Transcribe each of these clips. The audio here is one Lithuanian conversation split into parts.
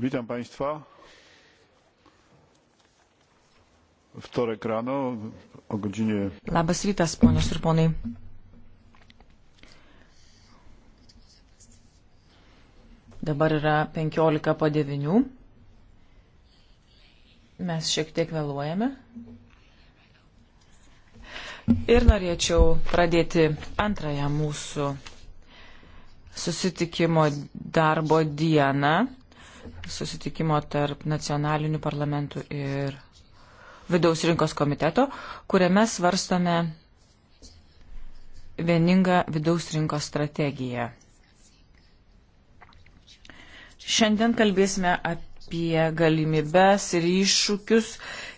witam państwa wtorek rano o godzinie labas rytas ponios ir ponai dabar yra penkiolika po devynių mes šiek tiek vėluojame ir norėčiau pradėti antrąją mūsų susitikimo darbo dieną susitikimo tarp nacionalinių parlamentų ir vidaus rinkos komiteto, kuriame svarstome vieningą vidaus rinkos strategiją. Šiandien kalbėsime apie galimybes ir iššūkius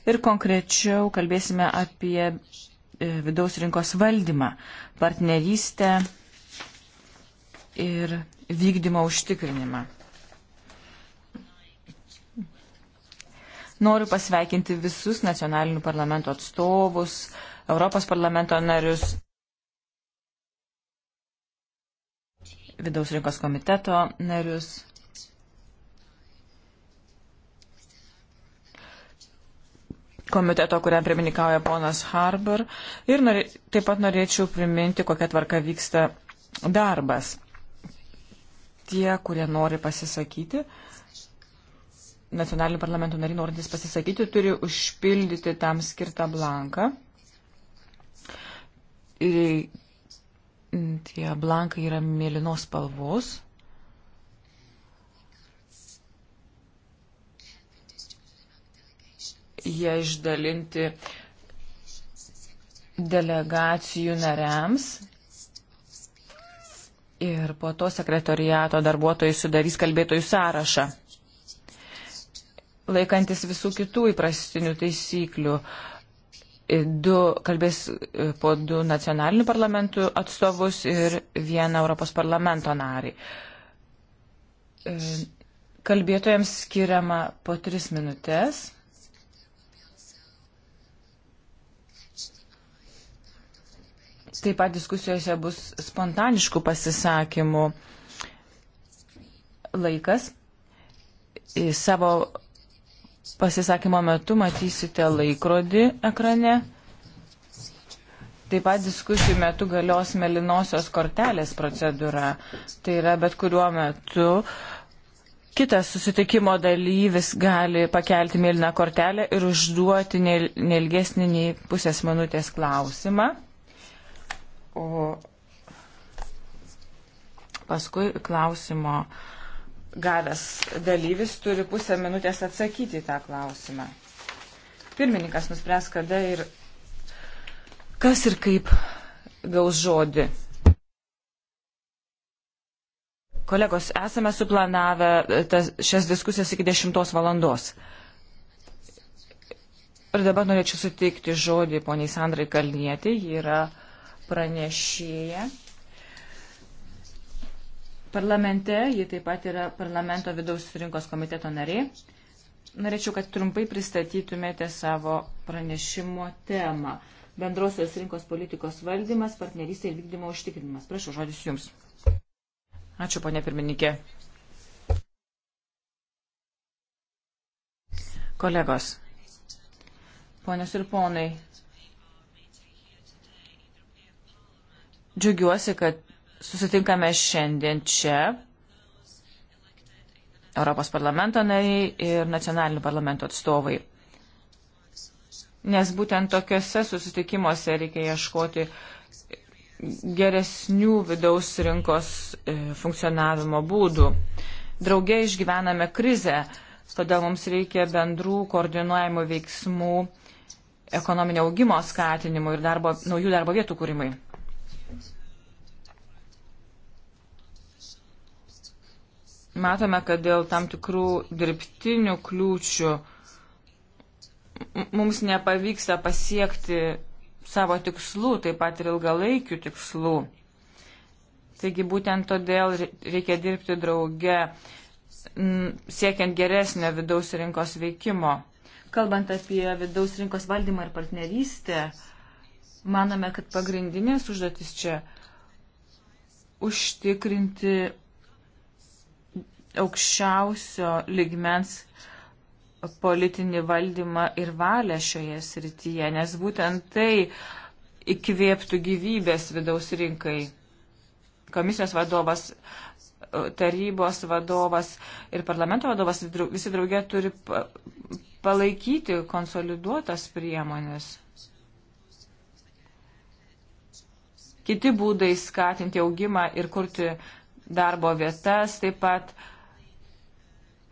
ir konkrečiau kalbėsime apie e, vidaus rinkos valdymą, partnerystę ir vykdymo užtikrinimą. Noriu pasveikinti visus nacionalinių parlamento atstovus, Europos parlamento narius, vidaus rinkos komiteto narius. komiteto, kuriam pirmininkauja ponas Harbour. Ir norė, taip pat norėčiau priminti, kokia tvarka vyksta darbas. Tie, kurie nori pasisakyti, uh, nacionalinių parlamentų nariai norintys pasisakyti turi užpildyti tam skirtą blanką. Ir tie blankai yra mėlynos spalvos. Jie išdalinti delegacijų nariams ir po to sekretoriato darbuotojai sudarys kalbėtojų sąrašą laikantis visų kitų įprastinių taisyklių. Du kalbės e, po du nacionalinių parlamentų atstovus ir vieną Europos parlamento narį. E, kalbėtojams skiriama po tris minutės. Taip pat diskusijose bus spontaniškų pasisakymų laikas. Į savo pasisakymo metu matysite laikrodį ekrane. Taip pat diskusijų metu galios melinosios kortelės procedūra. Tai yra bet kuriuo metu kitas susitikimo dalyvis gali pakelti mėlyną kortelę ir užduoti nelgesnį nei pusės minutės klausimą. O paskui klausimo gavęs dalyvis turi pusę minutės atsakyti į tą klausimą. Pirmininkas nuspręs, kada ir kas ir kaip gaus žodį. Kolegos, esame suplanavę e, tas, šias diskusijas iki 10 valandos. Ir dabar norėčiau suteikti žodį poniai Sandrai Kalnietė, ji yra pranešėja parlamente, ji taip pat yra parlamento vidaus rinkos komiteto narė. Norėčiau, kad trumpai pristatytumėte savo pranešimo temą. Bendrosios rinkos politikos valdymas, partnerystė ir vykdymo užtikrinimas. Prašau, žodis jums. Ačiū, ponė pirmininkė. Kolegos, ponios ir ponai, džiugiuosi, kad susitinkame šiandien čia, Europos parlamento nariai ir nacionalinių parlamento atstovai. Nes būtent tokiuose susitikimuose reikia ieškoti geresnių vidaus rinkos e, funkcionavimo būdų. Drauge išgyvename krizę, todėl mums reikia bendrų koordinuojamų veiksmų ekonominio augimo skatinimui ir darbo, naujų darbo vietų kūrimui. matome, kad dėl tam tikrų dirbtinių kliūčių mums nepavyksta pasiekti savo tikslų, taip pat ir ilgalaikių tikslų. Taigi būtent todėl reikia dirbti drauge, siekiant geresnio vidaus rinkos veikimo. Kalbant apie vidaus rinkos valdymą ir partnerystę, manome, kad pagrindinės užduotis čia užtikrinti aukščiausio ligmens politinį valdymą ir valią šioje srityje, nes būtent tai įkvėptų gyvybės vidaus rinkai. Komisijos vadovas, tarybos vadovas ir parlamento vadovas visi draugė turi palaikyti konsoliduotas priemonės. Kiti būdai skatinti augimą ir kurti darbo vietas, taip pat uh,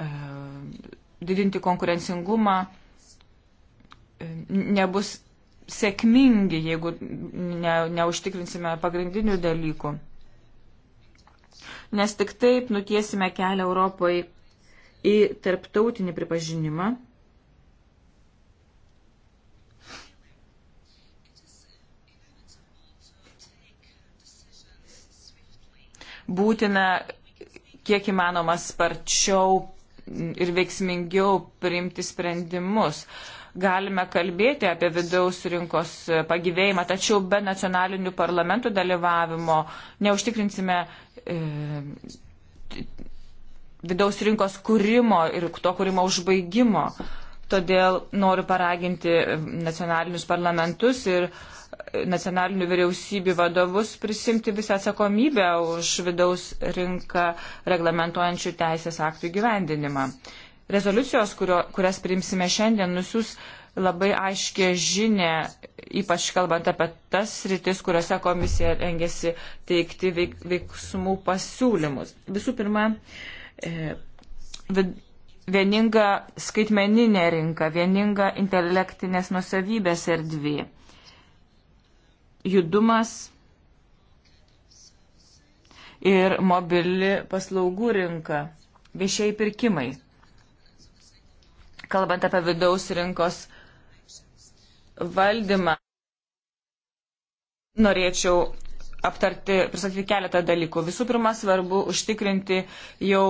E, didinti konkurencingumą, e, nebus sėkmingi, jeigu ne, neužtikrinsime pagrindinių dalykų. Nes tik taip nutiesime kelią Europoje į tarptautinį pripažinimą. Būtina kiek įmanoma sparčiau ir veiksmingiau priimti sprendimus. Galime kalbėti apie vidaus rinkos pagyvėjimą, tačiau be nacionalinių parlamentų dalyvavimo neužtikrinsime e, vidaus rinkos kūrimo ir to kūrimo užbaigimo. Todėl noriu paraginti nacionalinius parlamentus ir e, nacionalinių vyriausybių vadovus prisimti visą atsakomybę už vidaus rinką reglamentuojančių teisės aktų gyvendinimą. Rezoliucijos, kurio, kurias priimsime šiandien, nusiūs labai aiškia žinia, ypač kalbant apie tas rytis, kuriuose komisija rengėsi teikti veik, veiksmų pasiūlymus. Visų pirma, e, vid, vieninga skaitmeninė rinka, vieninga intelektinės nusavybės erdvė judumas ir mobili paslaugų rinka, viešiai pirkimai. Kalbant apie vidaus rinkos valdymą, norėčiau aptarti, pristatyti keletą dalykų. Visų pirma, svarbu užtikrinti jau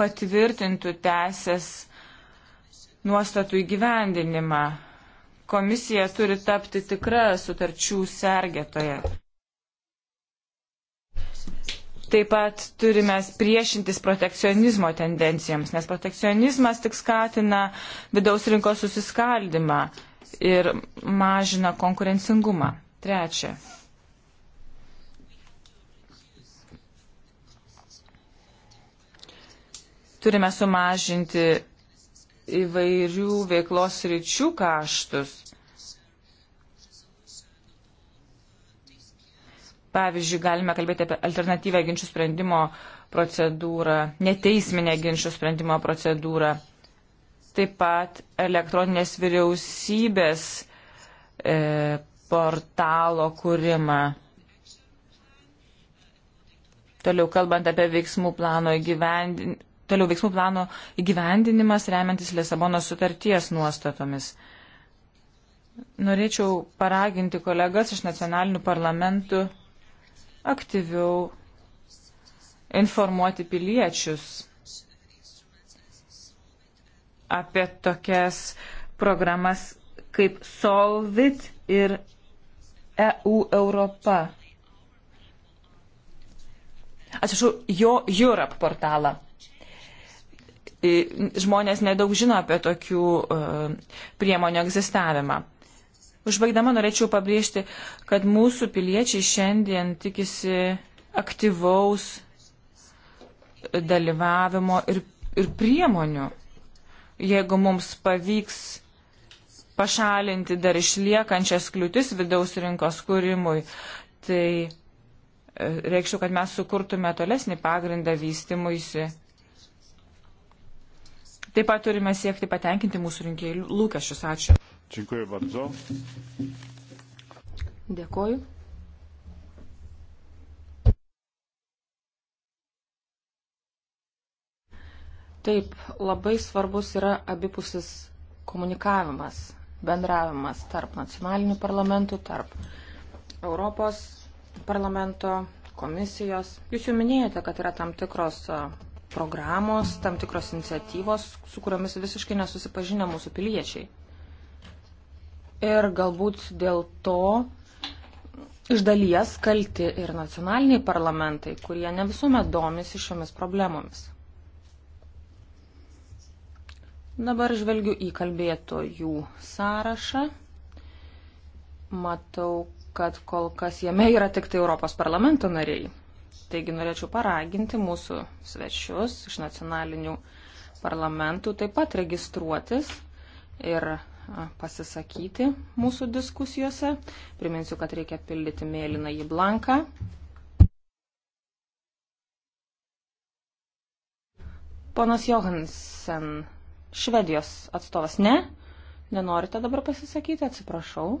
patvirtintų teisės nuostatų įgyvendinimą komisija turi tapti tikra sutarčių sergėtoje. Taip pat turime priešintis protekcionizmo tendencijoms, nes protekcionizmas tik skatina vidaus rinkos susiskaldimą ir mažina konkurencingumą. Trečia. Turime sumažinti įvairių veiklos ryčių kaštus. Pavyzdžiui, galime kalbėti apie alternatyvę ginčių sprendimo procedūrą, neteisminę ginčių sprendimo procedūrą. Taip pat elektroninės vyriausybės e, portalo kūrimą. Toliau kalbant apie veiksmų plano įgyvendinimą toliau veiksmų plano įgyvendinimas remiantis Lisabonos sutarties nuostatomis. Norėčiau paraginti kolegas iš nacionalinių parlamentų aktyviau informuoti piliečius apie tokias programas kaip Solvit ir EU Europa. Atsiprašau, jo Europe portalą žmonės nedaug žino apie tokių e, priemonių egzistavimą. Užbaigdama norėčiau pabrėžti, kad mūsų piliečiai šiandien tikisi aktyvaus dalyvavimo ir, ir priemonių. Jeigu mums pavyks pašalinti dar išliekančias kliūtis vidaus rinkos kūrimui, tai e, reikščiau, kad mes sukurtume tolesnį pagrindą vystimuisi Taip pat turime siekti patenkinti mūsų rinkėjų lūkesčius. Ačiū. Dziękuję bardzo. Dėkoju. Taip, labai svarbus yra abipusis komunikavimas, bendravimas tarp nacionalinių parlamentų, tarp Europos parlamento, komisijos. Jūs jau minėjote, kad yra tam tikros programos, tam tikros iniciatyvos, su kuriomis visiškai nesusipažinę mūsų piliečiai. Ir galbūt dėl to iš dalies kalti ir nacionaliniai parlamentai, kurie ne visuomet domisi šiomis problemomis. Dabar žvelgiu į kalbėtojų sąrašą. Matau, kad kol kas jame yra tik tai Europos parlamento nariai. Taigi norėčiau paraginti mūsų svečius iš nacionalinių parlamentų taip pat registruotis ir pasisakyti mūsų diskusijose. Priminsiu, kad reikia pildyti mėlyną į blanką. Ponas Johansen, Švedijos atstovas, ne? Nenorite dabar pasisakyti, atsiprašau.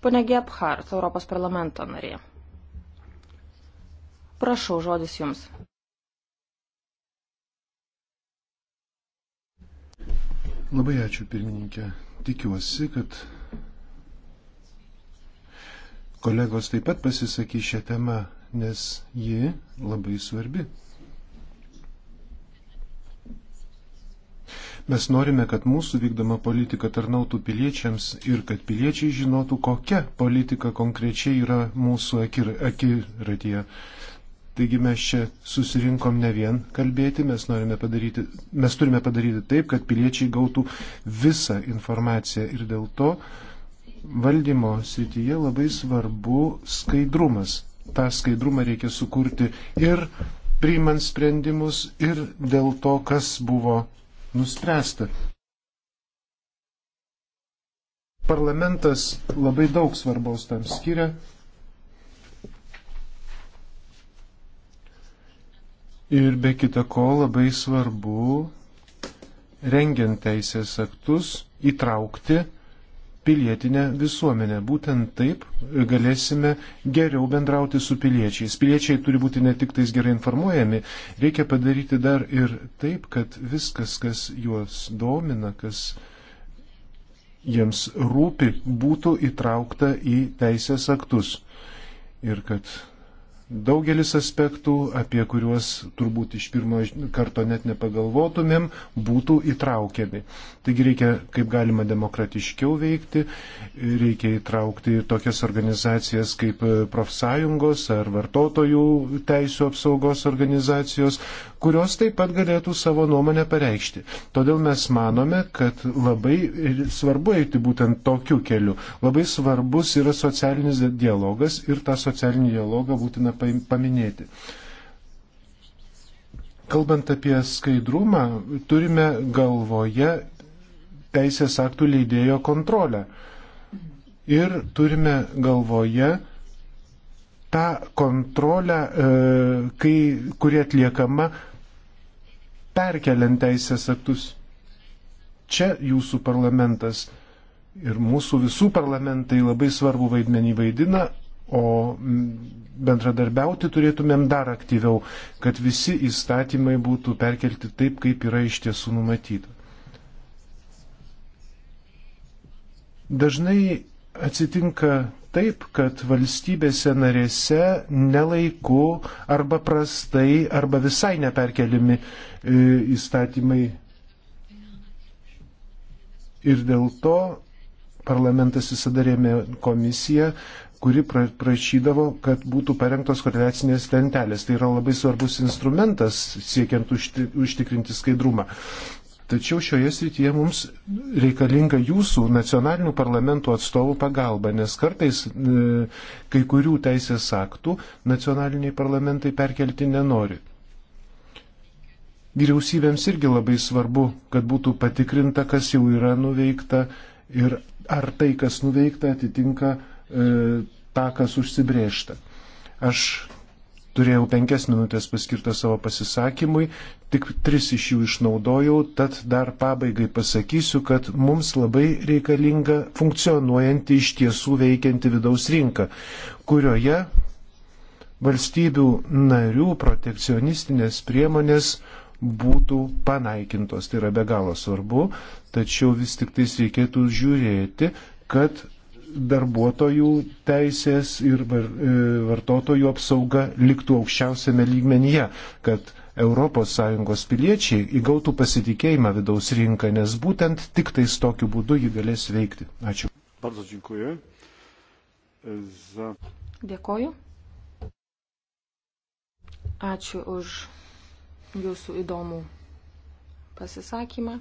Pone Gebhardt, Europos parlamento narė. Prašau, žodis jums. Labai ačiū, pirmininkė. Tikiuosi, kad kolegos taip pat pasisakys šią temą, nes ji labai svarbi. Mes norime, kad mūsų vykdoma politika tarnautų piliečiams ir kad piliečiai žinotų, kokia politika konkrečiai yra mūsų akir, akiratyje. Taigi mes čia susirinkom ne vien kalbėti, mes, padaryti, mes turime padaryti taip, kad piliečiai gautų visą informaciją ir dėl to valdymo srityje labai svarbu skaidrumas. Ta skaidrumą reikia sukurti ir priimant sprendimus, ir dėl to, kas buvo nuspręsta. Parlamentas labai daug svarbaus tam skiria. Ir be kita ko labai svarbu, rengiant teisės aktus, įtraukti pilietinę visuomenę. Būtent taip galėsime geriau bendrauti su piliečiais. Piliečiai turi būti ne tik tais gerai informuojami, reikia padaryti dar ir taip, kad viskas, kas juos domina, kas jiems rūpi, būtų įtraukta į teisės aktus. Ir kad daugelis aspektų, apie kuriuos turbūt iš pirmo karto net nepagalvotumėm, būtų įtraukiami. Taigi reikia kaip galima demokratiškiau veikti, reikia įtraukti tokias organizacijas kaip profsąjungos ar vartotojų teisų apsaugos organizacijos, kurios taip pat galėtų savo nuomonę pareikšti. Todėl mes manome, kad labai svarbu eiti būtent tokiu keliu. Labai svarbus yra socialinis dialogas ir tą socialinį dialogą būtina paminėti. Kalbant apie skaidrumą, turime galvoje teisės aktų leidėjo kontrolę. Ir turime galvoje tą kontrolę, e, kai, kuri atliekama perkeliant teisės aktus. Čia jūsų parlamentas ir mūsų visų parlamentai labai svarbu vaidmenį vaidina, o bendradarbiauti turėtumėm dar aktyviau, kad visi įstatymai būtų perkelti taip, kaip yra iš tiesų numatyta. Dažnai atsitinka taip, kad valstybėse narėse nelaiku arba prastai arba visai neperkeliami e, įstatymai. Ir dėl to parlamentas visada rėmė komisiją, kuri prašydavo, kad būtų parengtos koreliacinės lentelės. Tai yra labai svarbus instrumentas siekiant užtikrinti skaidrumą. Tačiau šioje srityje mums reikalinga jūsų nacionalinių parlamentų atstovų pagalba, nes kartais e, kai kurių teisės aktų nacionaliniai parlamentai perkelti nenori. Vyriausybėms irgi labai svarbu, kad būtų patikrinta, kas jau yra nuveikta ir ar tai, kas nuveikta, atitinka e, tą, kas užsibriežta. Aš Turėjau penkias minutės paskirtą savo pasisakymui, tik tris iš jų išnaudojau, tad dar pabaigai pasakysiu, kad mums labai reikalinga funkcionuojanti iš tiesų veikianti vidaus rinka, kurioje valstybių narių protekcionistinės priemonės būtų panaikintos. Tai yra be galo svarbu, tačiau vis tik tais reikėtų žiūrėti, kad darbuotojų teisės ir e, vartotojų apsauga liktų aukščiausiame lygmenyje, kad ES piliečiai įgautų pasitikėjimą vidaus rinką, nes būtent tik tais tokiu būdu ji galės veikti. Ačiū. Dėkoju. Ačiū už jūsų įdomų pasisakymą.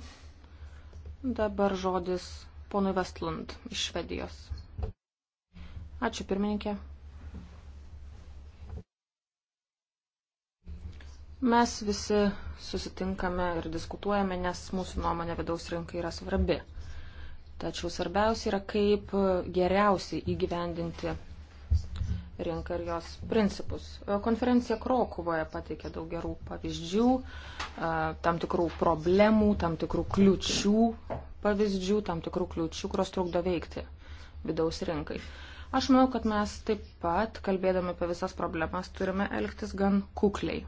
Dabar žodis ponui Vestlund iš Švedijos. Ačiū pirmininkė. Mes visi susitinkame ir diskutuojame, nes mūsų nuomonė vidaus rinkai yra svarbi. Tačiau svarbiausia yra, kaip geriausiai įgyvendinti rinką ir jos principus. Konferencija Krokuvoje pateikė daug gerų pavyzdžių, tam tikrų problemų, tam tikrų kliučių pavyzdžių, tam tikrų kliučių, kurios trukdo veikti vidaus rinkai. Aš manau, kad mes taip pat, kalbėdami apie visas problemas, turime elgtis gan kukliai.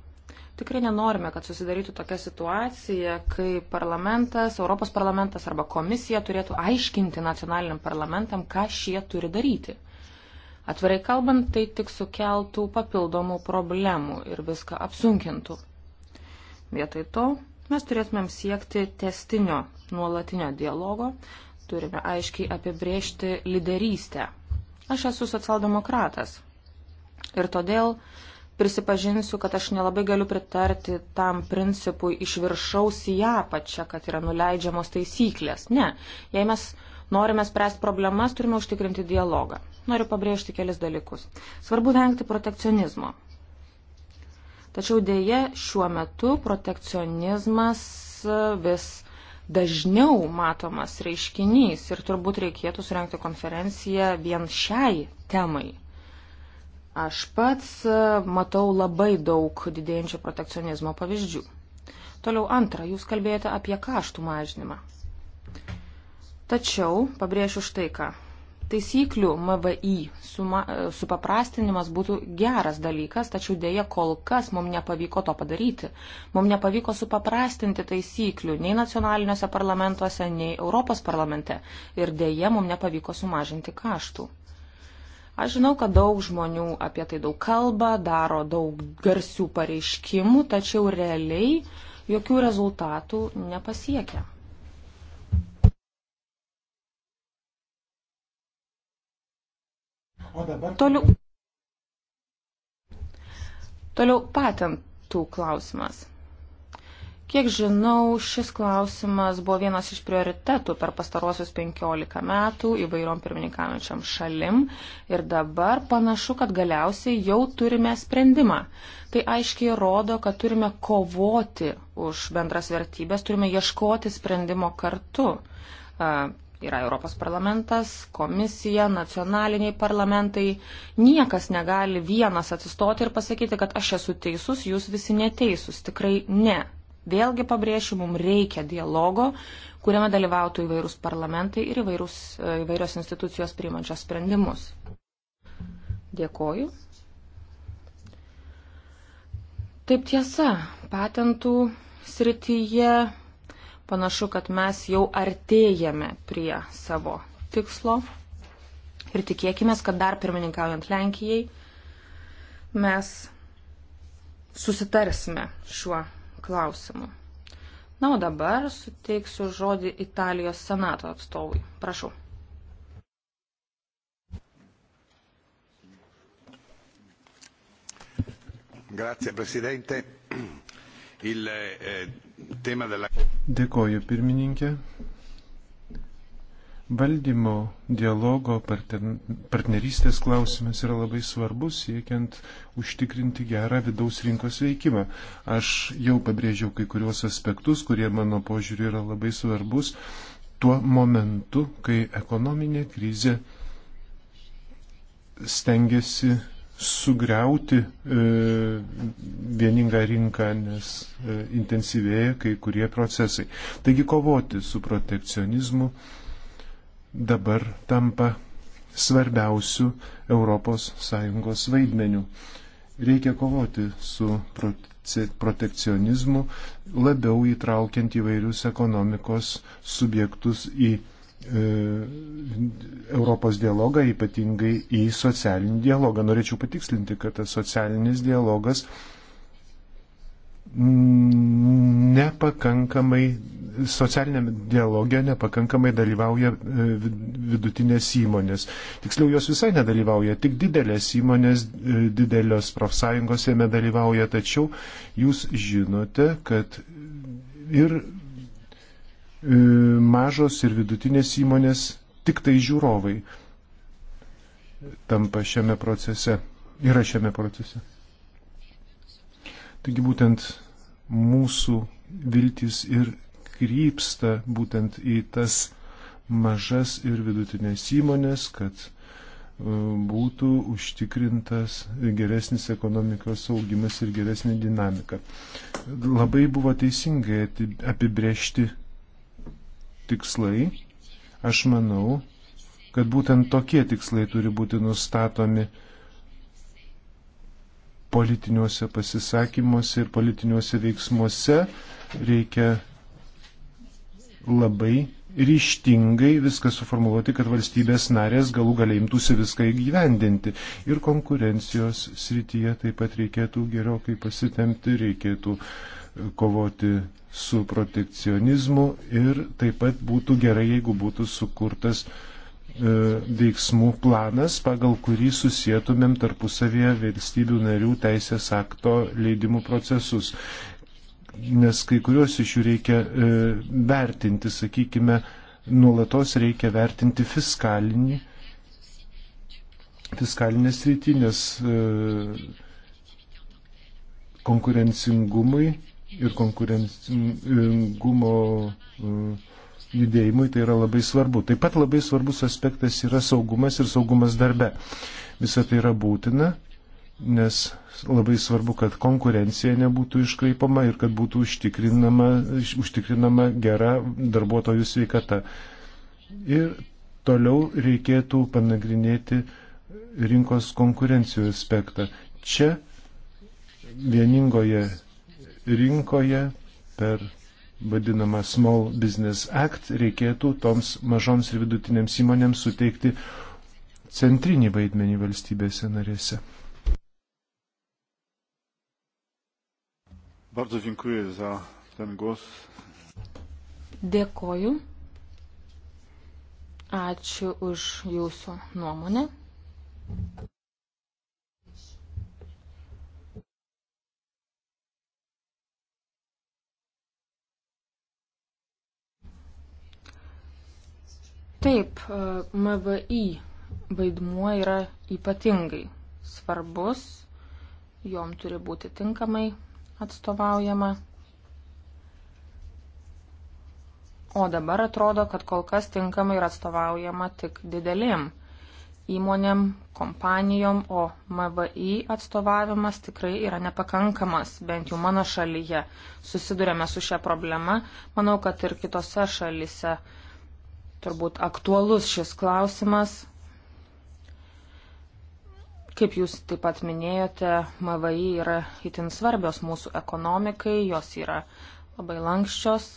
Tikrai nenorime, kad susidarytų tokia situacija, kai parlamentas, Europos parlamentas arba komisija turėtų aiškinti nacionaliniam parlamentam, ką šie turi daryti. Atvirai kalbant, tai tik sukeltų papildomų problemų ir viską apsunkintų. Vietoj to mes turėtumėm siekti testinio, nuolatinio dialogo, turime aiškiai apibriežti lyderystę Aš esu socialdemokratas ir todėl prisipažinsiu, kad aš nelabai galiu pritarti tam principui iš viršaus į apačią, kad yra nuleidžiamos taisyklės. Ne, jei mes norime spręsti problemas, turime užtikrinti dialogą. Noriu pabrėžti kelis dalykus. Svarbu vengti protekcionizmo. Tačiau dėje šiuo metu protekcionizmas vis dažniau matomas reiškinys ir turbūt reikėtų surenkti konferenciją vien šiai temai. Aš pats e, matau labai daug didėjančio protekcionizmo pavyzdžių. Toliau antra, jūs kalbėjote apie kaštų mažinimą. Tačiau pabrėšiu štai ką taisyklių MVI suma, e, supaprastinimas būtų geras dalykas, tačiau dėja kol kas mums nepavyko to padaryti. Mums nepavyko supaprastinti taisyklių nei nacionaliniuose parlamentuose, nei Europos parlamente ir dėja mums nepavyko sumažinti kaštų. Aš žinau, kad daug žmonių apie tai daug kalba, daro daug garsių pareiškimų, tačiau realiai jokių rezultatų nepasiekia. Toliau, toliau patentų klausimas. Kiek žinau, šis klausimas buvo vienas iš prioritetų per pastarosius 15 metų įvairiom pirmininkaujančiam šalim ir dabar panašu, kad galiausiai jau turime sprendimą. Tai aiškiai rodo, kad turime kovoti už bendras vertybės, turime ieškoti sprendimo kartu. Yra Europos parlamentas, komisija, nacionaliniai parlamentai. Niekas negali vienas atsistoti ir pasakyti, kad aš esu teisus, jūs visi neteisus. Tikrai ne. Vėlgi pabrėšiu, mums reikia dialogo, kuriame dalyvautų įvairūs parlamentai ir įvairūs, e, įvairios institucijos priimančios sprendimus. Dėkoju. Taip tiesa, patentų srityje Panašu, kad mes jau artėjame prie savo tikslo ir tikėkime, kad dar pirmininkaujant Lenkijai mes susitarsime šiuo klausimu. Na, o dabar suteiksiu žodį Italijos senato atstovui. Prašau. Grazie, Presidente il eh, tema della. Dėkoju pirmininkė. Valdymo dialogo partnerystės klausimas yra labai svarbus, siekiant užtikrinti gerą vidaus rinkos veikimą. Aš jau pabrėžiau kai kuriuos aspektus, kurie mano požiūriu yra labai svarbus tuo momentu, kai ekonominė krizė stengiasi sugriauti e, vieningą rinką, nes e, intensyvėja kai kurie procesai. Taigi kovoti su protekcionizmu dabar tampa svarbiausių ES vaidmenių. Reikia kovoti su protekcionizmu, labiau įtraukiant įvairius ekonomikos subjektus į E, Europos dialogą, ypatingai į socialinį dialogą. Norėčiau patikslinti, kad tas socialinis dialogas nepakankamai, socialinėme dialoge nepakankamai dalyvauja e, vidutinės įmonės. Tiksliau, jos visai nedalyvauja, tik didelės įmonės, e, didelios profsąjungos jame dalyvauja, tačiau jūs žinote, kad ir E, mažos ir vidutinės įmonės tik tai žiūrovai tampa šiame procese, yra šiame procese. Taigi būtent mūsų viltis ir krypsta būtent į tas mažas ir vidutinės įmonės, kad e, būtų užtikrintas geresnis ekonomikos augimas ir geresnė dinamika. Labai buvo teisingai apibriežti tikslai, aš manau, kad būtent tokie tikslai turi būti nustatomi politiniuose pasisakymuose ir politiniuose veiksmuose. Reikia labai ryštingai viską suformuoluoti, kad valstybės narės galų galiai imtųsi viską įgyvendinti. Ir konkurencijos srityje taip pat reikėtų gerokai pasitemti, reikėtų uh, kovoti su protekcionizmu ir taip pat būtų gerai, jeigu būtų sukurtas e, veiksmų planas, pagal kurį susijėtumėm tarpusavėje valstybių narių teisės akto leidimų procesus. Nes kai kuriuos iš jų reikia e, vertinti, sakykime, nuolatos reikia vertinti fiskalinį, fiskalinės rytinės e, konkurencingumui ir konkurencingumo e, judėjimui tai yra labai svarbu. Taip pat labai svarbus aspektas yra saugumas ir saugumas darbe. Visą tai yra būtina, nes labai svarbu, kad konkurencija nebūtų iškreipama ir kad būtų užtikrinama, užtikrinama gera darbuotojų sveikata. Ir toliau reikėtų panagrinėti rinkos konkurencijų aspektą. Čia vieningoje rinkoje per vadinamą Small Business Act reikėtų toms mažoms ir vidutinėms įmonėms suteikti centrinį vaidmenį valstybėse narėse. Bardzo dziękuję za ten głos. Dėkoju. Ačiū už jūsų nuomonę. Taip, e, MVI vaidmuo yra ypatingai svarbus, jom turi būti tinkamai atstovaujama. O dabar atrodo, kad kol kas tinkamai yra atstovaujama tik didelėm įmonėm, kompanijom, o MVI atstovavimas tikrai yra nepakankamas, bent jau mano šalyje. Susidurėme su šia problema, manau, kad ir kitose šalyse turbūt aktualus šis klausimas. Kaip jūs taip pat minėjote, MVI yra itin svarbios mūsų ekonomikai, jos yra labai lankščios.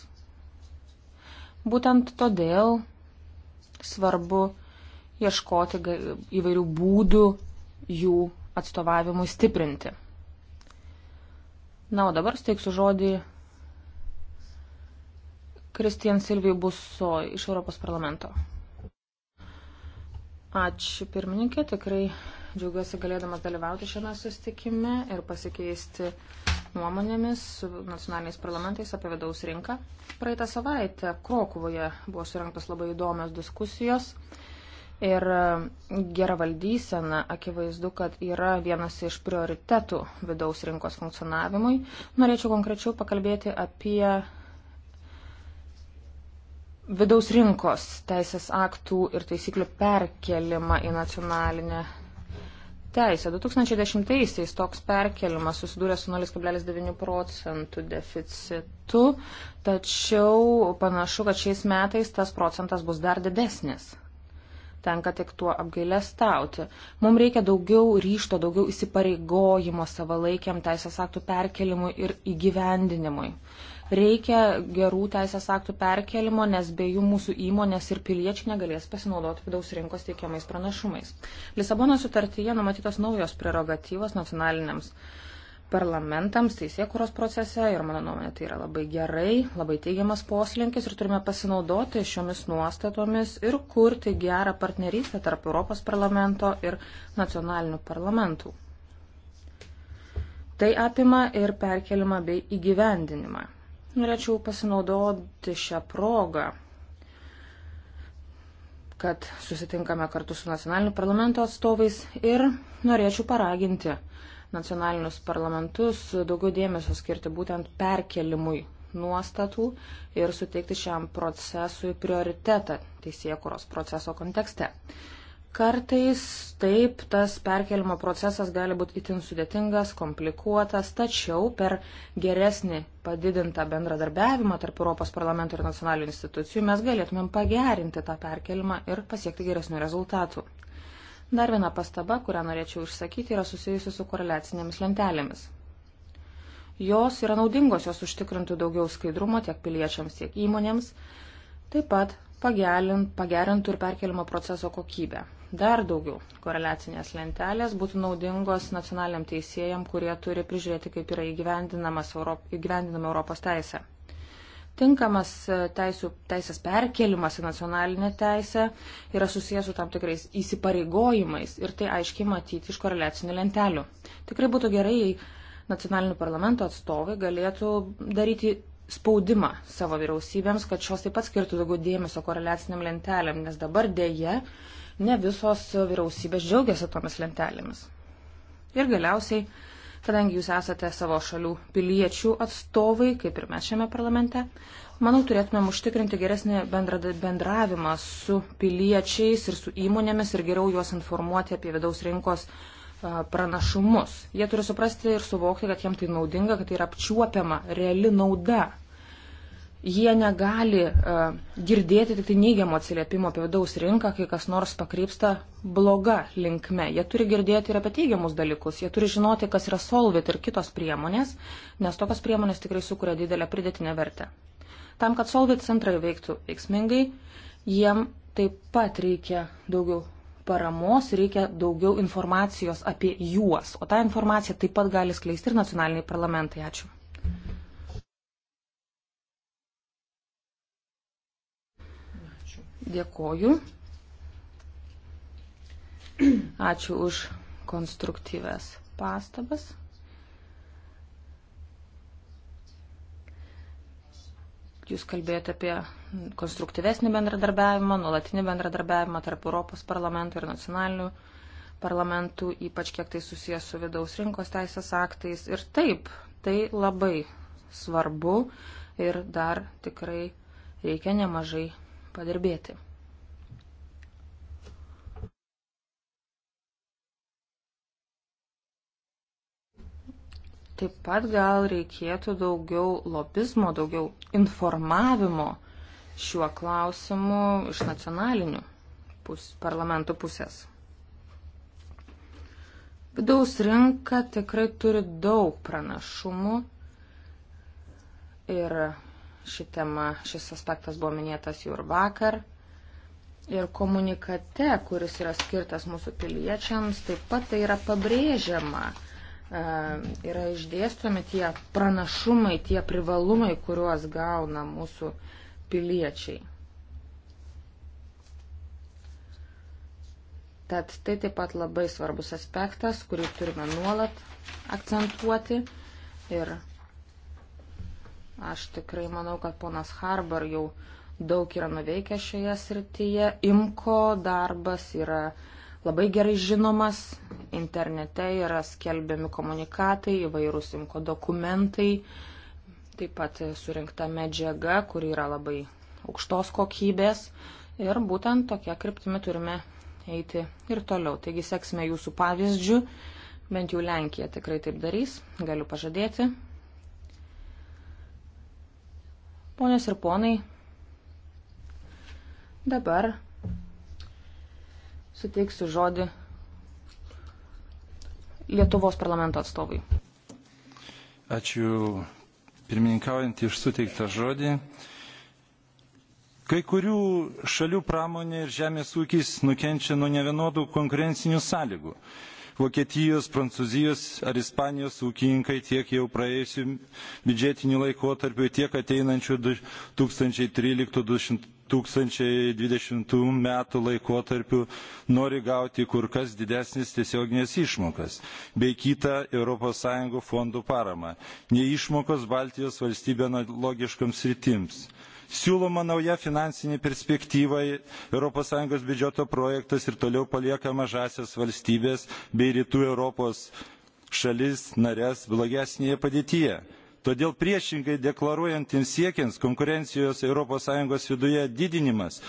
Būtent todėl svarbu ieškoti įvairių būdų jų atstovavimui stiprinti. Na, o dabar steiksiu žodį Kristijan Silvijų Buso iš Europos parlamento. Ačiū pirmininkė, tikrai džiaugiuosi galėdamas dalyvauti šiame sustikime ir pasikeisti nuomonėmis su nacionaliniais parlamentais apie vidaus rinką. Praeitą savaitę Krokuvoje buvo surinktos labai įdomios diskusijos ir e, gera valdysena akivaizdu, kad yra vienas iš prioritetų vidaus rinkos funkcionavimui. Norėčiau konkrečiau pakalbėti apie vidaus rinkos teisės aktų ir taisyklių perkelimą į nacionalinę teisę. 2010-aisiais toks perkelimas susidūrė su 0,9 procentų deficitu, tačiau panašu, kad šiais metais tas procentas bus dar didesnis. Tenka tik tuo apgailę stauti. Mums reikia daugiau ryšto, daugiau įsipareigojimo savalaikiam teisės aktų perkelimui ir įgyvendinimui. Reikia gerų teisės aktų perkelimo, nes be jų mūsų įmonės ir piliečiai negalės pasinaudoti vidaus rinkos teikiamais pranašumais. Lisabono sutartyje numatytos naujos prerogatyvos nacionaliniams parlamentams teisėkuros procese ir mano nuomonė tai yra labai gerai, labai teigiamas poslinkis ir turime pasinaudoti šiomis nuostatomis ir kurti gerą partnerystę tarp Europos parlamento ir nacionalinių parlamentų. Tai apima ir perkelimą bei įgyvendinimą. Norėčiau pasinaudoti šią progą, kad susitinkame kartu su nacionaliniu parlamento atstovais ir norėčiau paraginti nacionalinius parlamentus daugiau dėmesio skirti būtent perkelimui nuostatų ir suteikti šiam procesui prioritetą teisėkuros proceso kontekste. Kartais taip tas perkelimo procesas gali būti itin sudėtingas, komplikuotas, tačiau per geresnį padidintą bendradarbiavimą tarp Europos parlamento ir nacionalinių institucijų mes galėtumėm pagerinti tą perkelimą ir pasiekti geresnių rezultatų. Dar viena pastaba, kurią norėčiau išsakyti, yra susijusi su koreliacinėmis lentelėmis. Jos yra naudingos, jos užtikrintų daugiau skaidrumo tiek piliečiams, tiek įmonėms, taip pat pagerintų ir perkelimo proceso kokybę dar daugiau koreliacinės lentelės būtų naudingos nacionaliniam teisėjam, kurie turi prižiūrėti, kaip yra Europ, įgyvendinama Europos teisė. Tinkamas e, teisų, teisės perkelimas į nacionalinę teisę yra susijęs su tam tikrais įsipareigojimais ir tai aiškiai matyti iš koreliacinių lentelių. Tikrai būtų gerai, jei nacionalinių parlamento atstovai galėtų daryti spaudimą savo vyriausybėms, kad šios taip pat skirtų daugiau dėmesio koreliaciniam lentelėm, nes dabar dėje ne visos vyriausybės džiaugiasi tomis lentelėmis. Ir galiausiai, kadangi jūs esate savo šalių piliečių atstovai, kaip ir mes šiame parlamente, manau, turėtumėm užtikrinti geresnį bendravimą su piliečiais ir su įmonėmis ir geriau juos informuoti apie vidaus rinkos pranašumus. Jie turi suprasti ir suvokti, kad jiem tai naudinga, kad tai yra apčiuopiama, reali nauda jie negali uh, girdėti tik tai neigiamo atsiliepimo apie vidaus rinką, kai kas nors pakrypsta bloga linkme. Jie turi girdėti ir apie teigiamus dalykus, jie turi žinoti, kas yra solvit ir kitos priemonės, nes tokios priemonės tikrai sukuria didelę pridėtinę vertę. Tam, kad solvit centrai veiktų veiksmingai, jiem taip pat reikia daugiau paramos, reikia daugiau informacijos apie juos, o tą informaciją taip pat gali skleisti ir nacionaliniai parlamentai. Ačiū. Dėkoju. Ačiū už konstruktyves pastabas. Jūs kalbėjote apie konstruktyvesnį bendradarbiavimą, nuolatinį bendradarbiavimą tarp Europos parlamento ir nacionalinių parlamentų, ypač kiek tai susijęs su vidaus rinkos teisės aktais. Ir taip, tai labai svarbu ir dar tikrai reikia nemažai padirbėti. Taip pat gal reikėtų daugiau lobizmo, daugiau informavimo šiuo klausimu iš nacionalinių pus, parlamentų pusės. Vidaus rinka tikrai turi daug pranašumų ir Ši tema, šis aspektas buvo minėtas jau ir vakar. Ir komunikate, kuris yra skirtas mūsų piliečiams, taip pat tai yra pabrėžiama e, yra išdėstomi tie pranašumai, tie privalumai, kuriuos gauna mūsų piliečiai. Tad tai taip pat labai svarbus aspektas, kurį turime nuolat akcentuoti ir Aš tikrai manau, kad ponas Harbar jau daug yra nuveikęs šioje srityje. Imko darbas yra labai gerai žinomas, internete yra skelbiami komunikatai, įvairūs Imko dokumentai, taip pat surinkta medžiaga, kuri yra labai aukštos kokybės ir būtent tokia kryptimi turime eiti ir toliau. Taigi seksime jūsų pavyzdžių, bent jau Lenkija tikrai taip darys, galiu pažadėti. Ponios ir ponai, dabar suteiksiu žodį Lietuvos parlamento atstovui. Ačiū pirmininkaujant iš suteiktą žodį. Kai kurių šalių pramonė ir žemės ūkis nukenčia nuo nevienodų konkurencinių sąlygų. Vokietijos, Prancūzijos ar Ispanijos ūkininkai tiek jau praėjusių biudžetinių laikotarpių, tiek ateinančių 2013-2020 2020 metų laikotarpiu nori gauti kur kas didesnis tiesioginės išmokas bei kitą ES fondų paramą nei išmokos Baltijos valstybė analogiškams sritims siūloma nauja finansinė perspektyva europos sąjungos biudžeto projektas ir toliau palieka mažąsias valstybes bei rytų europos šalis nares blogesnėje padėtyje todėl priešingai deklaruojantiems siekiams konkurencijos europos sąjungos viduje didinimas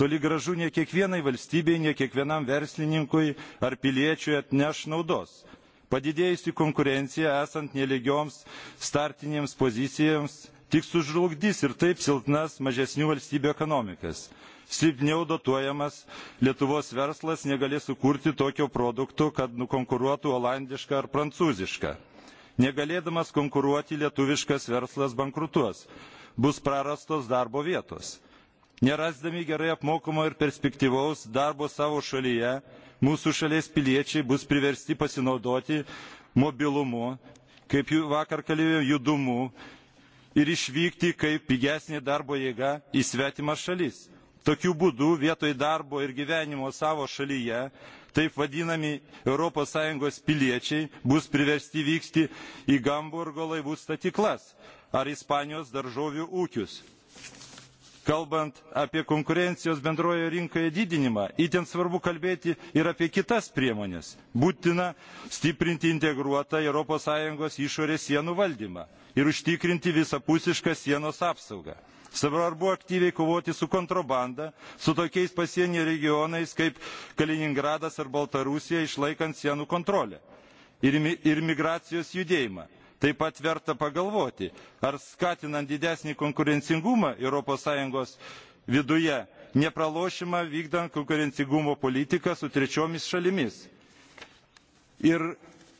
toli gražu ne kiekvienai valstybei ne kiekvienam verslininkui ar piliečiui atneš naudos padidėjusi konkurencija esant nelygioms startinėms pozicijoms tik sužlugdys ir taip silpnas mažesnių valstybių ekonomikas. Silpniau dotuojamas Lietuvos verslas negalės sukurti tokio produkto, kad nukonkuruotų olandišką ar prancūzišką. Negalėdamas konkuruoti lietuviškas verslas bankrutuos, bus prarastos darbo vietos. Nerasdami gerai apmokamo ir perspektyvaus darbo savo šalyje, mūsų šalies piliečiai bus priversti pasinaudoti mobilumu, kaip jų vakar kalbėjo, judumu, ir išvykti kaip pigesnė darbo jėga į svetimas šalis. Tokiu būdu vietoj darbo ir gyvenimo savo šalyje taip vadinami ES piliečiai bus priversti vykti į Gamburgo laivų statiklas ar Ispanijos daržovių ūkius kalbant apie konkurencijos bendroje rinkoje didinimą itin svarbu kalbėti ir apie kitas priemones būtina stiprinti integruotą europos sąjungos išorės sienų valdymą ir užtikrinti visapusišką sienos apsaugą svarbu aktyviai kovoti su kontrabanda su tokiais pasienio regionais kaip kaliningradas ar baltarusija išlaikant sienų kontrolę ir migracijos judėjimą taip pat verta pagalvoti ar skatinant didesnį konkurencingumą europos sąjungos viduje nepralošiama vykdant konkurencingumo politiką su trečiomis šalimis ir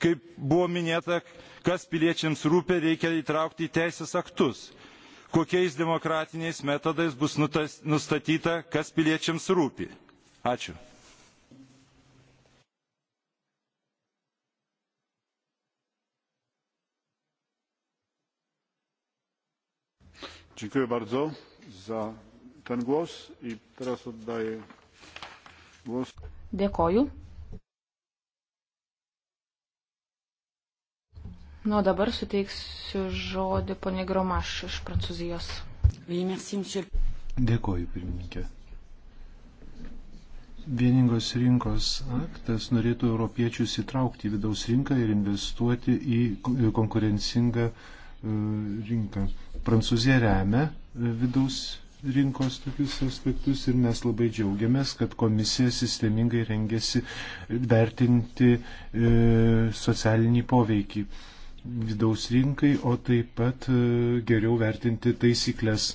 kaip buvo minėta kas piliečiams rūpi reikia įtraukti į teisės aktus kokiais demokratiniais metodais bus nustatyta kas piliečiams rūpi. ačiū. dziękuję bardzo za ten głos i teraz oddaję głos. Dėkoju. Nu, dabar suteiksiu žodį ponė Gromaš iš Prancūzijos. Dėkoju, pirmininkė. Vieningos rinkos aktas norėtų europiečius įtraukti į vidaus rinką ir investuoti į konkurencingą uh, E, rinką. Prancūzija remia e, vidaus rinkos tokius aspektus ir mes labai džiaugiamės, kad komisija sistemingai rengiasi vertinti e, socialinį poveikį vidaus rinkai, o taip pat e, geriau vertinti taisyklės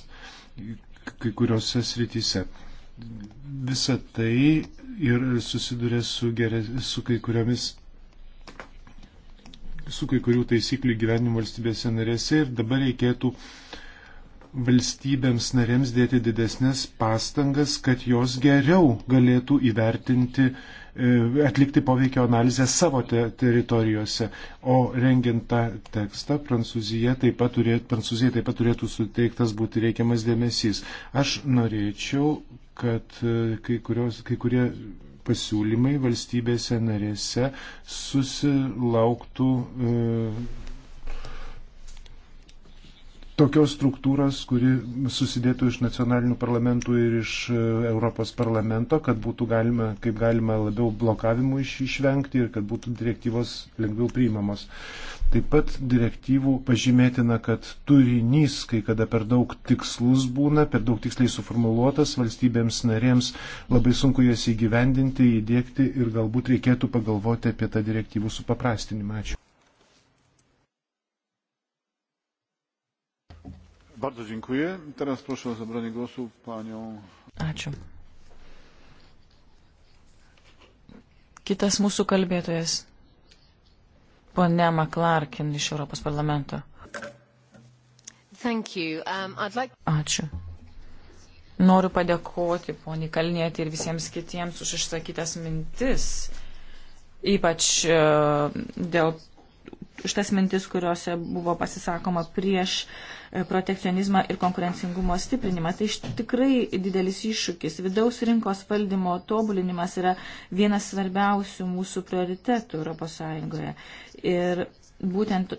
kai kuriuose srityse. Visa tai ir susiduria su, geres, su kai kuriomis su kai kurių taisyklių gyvenimu valstybėse narėse ir dabar reikėtų valstybėms narėms dėti didesnės pastangas, kad jos geriau galėtų įvertinti, e, atlikti poveikio analizę savo te teritorijose. O rengiant tą tekstą, Prancūzija taip pat turėtų, Prancūzija taip pat turėtų suteiktas būti reikiamas dėmesys. Aš norėčiau, kad e, kai, kurios, kai kurie pasiūlymai valstybėse narėse susilauktų e, tokios struktūros, kuri susidėtų iš nacionalinių parlamentų ir iš e, Europos parlamento, kad būtų galima, kaip galima labiau blokavimų iš, išvengti ir kad būtų direktyvos lengviau priimamos. Taip pat direktyvų pažymėtina, kad turinys, kai kada per daug tikslus būna, per daug tiksliai suformuoluotas, valstybėms narėms labai sunku jas įgyvendinti, įdėkti ir galbūt reikėtų pagalvoti apie tą direktyvų supaprastinimą. Ačiū. Bardzo dziękuję. Teraz proszę o zabranie głosu panią. Ačiū. Kitas mūsų kalbėtojas. Pone Maklarkin iš Europos parlamento. Thank you. Um, I'd like... Ačiū. Noriu padėkoti poniai Kalnėti ir visiems kitiems už išsakytas mintis, ypač uh, dėl už tas mintis, kuriuose buvo pasisakoma prieš e, protekcionizmą ir konkurencingumo stiprinimą. Tai tikrai didelis iššūkis. Vidaus rinkos valdymo tobulinimas yra vienas svarbiausių mūsų prioritetų ES. Ir būtent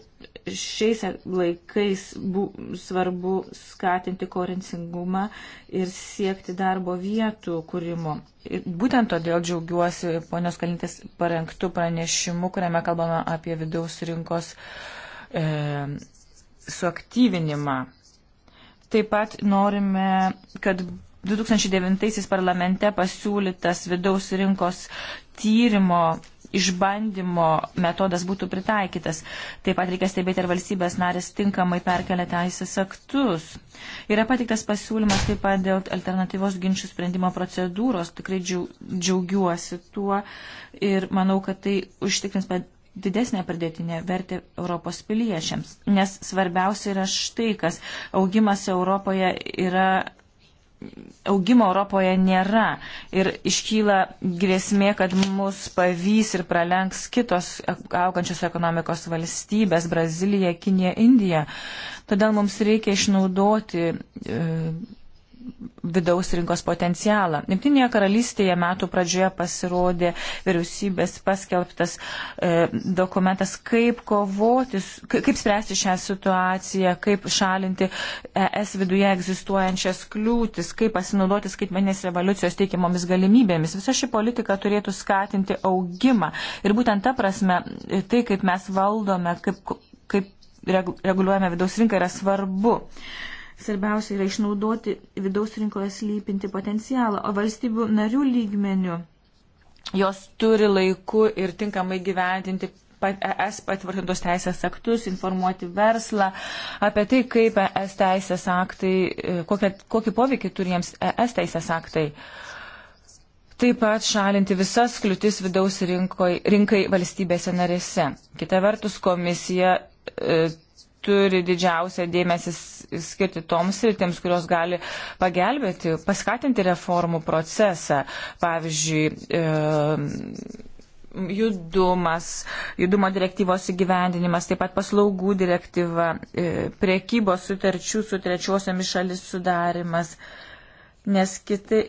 šiais laikais bu, svarbu skatinti korencingumą ir siekti darbo vietų kūrimo. Ir būtent todėl džiaugiuosi ponios Kalintės parengtų pranešimu, kuriame kalbama apie vidaus rinkos e, suaktyvinimą. Taip pat norime, kad 2009 parlamente pasiūlytas vidaus rinkos tyrimo išbandymo metodas būtų pritaikytas. Taip pat reikia stebėti, ar valstybės narės tinkamai perkelia teisės aktus. Yra patiktas pasiūlymas taip pat dėl alternatyvos ginčių sprendimo procedūros. Tikrai džiaugiuosi tuo ir manau, kad tai užtikrins didesnę pridėtinę vertę Europos piliečiams. Nes svarbiausia yra štai, kas augimas Europoje yra augimo Europoje nėra ir iškyla grėsmė, kad mus pavys ir pralenks kitos augančios ekonomikos valstybės - Brazilija, Kinija, Indija. Todėl mums reikia išnaudoti e, vidaus rinkos potencialą. Nimtinėje karalystėje metų pradžioje pasirodė vyriausybės paskelbtas e, dokumentas, kaip kovoti, kaip spręsti šią situaciją, kaip šalinti ES viduje egzistuojančias kliūtis, kaip pasinaudoti skaitmenės revoliucijos teikiamomis galimybėmis. Visa ši politika turėtų skatinti augimą. Ir būtent ta prasme, tai kaip mes valdome, kaip, kaip reguliuojame vidaus rinką, yra svarbu. E, Svarbiausia yra išnaudoti vidaus rinkoje slypinti potencialą, o valstybių narių lygmenių jos turi laiku ir tinkamai gyvendinti ES patvirtintos teisės aktus, informuoti verslą apie tai, kaip ES teisės aktai, e, kokią, kokį poveikį turi jiems ES teisės aktai. Taip pat šalinti visas kliūtis vidaus rinkoj, rinkai valstybėse narėse. Kita vertus, komisija e, turi didžiausią dėmesį skirti toms sritims, kurios gali pagelbėti, paskatinti reformų procesą. Pavyzdžiui, judumas, judumo direktyvos įgyvendinimas, taip pat paslaugų direktyva, e, priekybos sutarčių su trečiosiamis šalis sudarimas. Nes kiti,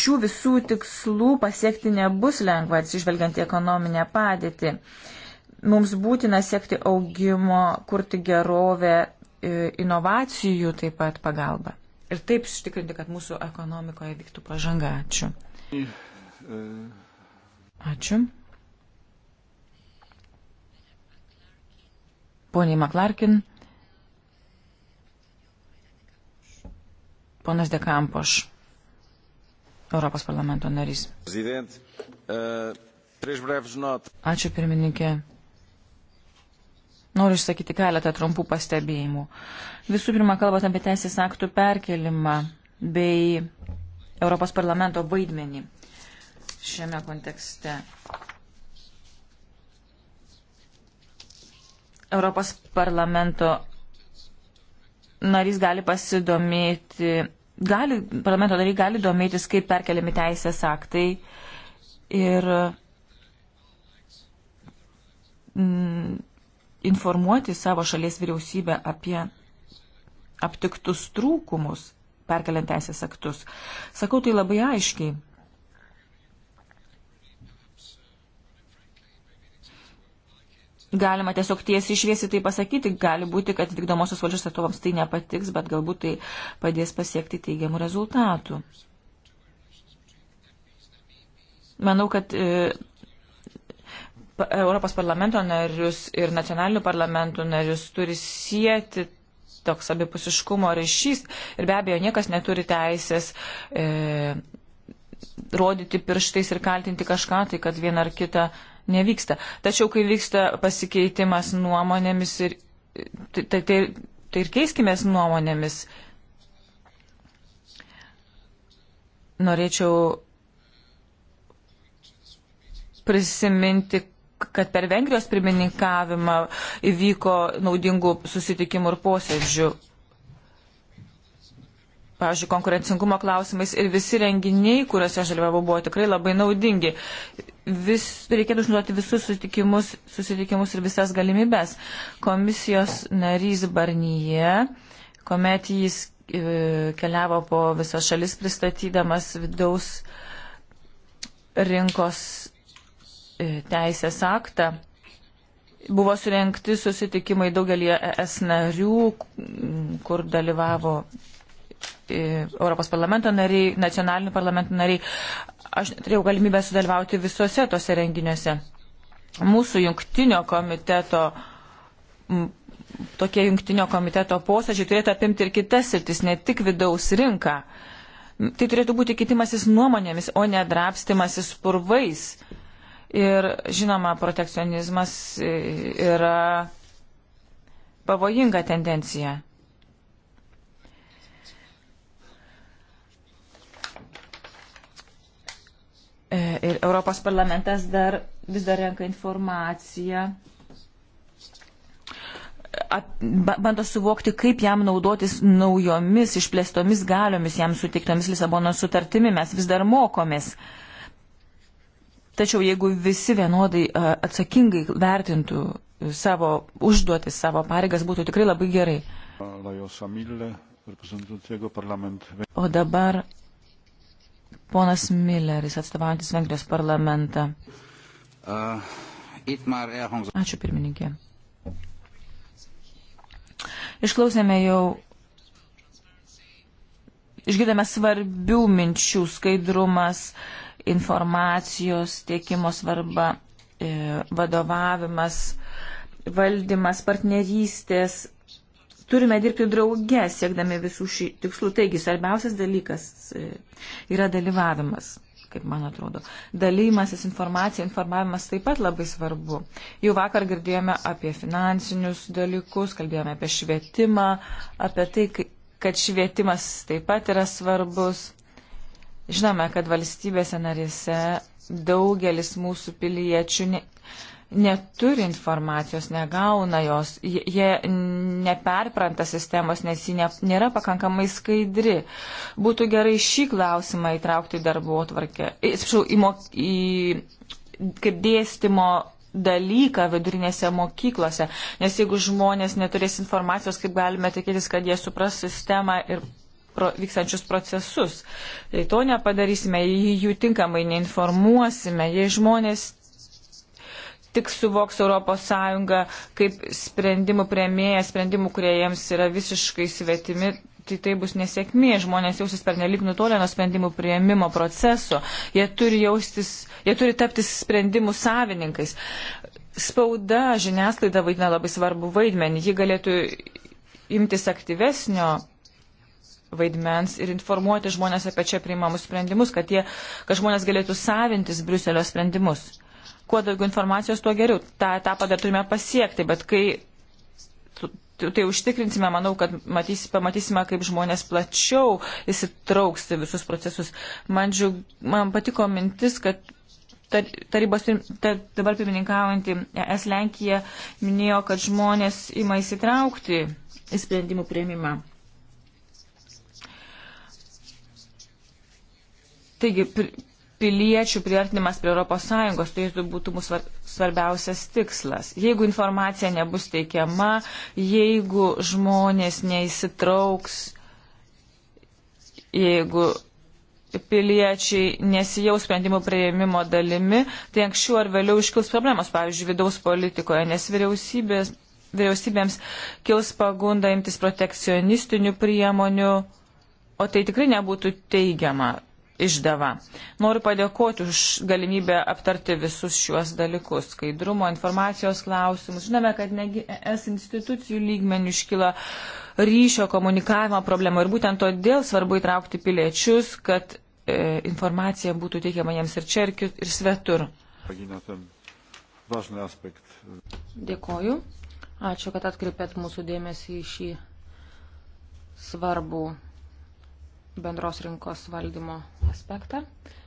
šių visų tikslų pasiekti nebus lengva atsižvelgiant į ekonominę padėtį. Uh, Mums būtina siekti augimo, kurti gerovę, e, inovacijų taip pat pagalbą. Ir taip ištikrinti, kad mūsų ekonomikoje vyktų pažanga. Ačiū. Ačiū. Poniai Maklarkin. Ponas Dekampoš, Europos parlamento narys. E, Ačiū pirmininkė. Noriu išsakyti keletą trumpų pastebėjimų. Visų pirma, kalbant apie teisės aktų perkelimą bei Europos parlamento vaidmenį šiame kontekste. Europos parlamento narys gali pasidomėti, gali, parlamento nariai gali domėtis, kaip perkeliami teisės aktai ir mm, informuoti savo šalies vyriausybę apie aptiktus trūkumus, perkeliant teisės aktus. Sakau tai labai aiškiai. Galima tiesiog tiesiai išviesi tai pasakyti, gali būti, kad vykdomosios valdžios atstovams tai nepatiks, bet galbūt tai padės pasiekti teigiamų rezultatų. Manau, kad e, Europos parlamento narius ir nacionalinių parlamentų narius turi sieti toks abipusiškumo ryšys ir be abejo niekas neturi teisės e, rodyti pirštais ir kaltinti kažką, tai kad viena ar kita nevyksta. Tačiau, kai vyksta pasikeitimas nuomonėmis, ir, tai, tai, tai, tai ir keiskimės nuomonėmis. Norėčiau prisiminti, kad per Vengrijos pirmininkavimą įvyko naudingų susitikimų ir posėdžių. Pavyzdžiui, konkurencingumo klausimais ir visi renginiai, kuriuose aš dalyvavau, buvo tikrai labai naudingi. Vis, reikėtų išnaudoti visus susitikimus, susitikimus ir visas galimybės. Komisijos narys Barnyje, kuomet jis e, keliavo po visas šalis pristatydamas vidaus rinkos E, teisės aktą. Buvo surinkti susitikimai daugelį ES narių, kur dalyvavo e, Europos parlamento nariai, nacionalinių parlamentų nariai. Aš turėjau galimybę sudalyvauti visose tose renginiuose. Mūsų jungtinio komiteto, tokie jungtinio komiteto posėdžiai turėtų apimti ir kitas sritis, ne tik vidaus rinką. Tai turėtų būti kitimasis nuomonėmis, o ne drapstimasis purvais. Ir žinoma, protekcionizmas yra pavojinga tendencija. Ir Europos parlamentas dar, vis dar renka informaciją, bando suvokti, kaip jam naudotis naujomis išplėstomis galiomis, jam suteiktomis Lisabono sutartimi. Mes vis dar mokomės. Uh, Tačiau jeigu visi vienodai e, atsakingai vertintų savo užduotis, savo pareigas, būtų tikrai labai gerai. O dabar ponas Milleris, atstovaujantis Vengrijos parlamentą. Ačiū pirmininkė. Išklausėme jau, išgirdome svarbių minčių, skaidrumas, uh, informacijos tiekimo svarba, e, vadovavimas, valdymas, partnerystės. Turime dirbti drauge, siekdami visų šį tikslų. Taigi, svarbiausias dalykas e, yra dalyvavimas, kaip man atrodo. Dalymasis informacija, informavimas taip pat labai svarbu. Jau vakar girdėjome apie finansinius dalykus, kalbėjome apie švietimą, apie tai, kad švietimas taip pat yra svarbus Žinome, kad valstybėse narėse daugelis mūsų piliečių ne, neturi informacijos, negauna jos, jie neperpranta sistemos, nes ji ne, nėra pakankamai skaidri. Būtų gerai šį klausimą įtraukti darbo atvarkę, atsiprašau, į, mok, į kaip dėstymo dalyką vidurinėse mokyklose, nes jeigu žmonės neturės informacijos, kaip galime tikėtis, kad jie supras sistemą ir pro, vykstančius procesus. Jei tai to nepadarysime, jei jų tinkamai neinformuosime, jei žmonės tik suvoks ES kaip sprendimų prieimėja, sprendimų, kurie jiems yra visiškai svetimi, tai tai bus nesėkmė, žmonės jausis per nelik nutolę nuo sprendimų prieimimo proceso, jie turi, jaustis, jie turi tapti sprendimų savininkais. Spauda, žiniasklaida vaidina labai svarbu vaidmenį, ji galėtų imtis aktyvesnio vaidmens ir informuoti žmonės apie čia priimamus sprendimus, kad, jie, kad žmonės galėtų savintis Briuselio sprendimus. Kuo daugiau informacijos, tuo geriau. Ta etapą dar turime pasiekti, bet kai tai užtikrinsime, manau, kad matys, pamatysime, kaip žmonės plačiau įsitrauks į visus procesus. Man, džiug, man patiko mintis, kad tarybos tar, dabar pirmininkaujantį ES Lenkija minėjo, kad žmonės ima įsitraukti į sprendimų prieimimą. Taigi, piliečių priartinimas prie ES turėtų būti mūsų svarbiausias tikslas. Jeigu informacija nebus teikiama, jeigu žmonės neįsitrauks, jeigu piliečiai nesijaus sprendimų prieimimo dalimi, tai anksčiau ar vėliau iškils problemos, pavyzdžiui, vidaus politikoje, nes vyriausybės, vyriausybėms kils pagunda imtis protekcionistinių priemonių, o tai tikrai nebūtų teigiama išdava. Noriu padėkoti už galimybę aptarti visus šiuos dalykus - skaidrumo, informacijos klausimus. Žinome, kad negi es institucijų lygmenių iškyla ryšio komunikavimo problema ir būtent todėl svarbu įtraukti piliečius, kad e, informacija būtų teikiama jiems ir čia, ir, ir svetur. Dėkoju. Ačiū, kad atkreipėt mūsų dėmesį į šį svarbų bendros rinkos valdymo aspektą.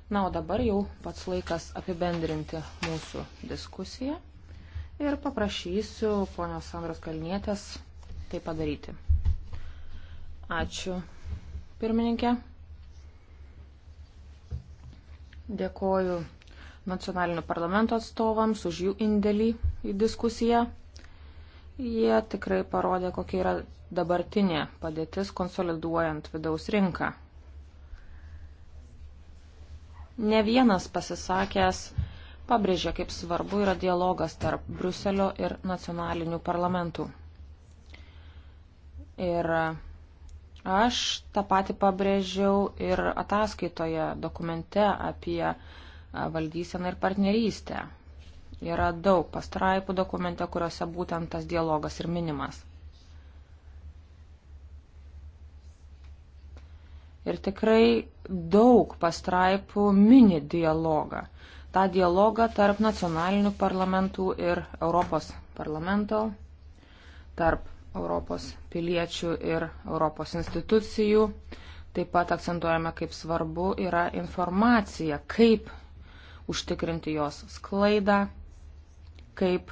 Na, o dabar jau pats laikas apibendrinti mūsų diskusiją ir paprašysiu ponios Sandros Kalnietės tai padaryti. Ačiū, pirmininkė. Dėkoju nacionalinių parlamento atstovams už jų indėlį į diskusiją. Jie tikrai parodė, kokia yra dabartinė padėtis konsoliduojant vidaus rinką. Ne vienas pasisakęs pabrėžė, kaip svarbu yra dialogas tarp Bruselio ir nacionalinių parlamentų. Ir aš tą patį pabrėžiau ir ataskaitoje dokumente apie valdyseną ir partnerystę. Yra daug pastraipų dokumente, kuriuose būtent tas dialogas ir minimas. ir tikrai daug pastraipų mini dialogą. Ta dialogą tarp nacionalinių parlamentų ir Europos parlamento, tarp Europos piliečių ir Europos institucijų. Taip pat akcentuojame, kaip svarbu yra informacija, kaip užtikrinti jos sklaidą, kaip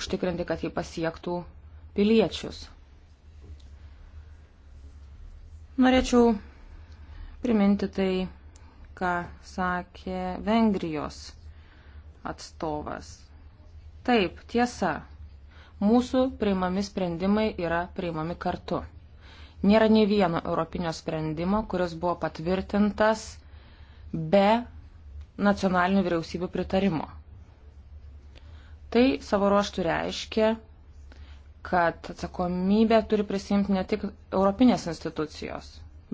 užtikrinti, kad ji pasiektų piliečius. Norėčiau priminti tai, ką sakė Vengrijos atstovas. Taip, tiesa, mūsų priimami sprendimai yra priimami kartu. Nėra nei vieno europinio sprendimo, kuris buvo patvirtintas be nacionalinių vyriausybių pritarimo. Tai savo ruoštų reiškia, kad atsakomybę turi prisimti ne tik europinės institucijos,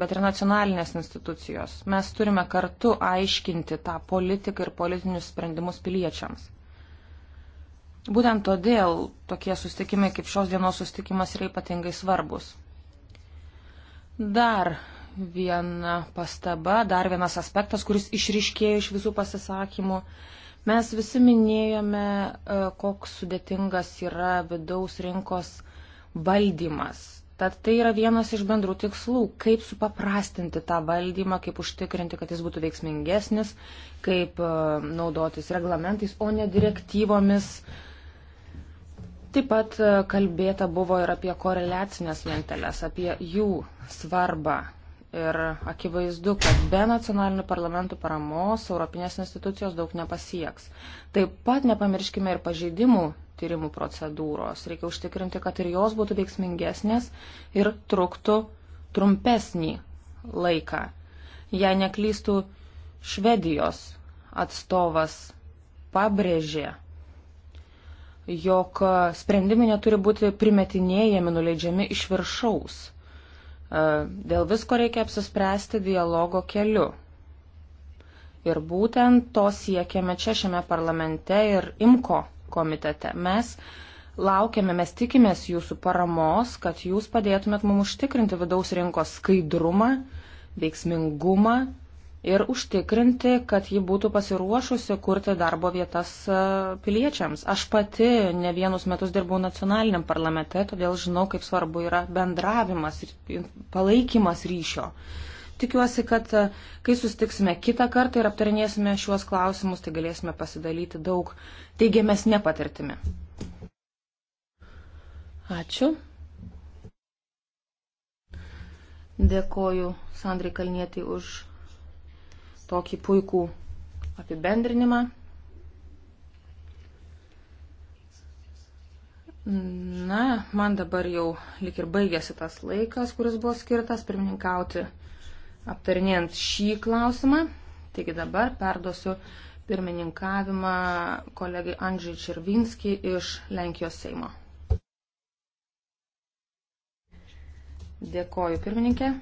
bet ir nacionalinės institucijos. Mes turime kartu aiškinti tą politiką ir politinius sprendimus piliečiams. Būtent todėl tokie sustikimai kaip šios dienos sustikimas yra ypatingai svarbus. Dar viena pastaba, dar vienas aspektas, kuris išriškėjo iš visų pasisakymų Mes visi minėjome, e, koks sudėtingas yra vidaus rinkos valdymas. Tad tai yra vienas iš bendrų tikslų, kaip supaprastinti tą valdymą, kaip užtikrinti, kad jis būtų veiksmingesnis, kaip e, naudotis reglamentais, o ne direktyvomis. Taip pat e, kalbėta buvo ir apie koreliacinės lentelės, apie jų svarbą Ir akivaizdu, kad be nacionalinių parlamentų paramos Europinės institucijos daug nepasieks. Taip pat nepamirškime ir pažeidimų tyrimų procedūros. Reikia užtikrinti, kad ir jos būtų veiksmingesnės ir truktų trumpesnį laiką. Jei neklystų, Švedijos atstovas pabrėžė, jog sprendimai neturi būti primetinėjami, nuleidžiami iš viršaus E, dėl visko reikia apsispręsti dialogo keliu. Ir būtent to siekiame čia šiame parlamente ir IMKO komitete. Mes laukiame, mes tikimės jūsų paramos, kad jūs padėtumėt mums užtikrinti vidaus rinkos skaidrumą, veiksmingumą ir užtikrinti, kad ji būtų pasiruošusi kurti darbo vietas e, piliečiams. Aš pati ne vienus metus dirbau nacionaliniam parlamente, todėl žinau, kaip svarbu yra bendravimas ir palaikymas ryšio. Tikiuosi, kad e, kai sustiksime kitą kartą ir aptarinėsime šiuos klausimus, tai galėsime pasidalyti daug teigiamesnė patirtimi. Ačiū. Dėkoju Sandrai Kalnietį už tokį puikų apibendrinimą. Na, man dabar jau lik ir baigėsi tas laikas, kuris buvo skirtas pirmininkauti aptarinėjant šį klausimą. Taigi dabar perduosiu pirmininkavimą kolegai Andžiai Červinski iš Lenkijos Seimo. Dėkoju pirmininkė.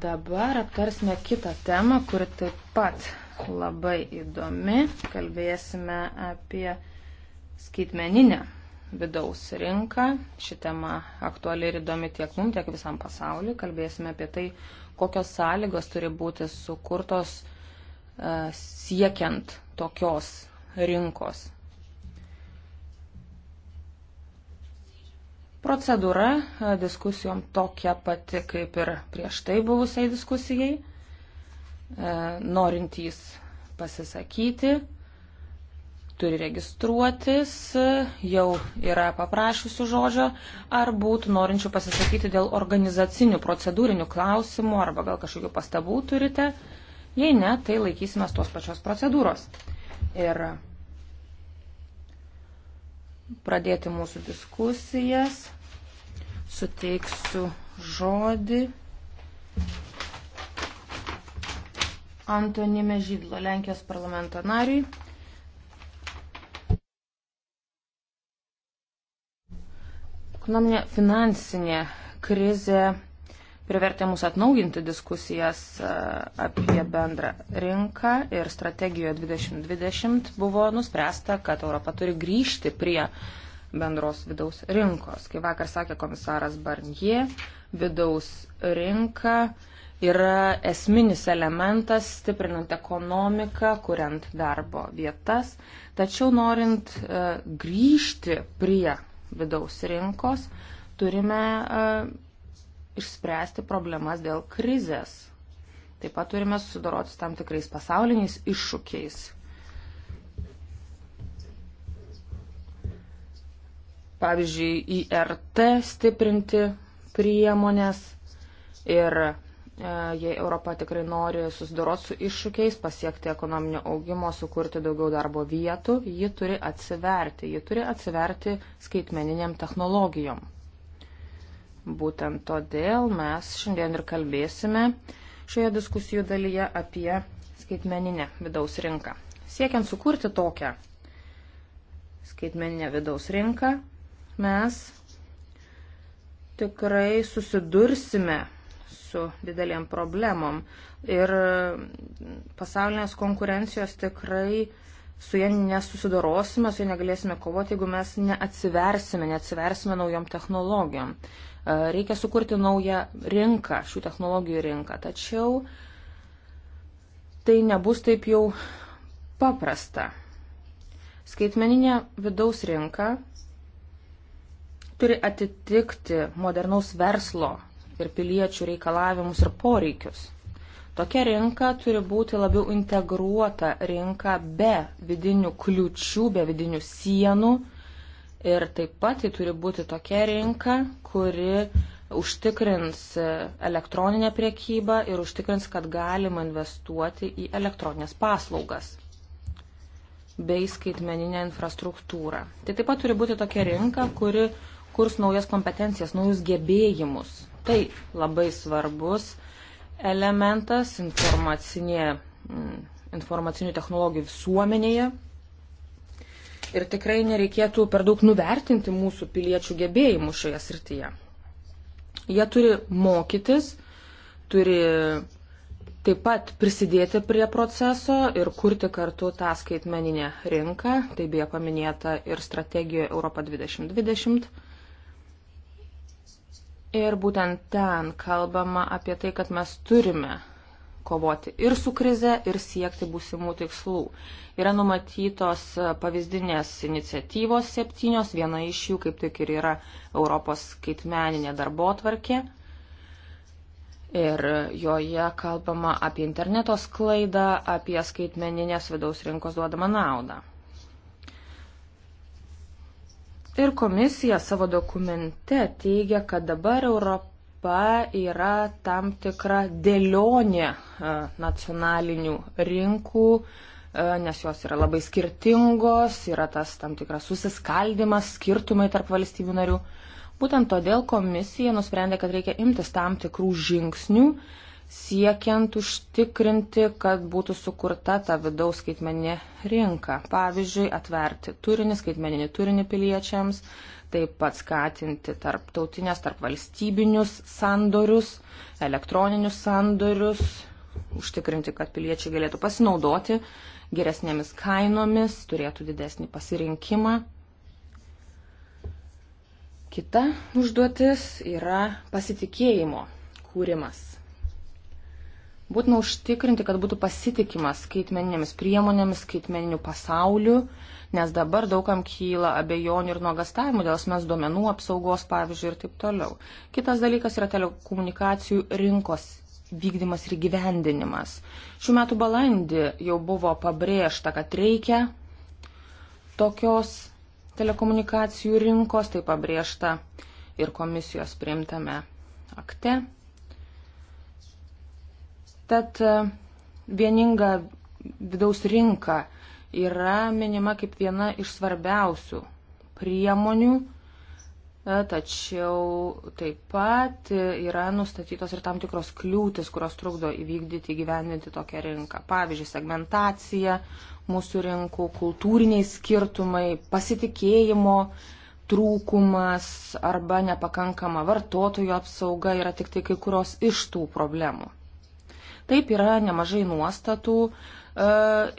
Dabar aptarsime kitą temą, kuri taip pat labai įdomi. Kalbėsime apie skaitmeninę vidaus rinką. Ši tema aktuali ir įdomi tiek mums, tiek visam pasauliu. Kalbėsime apie tai, kokios sąlygos turi būti sukurtos e, siekiant tokios rinkos Procedūra e, diskusijom tokia pati kaip ir prieš tai buvusiai diskusijai. E, norintys pasisakyti turi registruotis, e, jau yra paprašusių žodžio, ar būtų norinčių pasisakyti dėl organizacinių procedūrinių klausimų arba gal kažkokių pastabų turite. Jei ne, tai laikysime tos pačios procedūros. Ir pradėti mūsų diskusijas suteiksiu žodį Antonime Žydlo, Lenkijos parlamento nariui. Ekonominė finansinė krizė privertė mus atnaujinti diskusijas e, apie bendrą rinką ir strategijoje 2020 buvo nuspręsta, kad Europa turi grįžti prie uh, bendros vidaus rinkos. Kai vakar sakė komisaras Barnier, vidaus rinka yra esminis elementas stiprinant ekonomiką, kuriant darbo vietas. Tačiau norint e, grįžti prie vidaus rinkos, turime e, išspręsti problemas dėl krizės. Taip pat turime susidoroti su tam tikrais pasauliniais iššūkiais. pavyzdžiui, IRT stiprinti priemonės ir e, jei Europa tikrai nori susidoroti su iššūkiais, pasiekti ekonominio augimo, sukurti daugiau darbo vietų, ji turi atsiverti, ji turi atsiverti skaitmeniniam technologijom. Būtent todėl mes šiandien ir kalbėsime šioje diskusijų dalyje apie skaitmeninę vidaus rinką. Siekiant sukurti tokią skaitmeninę vidaus rinką, mes tikrai susidursime su didelėm problemom. Ir pasaulinės konkurencijos tikrai su jie nesusidorosime, su jie negalėsime kovoti, jeigu mes neatsiversime, neatsiversime naujom technologijom. E, reikia sukurti naują rinką, šių technologijų rinką. Tačiau tai nebus taip jau paprasta. Skaitmeninė vidaus rinka turi atitikti modernaus verslo ir piliečių reikalavimus ir poreikius. Tokia rinka turi būti labiau integruota rinka be vidinių kliučių, be vidinių sienų. Ir taip pat tai turi būti tokia rinka, kuri užtikrins elektroninę priekybą ir užtikrins, kad galima investuoti į elektroninės paslaugas bei skaitmeninę infrastruktūrą. Tai taip pat turi būti tokia rinka, kuri kurs naujas kompetencijas, naujus gebėjimus. Tai labai svarbus elementas informacinė, mm, informacinių technologijų visuomenėje. Ir tikrai nereikėtų per daug nuvertinti mūsų piliečių gebėjimų šioje srityje. Jie turi mokytis, turi taip pat prisidėti prie proceso ir kurti kartu tą skaitmeninę rinką, tai beje paminėta ir strategijoje Europa 2020. Ir būtent ten kalbama apie tai, kad mes turime kovoti ir su krize, ir siekti būsimų tikslų. Yra numatytos pavyzdinės iniciatyvos septynios, viena iš jų kaip tik ir yra Europos skaitmeninė darbo tvarkė. Ir joje kalbama apie interneto sklaidą, apie skaitmeninės vidaus rinkos duodamą naudą. Ir komisija savo dokumente teigia, kad dabar Europa yra tam tikra dėlionė nacionalinių rinkų, nes jos yra labai skirtingos, yra tas tam tikras susiskaldimas, skirtumai tarp valstybių narių. Būtent todėl komisija nusprendė, kad reikia imtis tam tikrų žingsnių siekiant užtikrinti, kad būtų sukurta ta vidaus skaitmeninė rinka. Pavyzdžiui, atverti turinį, skaitmeninį turinį piliečiams, taip pat skatinti tarptautinės, tarpvalstybinius sandorius, elektroninius sandorius, užtikrinti, kad piliečiai galėtų pasinaudoti geresnėmis kainomis, turėtų didesnį pasirinkimą. Kita užduotis yra pasitikėjimo kūrimas Būtina užtikrinti, kad būtų pasitikima skaitmeninėmis priemonėmis, skaitmeniniu pasauliu, nes dabar daugam kyla abejonių ir nuogastavimų dėl asmens duomenų apsaugos, pavyzdžiui, ir taip toliau. Kitas dalykas yra telekomunikacijų rinkos vykdymas ir gyvendinimas. Šiuo metu balandį jau buvo pabrėžta, kad reikia tokios telekomunikacijų rinkos, tai pabrėžta ir komisijos priimtame akte. Tad e, vieninga vidaus rinka yra minima kaip viena iš svarbiausių priemonių, e, tačiau taip pat yra nustatytos ir tam tikros kliūtis, kurios trukdo įvykdyti, gyvendinti tokią rinką. Pavyzdžiui, segmentacija mūsų rinkų, kultūriniai skirtumai, pasitikėjimo trūkumas arba nepakankama vartotojų apsauga yra tik tai kai kurios iš tų problemų. Taip yra nemažai nuostatų e,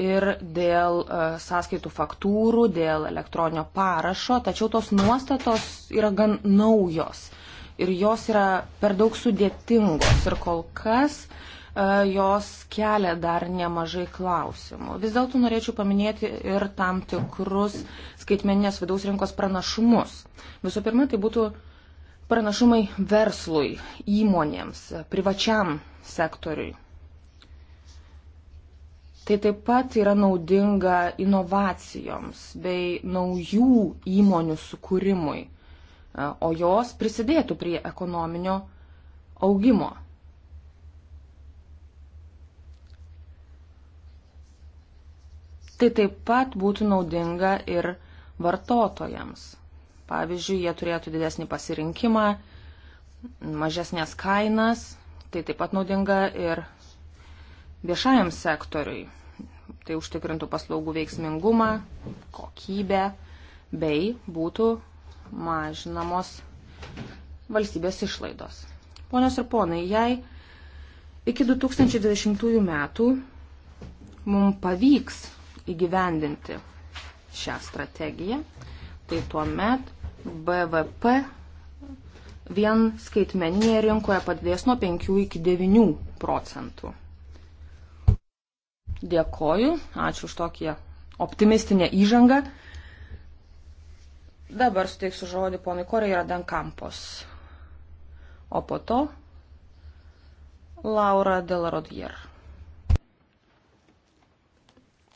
ir dėl e, sąskaitų faktūrų, dėl elektroninio parašo, tačiau tos nuostatos yra gan naujos ir jos yra per daug sudėtingos ir kol kas e, jos kelia dar nemažai klausimų. Vis dėlto norėčiau paminėti ir tam tikrus skaitmeninės vidaus rinkos pranašumus. Visų pirma, tai būtų pranašumai verslui, įmonėms, privačiam sektoriui. Tai taip pat yra naudinga inovacijoms bei naujų įmonių sukūrimui, e, o jos prisidėtų prie ekonominio augimo. Tai taip pat būtų naudinga ir vartotojams. Pavyzdžiui, jie turėtų didesnį pasirinkimą, mažesnės kainas, tai taip pat naudinga ir viešajam sektoriui. Tai užtikrintų paslaugų veiksmingumą, kokybę bei būtų mažinamos valstybės išlaidos. Ponios ir ponai, jei iki 2020 metų mums pavyks įgyvendinti šią strategiją, tai tuomet BVP vien skaitmeninėje rinkoje padės nuo 5 iki 9 procentų. Dėkoju, ačiū už tokį optimistinę įžangą. Dabar suteiksiu žodį ponui Korei Radenkampos. O po to Laura Delarodier.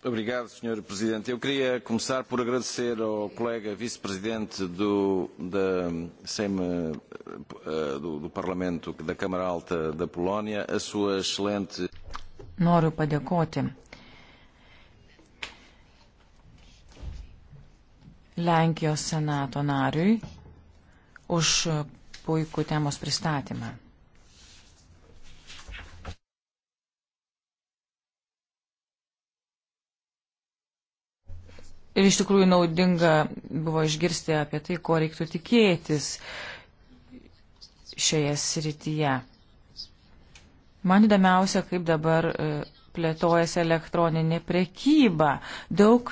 Obrigado, Sr. Presidente. Eu queria começar por agradecer ao colega vice-presidente do, da, SEM, eh, do, do Parlamento da Câmara Alta da Polónia a sua excelente noriu padėkoti Lenkijos senato nariui už puikų temos pristatymą. Ir iš tikrųjų naudinga buvo išgirsti apie tai, ko reiktų tikėtis šioje srityje. Man įdomiausia, kaip dabar e, plėtojasi elektroninė prekyba. Daug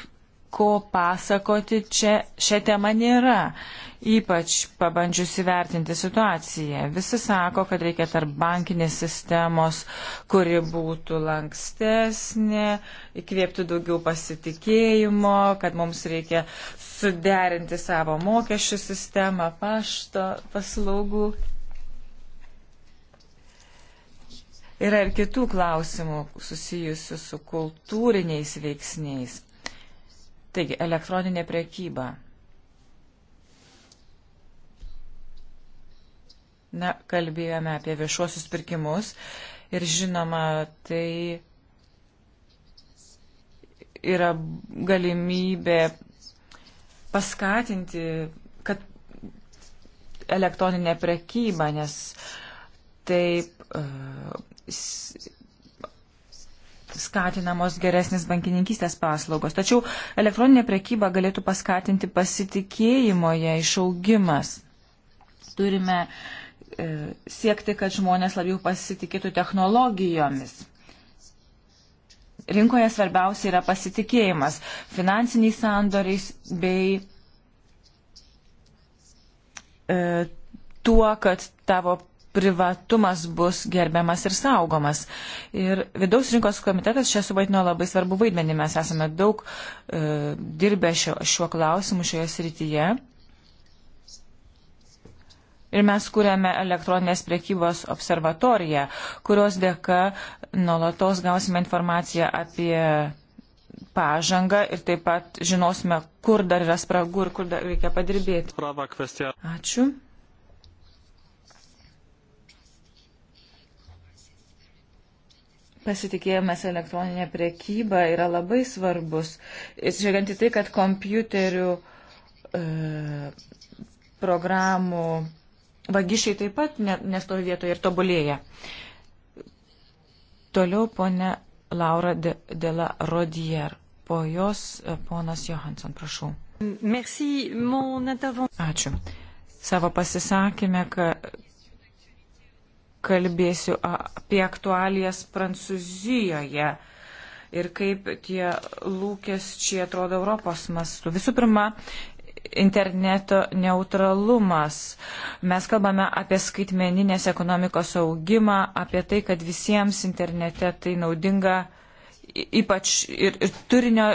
ko pasakoti čia šią temą nėra, ypač pabandžius įvertinti situaciją. Visi sako, kad reikia tarp bankinės sistemos, kuri būtų lankstesnė, įkvėptų daugiau pasitikėjimo, kad mums reikia suderinti savo mokesčių sistemą, pašto paslaugų Yra ir kitų klausimų susijusių su kultūriniais veiksniais. Taigi, elektroninė prekyba. Na, kalbėjome apie viešuosius pirkimus ir žinoma, tai yra galimybė paskatinti, kad elektroninė prekyba, nes taip uh, skatinamos geresnis bankininkystės paslaugos. Tačiau elektroninė prekyba galėtų paskatinti pasitikėjimoje išaugimas. Turime e, siekti, kad žmonės labiau pasitikėtų technologijomis. Rinkoje svarbiausia yra pasitikėjimas finansiniais sandoriais bei e, tuo, kad tavo privatumas bus gerbiamas ir saugomas. Ir vidaus rinkos komitetas čia suvaidino labai svarbu vaidmenį. Mes esame daug e, dirbę šio, šiuo klausimu šioje srityje. Ir mes kūrėme elektroninės priekybos observatoriją, kurios dėka nuolatos gausime informaciją apie pažangą ir taip pat žinosime, kur dar yra spragų ir kur dar reikia padirbėti. Ačiū. pasitikėjimas elektroninė prekyba yra labai svarbus. Žiūrint į tai, kad kompiuterių e, programų vagišiai taip pat ne, nestovi vietoje ir tobulėja. Toliau ponė Laura de, de la Rodier. Po jos e, ponas Johansson, prašau. Merci, Ačiū. Savo pasisakymę, kad kalbėsiu apie aktualijas Prancūzijoje ir kaip tie lūkesčiai atrodo Europos mastu. Visų pirma, interneto neutralumas. Mes kalbame apie skaitmeninės ekonomikos augimą, apie tai, kad visiems internete tai naudinga ypač ir, ir turinio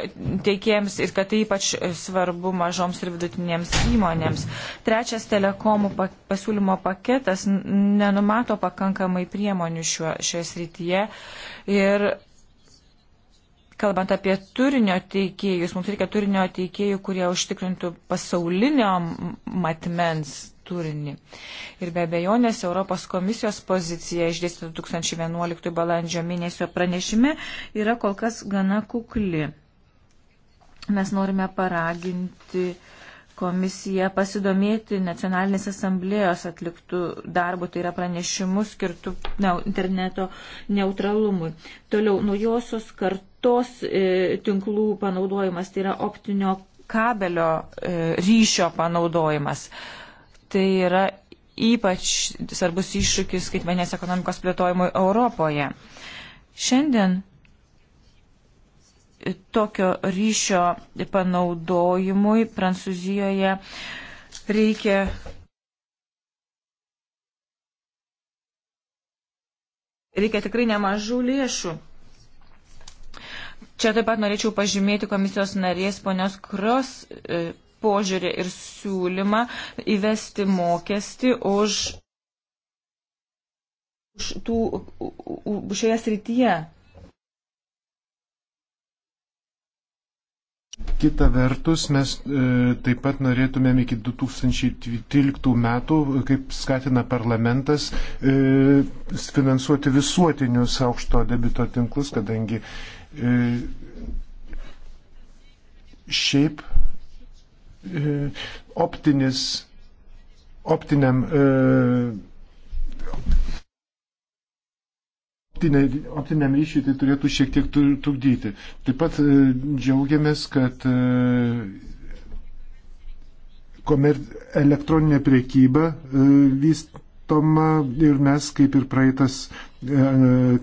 teikėjams ir kad tai ypač svarbu mažoms ir vidutinėms įmonėms. Trečias telekomų pasiūlymo paketas nenumato pakankamai priemonių šiuo, šioje srityje ir kalbant apie turinio teikėjus, mums reikia turinio teikėjų, kurie užtikrintų pasaulinio matmens turinį. Ir be abejonės Europos komisijos pozicija išdėstyta 2011 balandžio mėnesio pranešime yra kol kas gana kukli. Mes norime paraginti komisiją pasidomėti nacionalinės asamblėjos atliktų darbų, tai yra pranešimų skirtų na, interneto neutralumui. Toliau, naujosios kartos e, tinklų panaudojimas, tai yra optinio kabelio e, ryšio panaudojimas. E, tai yra ypač svarbus iššūkis skaitmenės ekonomikos plėtojimui Europoje. Šiandien tokio ryšio panaudojimui Prancūzijoje reikia. Reikia tikrai nemažų lėšų. Čia taip pat norėčiau pažymėti komisijos narės ponios Kros e, požiūrį ir siūlymą įvesti mokestį už, už tų, už šioje srityje. Kita vertus, mes e, taip pat norėtumėm iki 2013 metų, kaip skatina parlamentas, e, finansuoti visuotinius aukšto debito tinklus, kadangi e, šiaip E, optinis, optiniam. E, optiniam ryšiui tai turėtų šiek tiek trukdyti. Taip pat e, džiaugiamės, kad komer... elektroninė priekyba vystoma ir mes, kaip ir praeitas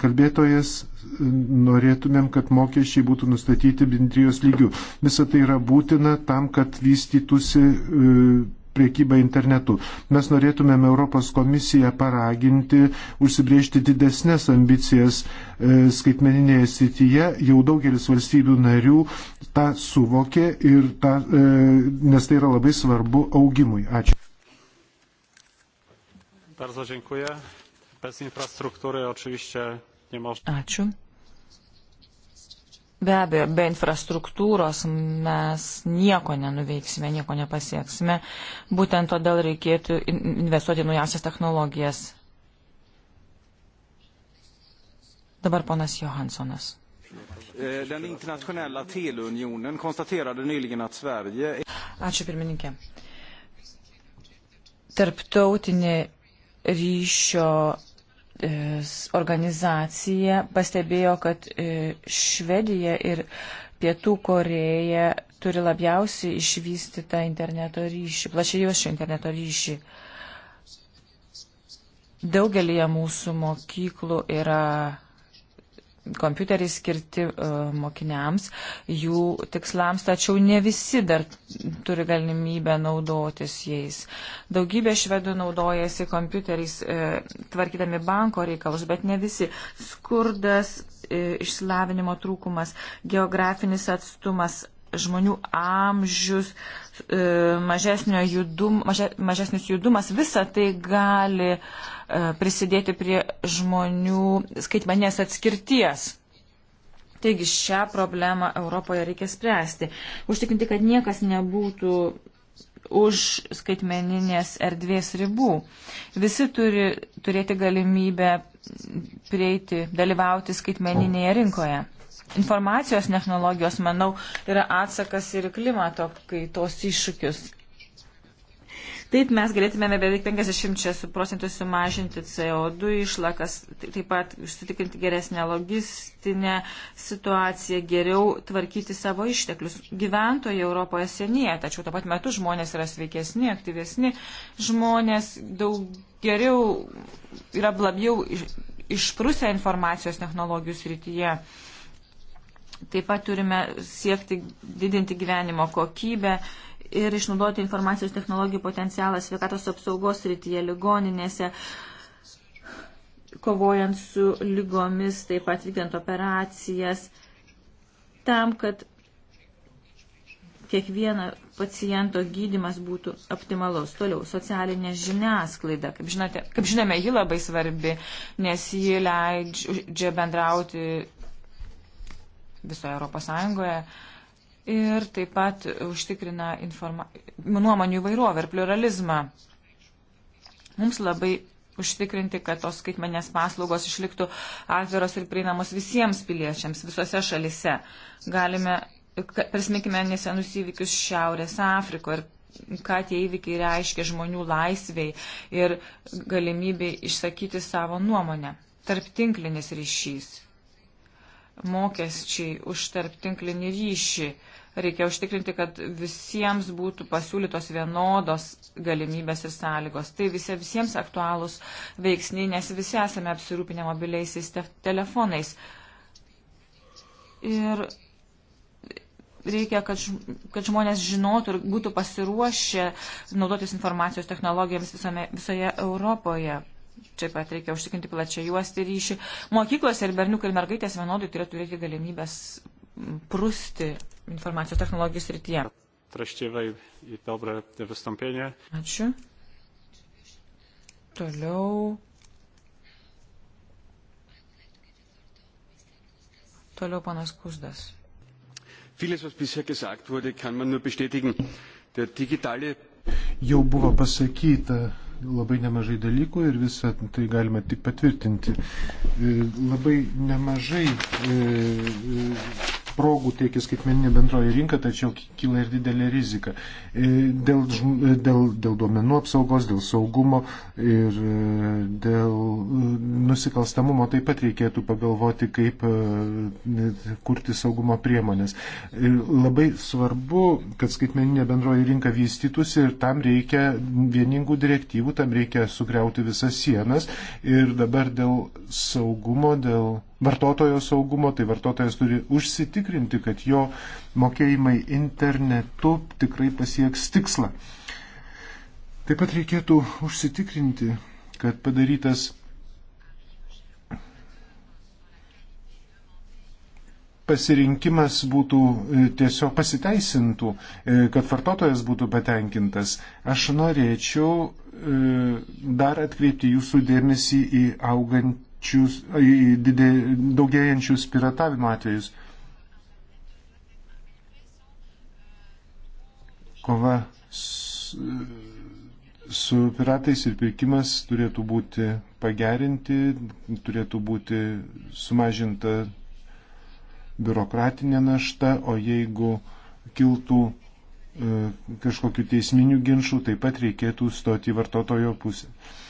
kalbėtojas, norėtumėm, kad mokesčiai būtų nustatyti bendrijos lygių. Visą tai yra būtina tam, kad vystytųsi e, priekyba internetu. Mes norėtumėm Europos komisiją paraginti, užsibriežti didesnės ambicijas e, skaitmeninėje srityje. Jau daugelis valstybių narių tą suvokė, ta, e, nes tai yra labai svarbu augimui. Ačiū. Bardzo dziękuję. Bez infrastruktury oczywiście Ačiū. Be abejo, be infrastruktūros mes nieko nenuveiksime, nieko nepasieksime. Būtent todėl reikėtų investuoti naujausias technologijas. Dabar ponas Johanssonas. Eh, den internationella teleunionen konstaterade nyligen att Sverige... Ačiū pirmininkė. Tarptautinė ryšio E, organizacija pastebėjo, kad e, Švedija ir Pietų Koreja turi labiausiai išvystytą interneto ryšį, plačiajuošio interneto ryšį. Daugelį mūsų mokyklų yra kompiuteriai skirti uh, mokiniams, jų tikslams, tačiau ne visi dar turi galimybę naudotis jais. Daugybė švedų naudojasi kompiuteriais uh, tvarkydami banko reikalus, bet ne visi. Skurdas, uh, išsilavinimo trūkumas, geografinis atstumas žmonių amžius, mažesnis judumas, visa tai gali uh, E, prisidėti prie žmonių skaitmanės atskirties. Taigi šią problemą Europoje reikia spręsti. Užtikrinti, kad niekas nebūtų už skaitmeninės erdvės ribų. Visi turi turėti galimybę prieiti, dalyvauti skaitmeninėje rinkoje. Informacijos technologijos, manau, yra atsakas ir klimato kaitos iššūkius. Taip mes galėtumėme beveik 50 procentų sumažinti CO2 išlakas, taip pat užsitikrinti geresnę logistinę situaciją, geriau tvarkyti savo išteklius. Gyventojai Europoje senėja, tačiau tuo pat metu žmonės yra sveikesni, aktyvesni, žmonės daug geriau yra labiau išprusę informacijos technologijų srityje. Taip pat turime siekti didinti gyvenimo kokybę ir išnaudoti informacijos technologijų potencialą sveikatos apsaugos srityje, ligoninėse, kovojant su lygomis, taip pat vykdant operacijas, tam, kad kiekvieno paciento gydimas būtų optimalus. Toliau, socialinė žiniasklaida. Kaip, žinote, kaip žinome, ji labai svarbi, nes ji leidžia bendrauti visoje Europos Sąjungoje. Uh, ir taip pat užtikrina informa... nuomonių įvairovę ir pluralizmą. Mums labai užtikrinti, kad tos skaitmenės paslaugos išliktų atviros ir prieinamos visiems piliečiams visose šalise. Galime, prisiminkime nesenus įvykius Šiaurės Afrikoje ir ką tie įvykiai reiškia žmonių laisviai ir galimybei išsakyti savo nuomonę. Tarptinklinis ryšys. Mokesčiai už tarptinklinį ryšį Reikia užtikrinti, kad visiems būtų pasiūlytos vienodos galimybės ir sąlygos. Tai visie, visiems aktualūs veiksniai, nes visi esame apsirūpinę mobiliaisiais telefonais. Ir reikia, kad, kad žmonės žinotų ir būtų pasiruošę naudotis informacijos technologijomis visome, visoje Europoje. Čia pat reikia užtikrinti plačią juostį ryšį. Mokyklose ir berniukai ir mergaitės vienodai turėtų turėti galimybės prusti informacijos technologijų srityje. Traštyvai į dobrą vystompinį. Ačiū. Toliau. Toliau panas Kusdas. Vieles, was bisher gesagt wurde, kann man nur bestätigen. Der digitale. Jau buvo pasakyta, labai nemažai dalykų ir visą tai galima tik patvirtinti. E, labai nemažai e, progų teikia skaitmeninė bendroji rinka, tačiau kyla ir didelė rizika e, dėl, e, dėl, dėl duomenų apsaugos, dėl saugumo ir e, dėl nusikalstamumo taip pat reikėtų pagalvoti, kaip kurti saugumo priemonės. Labai svarbu, kad skaitmeninė bendroji rinka vystytųsi ir tam reikia vieningų direktyvų, tam reikia sugriauti visas sienas ir dabar dėl saugumo, dėl vartotojo saugumo, tai vartotojas turi užsitikrinti, kad jo mokėjimai internetu tikrai pasieks tikslą. Taip pat reikėtų užsitikrinti, kad padarytas pasirinkimas būtų e, tiesiog pasiteisintų, e, kad vartotojas būtų patenkintas. Aš norėčiau e, dar atkreipti jūsų dėmesį į augant didėjančius, didė, daugėjančius piratavimo atvejus. Kova su, su piratais ir pirkimas turėtų būti pagerinti, turėtų būti sumažinta biurokratinė našta, o jeigu kiltų e, kažkokiu teisminiu ginčiu, taip pat reikėtų stoti vartotojo pusę. E,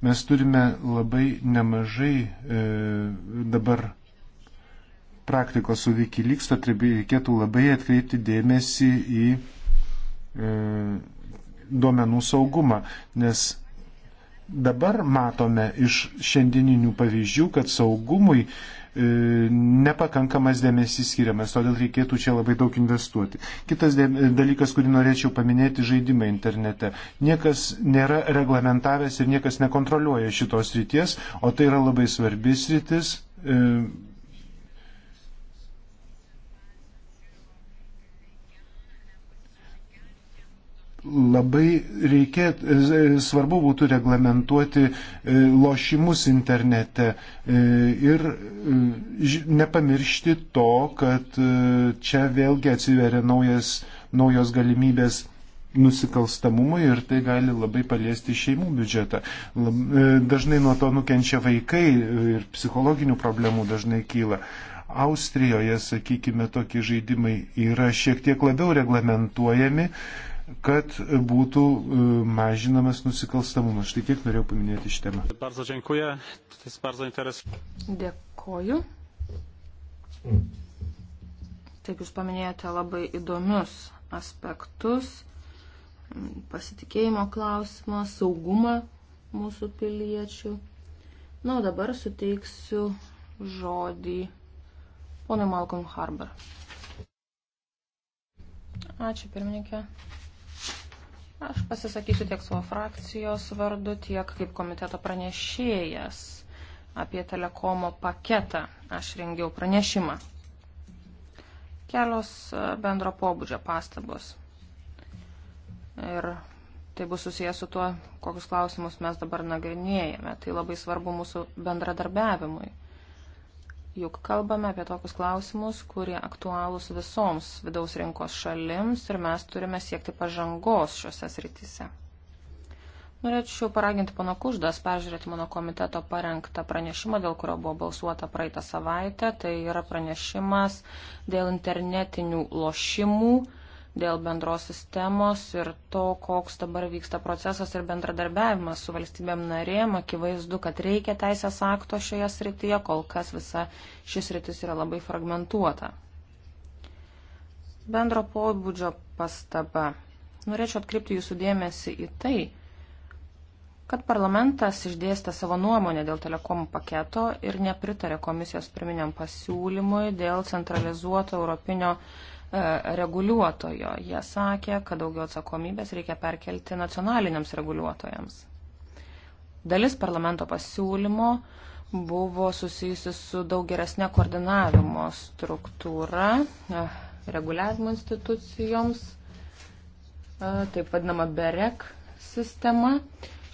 Mes turime labai nemažai e, dabar praktikos su Wikileaks, tad reikėtų labai atkreipti dėmesį į e, duomenų saugumą, nes dabar matome iš šiandieninių pavyzdžių, kad saugumui e, E, nepakankamas dėmesys skiriamas, todėl reikėtų čia labai daug investuoti. Kitas dalykas, kurį norėčiau paminėti, žaidimai internete. Niekas nėra reglamentavęs ir niekas nekontroliuoja šitos ryties, o tai yra labai svarbis rytis e, labai reikėtų, e, svarbu būtų reglamentuoti e, lošimus internete e, ir nepamiršti to, kad čia vėlgi atsiveria naujas, naujos galimybės nusikalstamumui ir tai gali labai paliesti šeimų biudžetą. Dažnai nuo to nukenčia vaikai ir psichologinių problemų dažnai kyla. Austrijoje, sakykime, tokie žaidimai yra šiek tiek labiau reglamentuojami, uh, kad būtų e, mažinamas nusikalstamumas. Štai tiek norėjau paminėti iš temą. Dėkoju. Taip, jūs paminėjote labai įdomius aspektus pasitikėjimo klausimą, saugumą mūsų piliečių. Na, o dabar suteiksiu žodį ponui Malcolm Harbour. Ačiū, pirmininkė. Aš pasisakysiu tiek savo frakcijos vardu, tiek kaip komiteto pranešėjas apie telekomo paketą. Aš rengiau pranešimą. Kelios e, bendro pobūdžio pastabos. Ir tai bus susijęs su tuo, kokius klausimus mes dabar nagrinėjame. Tai labai svarbu mūsų bendradarbiavimui juk kalbame apie tokius klausimus, kurie aktualūs visoms vidaus rinkos šalims ir mes turime siekti pažangos šiuose srityse. Norėčiau paraginti pana Kuždas peržiūrėti mano komiteto parengtą pranešimą, dėl kurio buvo balsuota praeitą savaitę. Tai yra pranešimas dėl internetinių lošimų dėl bendros sistemos ir to, koks dabar vyksta procesas ir bendradarbiavimas su valstybėm narėm. Akivaizdu, kad reikia teisės akto šioje srityje, kol kas visa šis rytis yra labai fragmentuota. Bendro pobūdžio pastaba. Norėčiau atkreipti jūsų dėmesį į tai, kad parlamentas išdėstė savo nuomonę dėl telekomų paketo ir nepritarė komisijos pirminiam pasiūlymui dėl centralizuoto europinio E, reguliuotojo. Jie sakė, kad daugiau atsakomybės reikia perkelti nacionaliniams reguliuotojams. Dalis parlamento pasiūlymo buvo susijusi su daug geresnė koordinavimo struktūra e, reguliavimo institucijoms, e, taip vadinama BEREK sistema.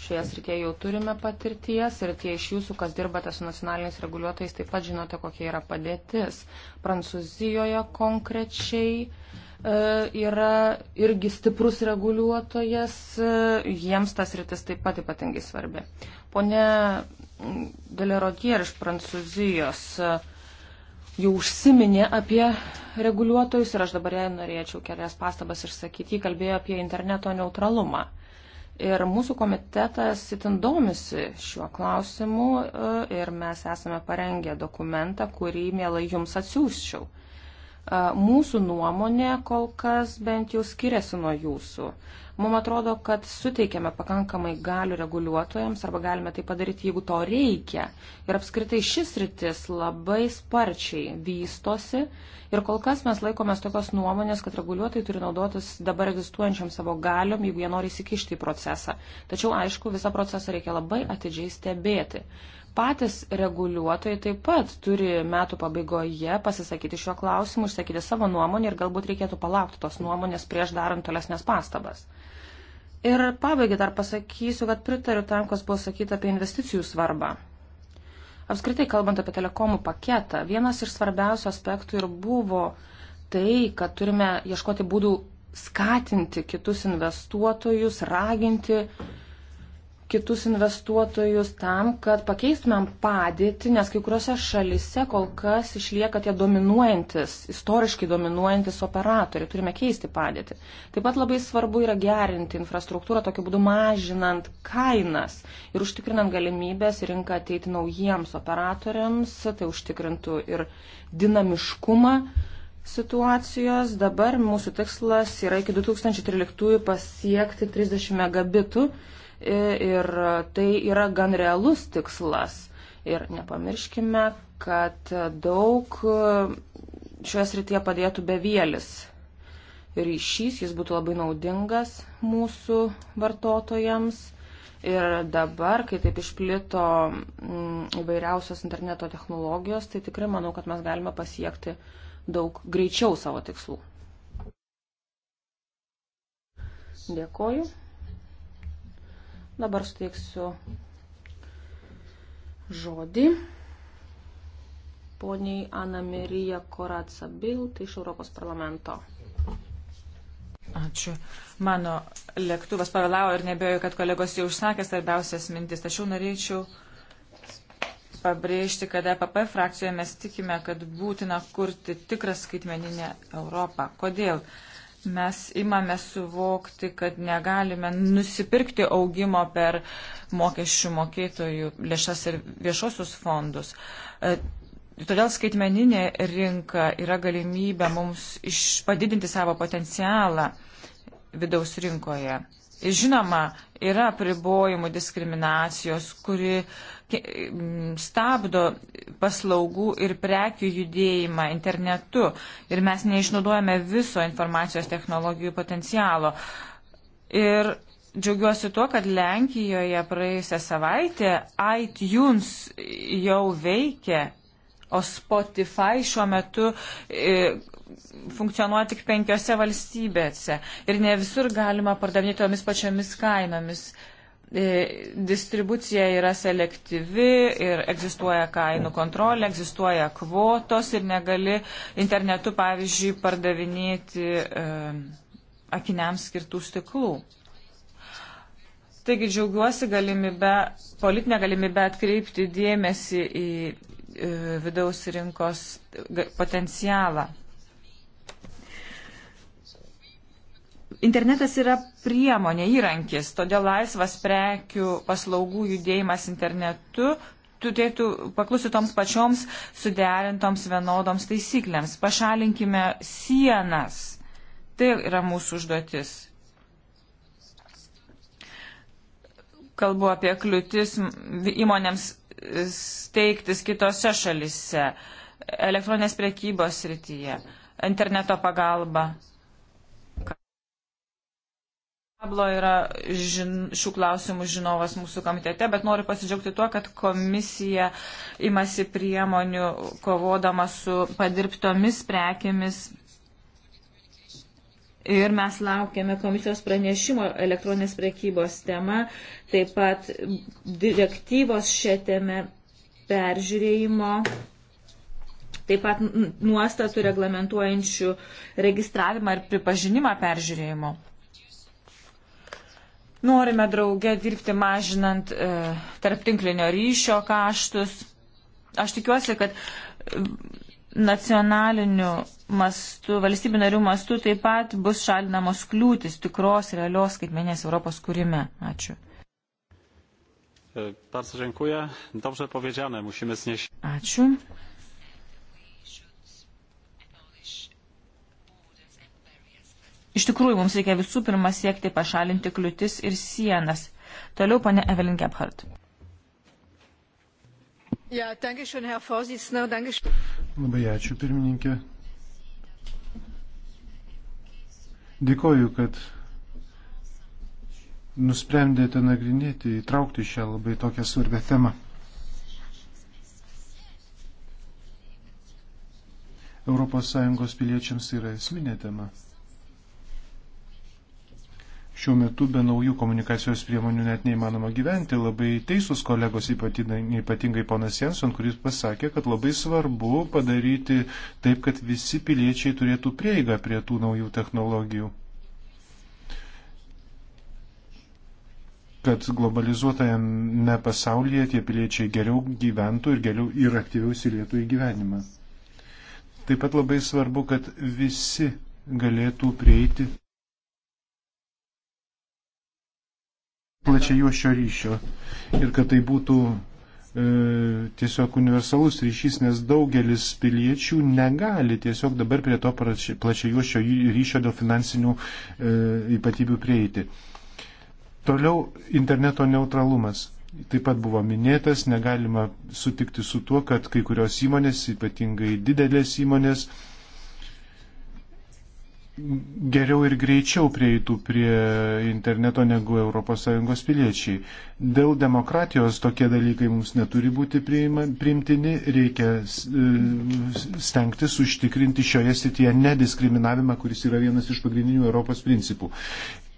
Šioje srityje jau turime patirties ir tie iš jūsų, kas dirbate su nacionaliniais reguliuotojais, taip pat žinote, kokia yra padėtis. Prancūzijoje konkrečiai e, yra irgi stiprus reguliuotojas, e, jiems tas rytis taip pat ypatingai svarbi. Pone Delerotier iš Prancūzijos e, jau užsiminė apie reguliuotojus ir aš dabar jai norėčiau kelias pastabas išsakyti. Ji kalbėjo apie interneto neutralumą. Ir mūsų komitetas itin domisi šiuo klausimu e, ir mes esame parengę dokumentą, kurį mielai jums atsiųščiau. E, mūsų nuomonė kol kas bent jau skiriasi nuo jūsų. Mums atrodo, kad suteikėme pakankamai galių reguliuotojams arba galime tai padaryti, jeigu to reikia. Ir apskritai šis rytis labai sparčiai vystosi ir kol kas mes laikomės tokios nuomonės, kad reguliuotojai turi naudotis dabar egzistuojančiam savo galiom, jeigu jie nori įsikišti į procesą. Tačiau, aišku, visą procesą reikia labai atidžiai stebėti patys reguliuotojai taip pat turi metų pabaigoje pasisakyti šiuo klausimu, išsakyti savo nuomonę ir galbūt reikėtų palaukti tos nuomonės prieš darant tolesnės pastabas. Ir pabaigai dar pasakysiu, kad pritariu tam, kas buvo sakyta apie investicijų svarbą. Apskritai, kalbant apie telekomų paketą, vienas iš svarbiausių aspektų ir buvo tai, kad turime ieškoti būdų skatinti kitus investuotojus, raginti kitus investuotojus tam, kad pakeistumėm padėtį, nes kai kuriuose šalise kol kas išlieka tie dominuojantis, istoriškai dominuojantis operatoriai, turime keisti padėtį. Taip pat labai svarbu yra gerinti infrastruktūrą, tokiu būdu mažinant kainas ir užtikrinant galimybės į rinką ateiti naujiems operatoriams, tai užtikrintų ir dinamiškumą situacijos. Dabar mūsų tikslas yra iki 2013 pasiekti 30 megabitų E, ir tai yra gan realus tikslas. Ir nepamirškime, kad daug šioje srityje padėtų bevėlis ryšys, jis būtų labai naudingas mūsų vartotojams. Ir dabar, kai taip išplito mm, įvairiausios interneto technologijos, tai tikrai manau, kad mes galime pasiekti daug greičiau savo tikslų. Dėkoju. Dabar suteiksiu žodį poniai Ana Marija Koratsa Bilt iš Europos parlamento. Ačiū. Mano lėktuvas pavėlavo ir nebejoju, kad kolegos jau užsakė svarbiausias mintis. Tačiau norėčiau pabrėžti, kad EPP frakcijoje mes tikime, kad būtina kurti tikrą skaitmeninę Europą. Kodėl? mes imame suvokti, kad negalime nusipirkti augimo per mokesčių mokėtojų lėšas ir viešosius fondus. E, todėl skaitmeninė rinka yra galimybė mums padidinti savo potencialą vidaus rinkoje. Žinoma, yra pribojimų diskriminacijos, kuri uh, stabdo paslaugų ir prekių judėjimą internetu ir mes neišnaudojame viso informacijos technologijų potencialo. Ir džiaugiuosi tuo, kad Lenkijoje praėjusią savaitę iTunes jau veikia, o Spotify šiuo metu e, funkcionuoja tik penkiose valstybėse ir ne visur galima pardavinėti tomis pačiomis kainomis. E, E, distribucija yra selektyvi ir egzistuoja kainų kontrolė, egzistuoja kvotos ir negali internetu, pavyzdžiui, pardavinėti e, akiniams skirtų stiklų. Taigi džiaugiuosi galimybę, politinę galimybę atkreipti dėmesį į e, vidaus rinkos potencialą. Internetas yra priemonė, įrankis, todėl laisvas prekių paslaugų judėjimas internetu turėtų paklusti toms pačioms suderintoms vienodoms taisyklėms. Pašalinkime sienas. Tai yra mūsų užduotis. Kalbu apie kliūtis įmonėms steigtis kitose šalise, elektroninės prekybos srityje, interneto pagalba. Pablo yra žin, šių klausimų žinovas mūsų komitete, bet noriu pasidžiaugti tuo, kad komisija imasi priemonių kovodama su padirbtomis prekėmis. Ir mes laukiame komisijos pranešimo elektroninės prekybos tema, taip pat direktyvos šią temą peržiūrėjimo taip pat nuostatų reglamentuojančių registravimą ir pripažinimą peržiūrėjimo. Norime drauge dirbti mažinant e, tarptinklinio ryšio kaštus. Aš tikiuosi, kad e, nacionaliniu mastu, valstybių narių mastu taip pat bus šalinamos kliūtis tikros realios skaitmenės Europos kūrime. Ačiū. E, bardzo dziękuję. Dobrze powiedziane, musimy znieść. Ačiū. Iš tikrųjų, mums reikia visų pirma siekti pašalinti kliūtis ir sienas. Toliau, pane Evelyn Gebhardt. Ja, dankeschön, Herr Vorsitzender, dankeschön. Labai ačiū, pirmininkė. Dėkoju, kad nusprendėte nagrinėti, įtraukti šią labai tokią svarbę temą. ES piliečiams yra esminė tema šiuo metu be naujų komunikacijos priemonių net neįmanoma gyventi. Labai teisus kolegos, ypatingai, ypatingai ponas Jenson, kuris pasakė, kad labai svarbu padaryti taip, kad visi piliečiai turėtų prieigą prie tų naujų technologijų. kad globalizuotajame pasaulyje tie piliečiai geriau gyventų ir, geriau, ir aktyviau įsilietų į gyvenimą. Taip pat labai svarbu, kad visi galėtų prieiti plačiajuošio ryšio ir kad tai būtų e, tiesiog universalus ryšys, nes daugelis piliečių negali tiesiog dabar prie to plačiajuošio ryšio dėl finansinių e, ypatybių prieiti. Toliau interneto neutralumas. Taip pat buvo minėtas, negalima sutikti su tuo, kad kai kurios įmonės, ypatingai didelės įmonės, e, geriau ir greičiau prieitų prie interneto negu ES piliečiai. Dėl demokratijos tokie dalykai mums neturi būti priima, priimtini, reikia e, stengtis užtikrinti šioje srityje nediskriminavimą, kuris yra vienas iš pagrindinių Europos principų.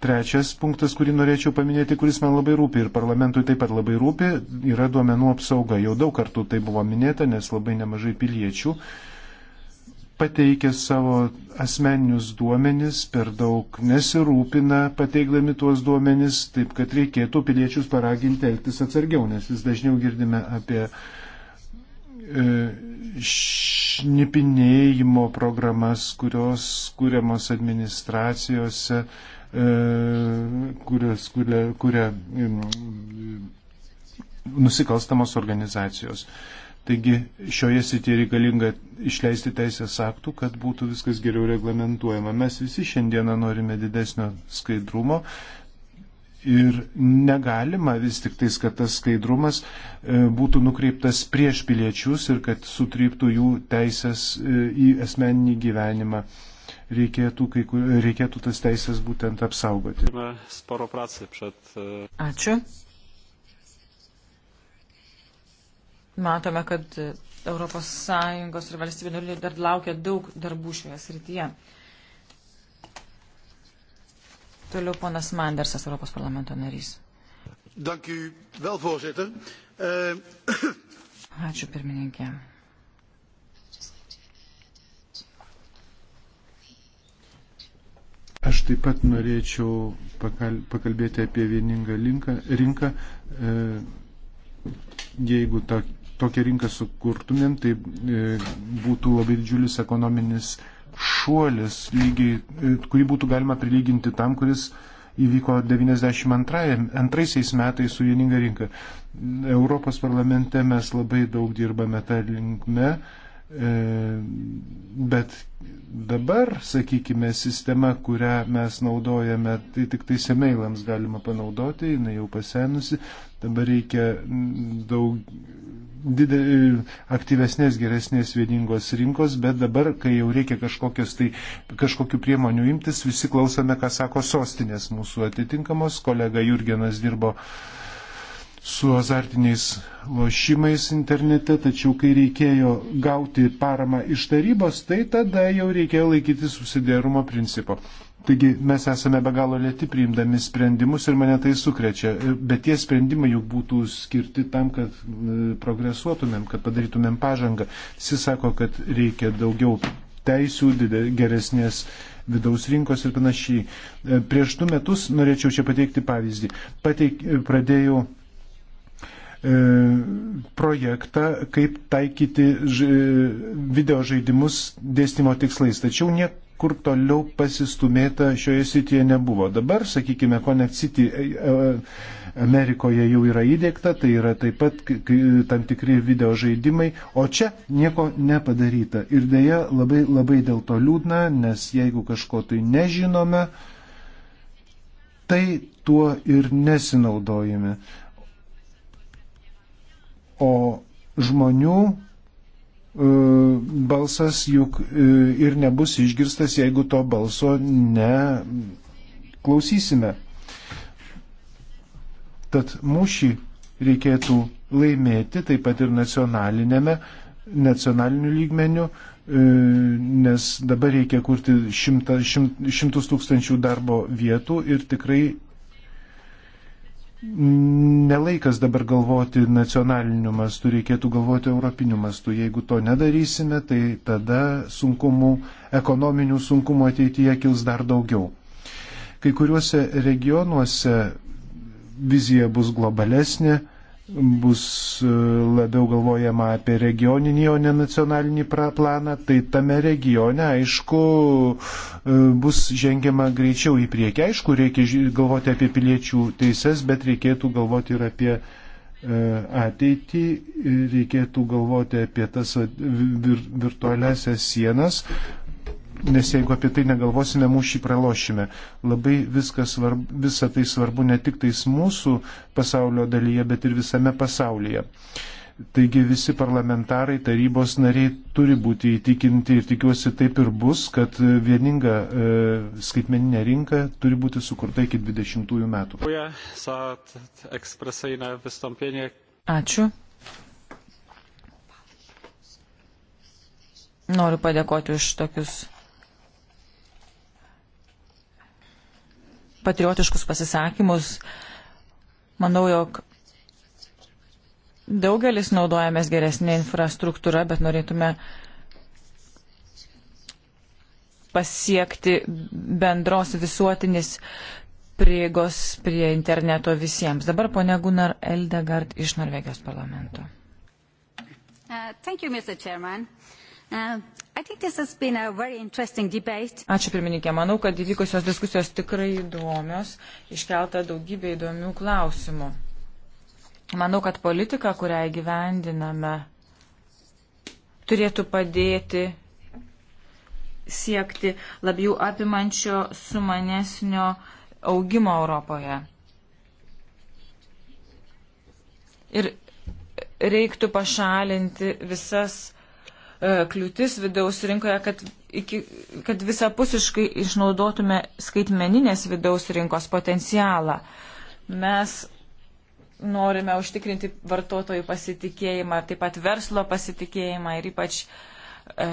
Trečias punktas, kurį norėčiau paminėti, kuris man labai rūpi ir parlamentui taip pat labai rūpi, yra duomenų apsauga. Jau daug kartų tai buvo minėta, nes labai nemažai piliečių uh, pateikia savo asmeninius duomenis, per daug nesirūpina pateikdami tuos duomenis, taip kad reikėtų piliečius paraginti elgtis atsargiau, nes vis dažniau girdime apie e, šnipinėjimo programas, kurios kūriamos administracijose, e, kurias kuria, kuria e, nusikalstamos organizacijos. E, Taigi šioje srityje reikalinga išleisti teisės aktų, kad būtų viskas geriau reglamentuojama. Mes visi šiandieną norime didesnio skaidrumo ir negalima vis tik tais, kad tas skaidrumas e, būtų nukreiptas prieš piliečius ir kad sutryptų jų teisės e, į asmeninį gyvenimą. Reikėtų, kai, reikėtų tas teisės būtent apsaugoti. E, Ačiū. matome, kad ES ir valstybė narių dar laukia daug darbų šioje srityje. Toliau ponas Mandersas, Europos parlamento narys. Dank u wel, voorzitter. Uh... Ačiū, pirmininkė. Aš taip pat norėčiau pakalbėti apie vieningą linką, rinką. Eh, jeigu ta tokią rinką sukurtumėm, tai e, būtų labai didžiulis ekonominis šuolis, lygiai, e, kurį būtų galima prilyginti tam, kuris įvyko 92 metais su vieninga rinka. Europos parlamente mes labai daug dirbame tą linkme, e, bet dabar, sakykime, sistema, kurią mes naudojame, tai tik tai semeilams galima panaudoti, jinai jau pasenusi, dabar reikia daug didel, aktyvesnės, geresnės vieningos rinkos, bet dabar, kai jau reikia kažkokios tai kažkokių priemonių imtis, visi klausome, ką sako sostinės mūsų atitinkamos. Kolega Jurgenas dirbo su azartiniais lošimais internete, tačiau kai reikėjo gauti paramą iš tarybos, tai tada jau reikėjo laikyti susidėrumo principo. Taigi mes esame be galo lėti priimdami sprendimus ir mane tai sukrečia. Bet tie sprendimai juk būtų skirti tam, kad e, progresuotumėm, kad padarytumėm pažangą. Visi sako, kad reikia daugiau teisių, geresnės vidaus rinkos ir panašiai. E, prieš du metus norėčiau čia pateikti pavyzdį. Pateik, pradėjau e, projektą, kaip taikyti ž, video žaidimus dėstymo tikslais. Tačiau nieko kur toliau pasistumėta šioje sityje nebuvo. Dabar, sakykime, Connect City e, e, Amerikoje jau yra įdėkta, tai yra taip pat tam tikri video žaidimai, o čia nieko nepadaryta. Ir dėja labai, labai dėl to liūdna, nes jeigu kažko tai nežinome, tai tuo ir nesinaudojame. O žmonių E, balsas juk e, ir nebus išgirstas, jeigu to balso neklausysime. Tad mūšį reikėtų laimėti taip pat ir nacionalinėme, nacionaliniu lygmeniu, e, nes dabar reikia kurti šimta, šimt, šimtus tūkstančių darbo vietų ir tikrai nelaikas dabar galvoti nacionaliniu mastu, reikėtų galvoti europiniu mastu. Jeigu to nedarysime, tai tada sunkumų, ekonominių sunkumų ateityje kils dar daugiau. Kai kuriuose regionuose vizija bus globalesnė, bus e, labiau galvojama apie regioninį, o ne nacionalinį planą, tai tame regione, aišku, e, bus žengiama greičiau į priekį. Aišku, reikia galvoti apie piliečių teises, bet reikėtų galvoti ir apie e, ateitį, reikėtų galvoti apie tas virtualiasias sienas, nes jeigu apie tai negalvosime, mūšį pralošime. Labai svarb, visą tai svarbu ne tik tais mūsų pasaulio dalyje, bet ir visame pasaulyje. Taigi visi parlamentarai, tarybos nariai turi būti įtikinti ir tikiuosi taip ir bus, kad vieninga e, skaitmeninė rinka turi būti sukurta iki 20 metų. Ačiū. Noriu padėkoti už tokius patriotiškus pasisakymus. Manau, jog daugelis naudojamės geresnė infrastruktūra, bet norėtume pasiekti bendros visuotinis prieigos prie interneto visiems. Dabar ponia Gunnar Eldegard iš Norvegijos parlamento. Uh, thank you, Mr. Chairman. Uh, Ačiū pirmininkė, manau, kad įvykusios diskusijos tikrai įdomios, iškelta daugybė įdomių klausimų. Manau, kad politika, kurią įgyvendiname, turėtų padėti siekti labiau apimančio sumanesnio augimo Europoje. Ir reiktų pašalinti visas E, kliūtis vidaus rinkoje, kad, iki, kad visapusiškai išnaudotume skaitmeninės vidaus rinkos potencialą. Mes norime užtikrinti vartotojų pasitikėjimą, taip pat verslo pasitikėjimą ir ypač e,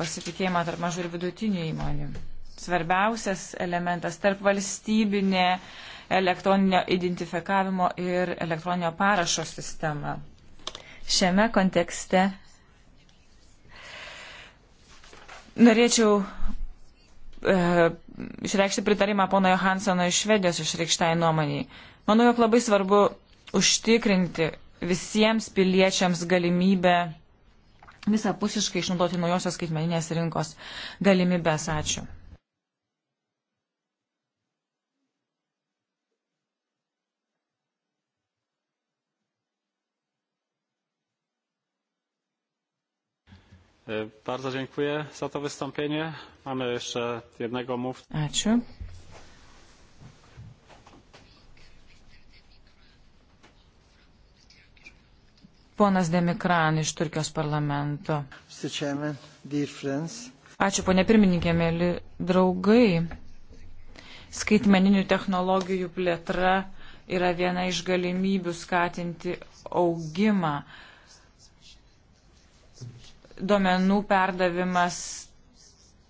pasitikėjimą tarp mažų ir vidutinių įmonių. Svarbiausias elementas tarp valstybinė elektroninio identifikavimo ir elektroninio parašo sistema. Šiame kontekste Norėčiau e, išreikšti pritarimą pono Johansono iš Švedijos išreikštai nuomoniai. Manau, jog labai svarbu užtikrinti visiems piliečiams galimybę visapusiškai išnaudoti naujosios skaitmeninės rinkos galimybės. Ačiū. E, bardzo dziękuję za to wystąpienie. Mamy jeszcze jednego mówcę. Ačiū. Ponas Demikran iš Turkijos parlamento. Ačiū, ponė pirmininkė, mėly draugai. Skaitmeninių technologijų plėtra yra viena iš galimybių skatinti augimą duomenų perdavimas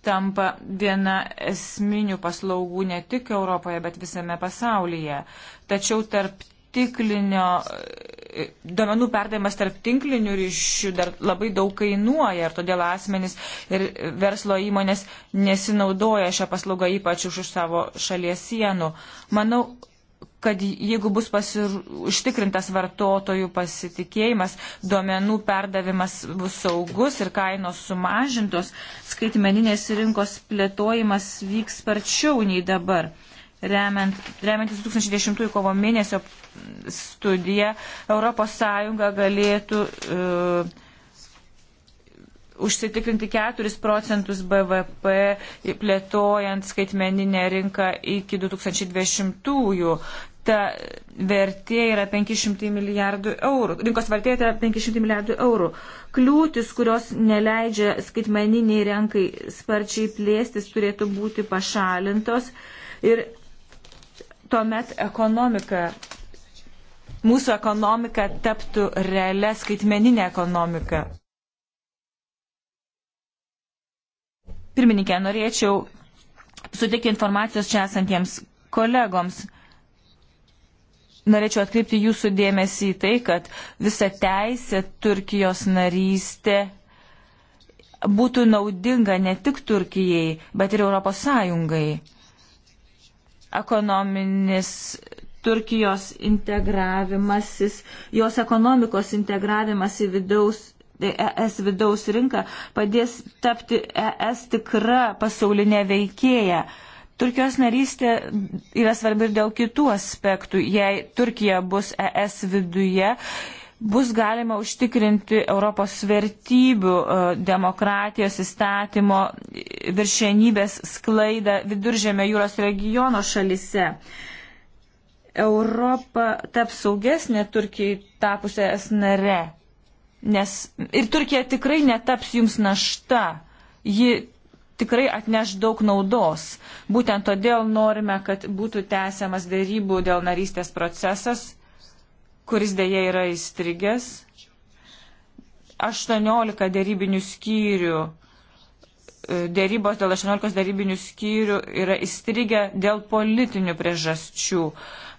tampa viena esminių paslaugų ne tik Europoje, bet visame pasaulyje. Tačiau tarp tiklinio, duomenų perdavimas tarp tinklinių ryšių dar labai daug kainuoja ir todėl asmenys ir verslo įmonės nesinaudoja šią paslaugą ypač už savo šalies sienų. Manau, kad jeigu bus pasir... užtikrintas vartotojų pasitikėjimas, duomenų perdavimas bus saugus ir kainos sumažintos, skaitmeninės rinkos plėtojimas vyks sparčiau nei dabar. Remiant, remiantis 2010 kovo mėnesio studiją, ES galėtų uh, užsitikrinti 4 procentus BVP plėtojant skaitmeninę rinką iki 2020-ųjų. Ta vertė yra 500 milijardų eurų. Rinkos vertė tai yra 500 milijardų eurų. Kliūtis, kurios neleidžia skaitmeniniai renkai sparčiai plėstis, turėtų būti pašalintos. Ir tuomet ekonomika mūsų ekonomika taptų realią skaitmeninę ekonomiką. Pirmininkė, norėčiau sutikti informacijos čia esantiems kolegoms. Norėčiau atkreipti jūsų dėmesį į tai, kad visa teisė Turkijos narystė būtų naudinga ne tik Turkijai, bet ir Europos Sąjungai. Ekonominis Turkijos integravimasis, jos ekonomikos integravimas į vidaus ES vidaus rinka padės tapti ES tikra pasaulinė veikėja. Turkijos narystė yra svarbi ir dėl kitų aspektų. Jei Turkija bus ES viduje, bus galima užtikrinti Europos vertybių, e, demokratijos įstatymo viršenybės sklaidą viduržėme jūros regiono šalise. Europa taps saugesnė Turkijai tapusią es nare. Nes ir Turkija tikrai netaps jums našta. Ji tikrai atneš daug naudos. Būtent todėl norime, kad būtų tęsiamas dėrybų dėl narystės procesas, kuris dėja yra įstrigęs. 18 dėrybinių skyrių e, dėrybos dėl 18 dėrybinių skyrių yra įstrigę dėl politinių priežasčių.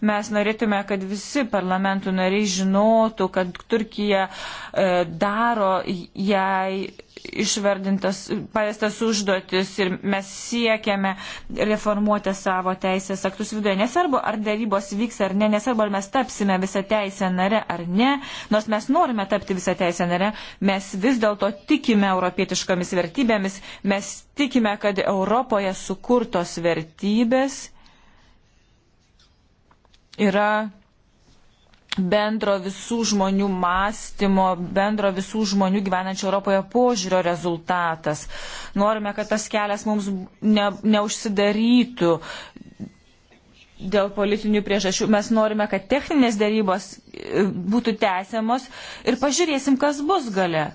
Mes norėtume, kad visi parlamentų nariai žinotų, kad Turkija e, daro jai išvardintas, pavestas užduotis ir mes siekiame reformuoti savo teisės aktus viduje. Nesvarbu, ar darybos vyks ar ne, nesvarbu, ar mes tapsime visą teisę nare ar ne, nors mes norime tapti visą teisę nare, mes vis dėlto tikime europietiškomis vertybėmis, mes tikime, kad Europoje sukurtos vertybės yra bendro visų žmonių mąstymo, bendro visų žmonių gyvenančių Europoje požiūrio rezultatas. Norime, kad tas kelias mums ne, neužsidarytų dėl politinių priežasčių. Mes norime, kad techninės dėrybos e, būtų tęsiamos ir pažiūrėsim, kas bus gale.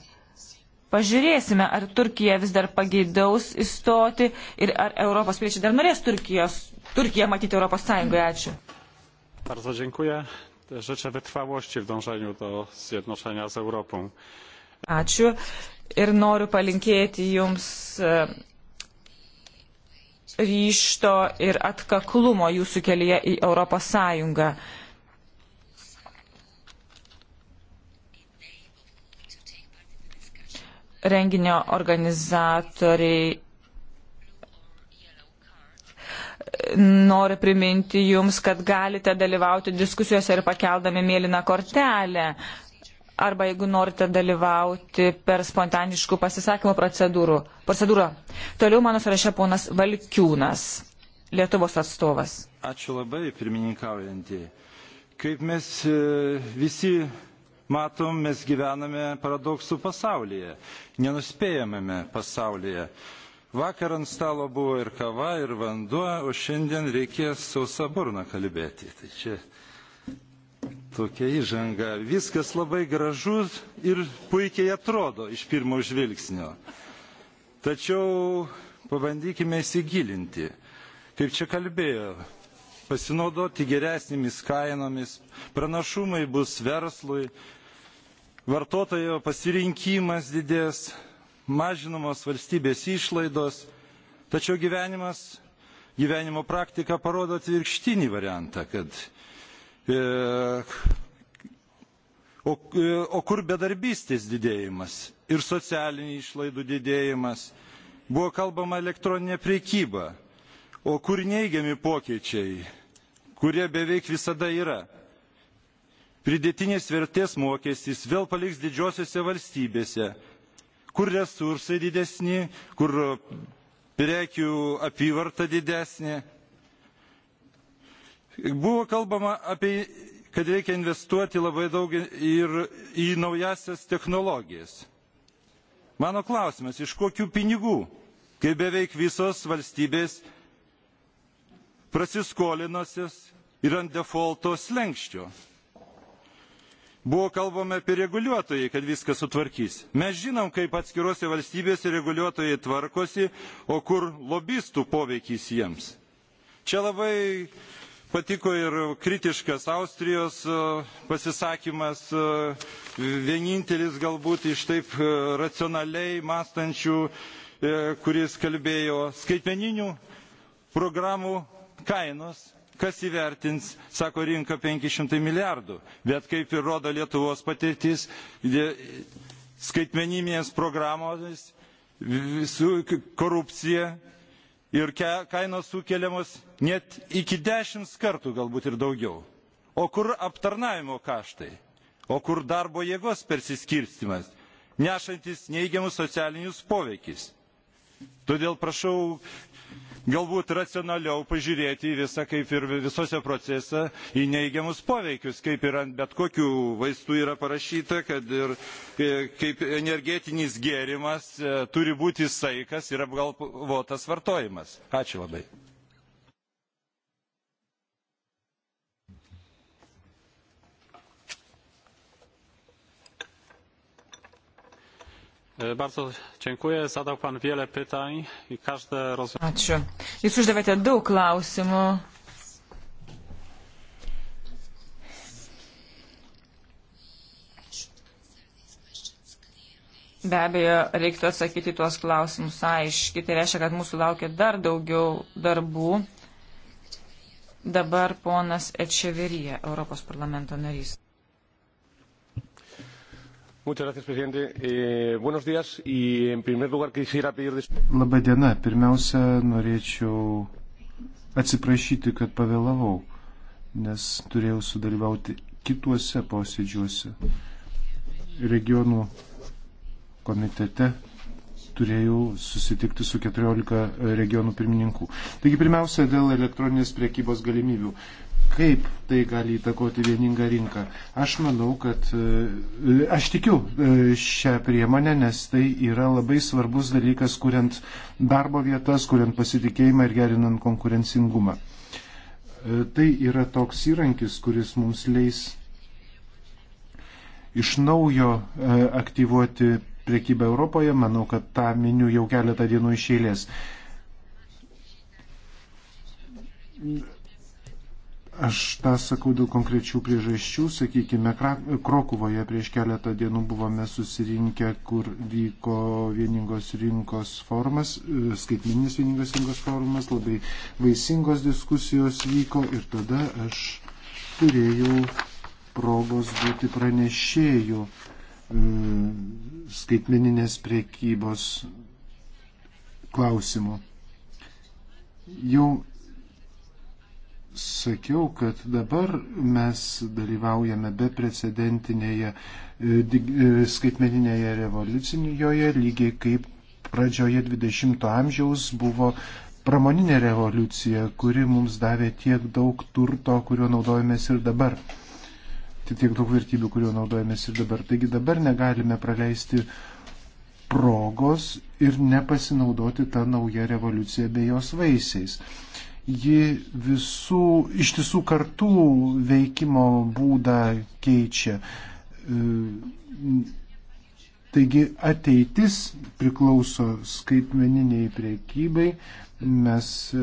Pažiūrėsime, ar Turkija vis dar pageidaus įstoti ir ar Europos piliečiai dar norės Turkijos, Turkiją matyti Europos Sąjungoje. Ačiū. Bardzo dziękuję. Życzę wytrwałości w dążeniu do zjednoczenia z Europą. Ačiū ir noriu palinkėti Jums e, ryšto ir atkaklumo Jūsų kelyje į Europos Sąjungą. Renginio organizatoriai noriu priminti jums, kad galite dalyvauti diskusijose ir pakeldami mėlyną kortelę. Arba jeigu norite dalyvauti per spontaniškų pasisakymų procedūrų. Procedūrą. Toliau mano sąraše ponas Valkiūnas, Lietuvos atstovas. Ačiū labai, pirmininkaujantį. Kaip mes e, visi matom, mes gyvename paradoksų pasaulyje, nenuspėjamame pasaulyje. Vakar ant stalo buvo ir kava, ir vanduo, o šiandien reikės sausa burna kalbėti. Tai čia tokia įžanga. Viskas labai gražu ir puikiai atrodo iš pirmo žvilgsnio. Tačiau pabandykime įsigilinti, kaip čia kalbėjo, pasinaudoti geresnėmis kainomis, pranašumai bus verslui, vartotojo pasirinkimas didės, mažinamos valstybės išlaidos, tačiau gyvenimas, gyvenimo praktika parodo atvirkštinį variantą, kad e, O, e, o kur bedarbystės didėjimas ir socialinių išlaidų didėjimas, buvo kalbama elektroninė priekyba, o kur neigiami pokyčiai, kurie beveik visada yra. Pridėtinės vertės mokestis vėl paliks didžiosiose valstybėse, kur resursai didesni, kur prekių apyvarta didesnė. Buvo kalbama apie, kad reikia investuoti labai daug ir į naujasias technologijas. Mano klausimas, iš kokių pinigų, kai beveik visos valstybės prasiskolinusios ir ant defaulto slengščio? Buvo kalbama apie reguliuotojai, kad viską sutvarkys. Mes žinom, kaip atskiruose valstybėse reguliuotojai tvarkosi, o kur lobistų poveikis jiems. Čia labai patiko ir kritiškas Austrijos e, pasisakymas, e, vienintelis galbūt iš taip e, racionaliai mąstančių, kuris kalbėjo skaitmeninių programų kainos kas įvertins sako rinka penki šimtai milijardų bet kaip ir rodo lietuvos patirtis skaitmeninės programos visų korupcija ir kainos sukeliamos net iki dešimt kartų galbūt ir daugiau o kur aptarnavimo kaštai o kur darbo jėgos persiskirstymas nešantis neigiamus socialinius poveikius todėl prašau galbūt racionaliau pažiūrėti į visą, kaip ir visose procese, į neigiamus poveikius, kaip ir ant bet kokių vaistų yra parašyta, kad ir e, kaip energetinis gėrimas e, turi būti saikas ir apgalvotas vartojimas. Ačiū labai. E, bardzo dziękuję. Zadał pan wiele pytań i każde rozwiązanie. Ačiū. Jūs uždavėte daug klausimų. Be abejo, reiktų atsakyti tuos klausimus aiškiai. Tai reiškia, kad mūsų laukia dar daugiau darbų. Dabar ponas Ečeverija, Europos parlamento narys. Muchas gracias, presidente. Eh, buenos días y en primer lugar quisiera pedir. Labai diena. Pirmiausia, norėčiau atsiprašyti, kad pavėlavau, nes turėjau sudalyvauti kituose posėdžiuose. Regionų komitete turėjau susitikti su 14 regionų pirmininkų. Taigi pirmiausia, dėl elektroninės priekybos galimybių kaip tai gali įtakoti vieningą rinką. Aš manau, kad e, aš tikiu e, šią priemonę, nes tai yra labai svarbus dalykas, kuriant darbo vietas, kuriant pasitikėjimą ir gerinant konkurencingumą. E, tai yra toks įrankis, kuris mums leis iš naujo aktyvuoti priekybę Europoje. Manau, kad tą miniu jau keletą dienų iš eilės Aš tą sakau dėl konkrečių priežasčių. Sakykime, Krokuvoje prieš keletą dienų buvome susirinkę, kur vyko vieningos rinkos formas, e, skaitmininis vieningos rinkos formas, labai vaisingos diskusijos vyko ir tada aš turėjau progos būti pranešėjų e, skaitmeninės priekybos klausimų. Jau sakiau, kad dabar mes dalyvaujame beprecedentinėje e, e, skaitmeninėje revoliucijoje, lygiai kaip pradžioje 20-ojo amžiaus buvo pramoninė revoliucija, kuri mums davė tiek daug turto, kuriuo naudojamės ir dabar. Tik tiek daug vertybių, kuriuo naudojamės ir dabar. Taigi dabar negalime praleisti progos ir nepasinaudoti tą naują revoliuciją bei jos vaisiais ji visų ištisų kartų veikimo būdą keičia. E, taigi ateitis priklauso skaitmeniniai priekybai. Mes e,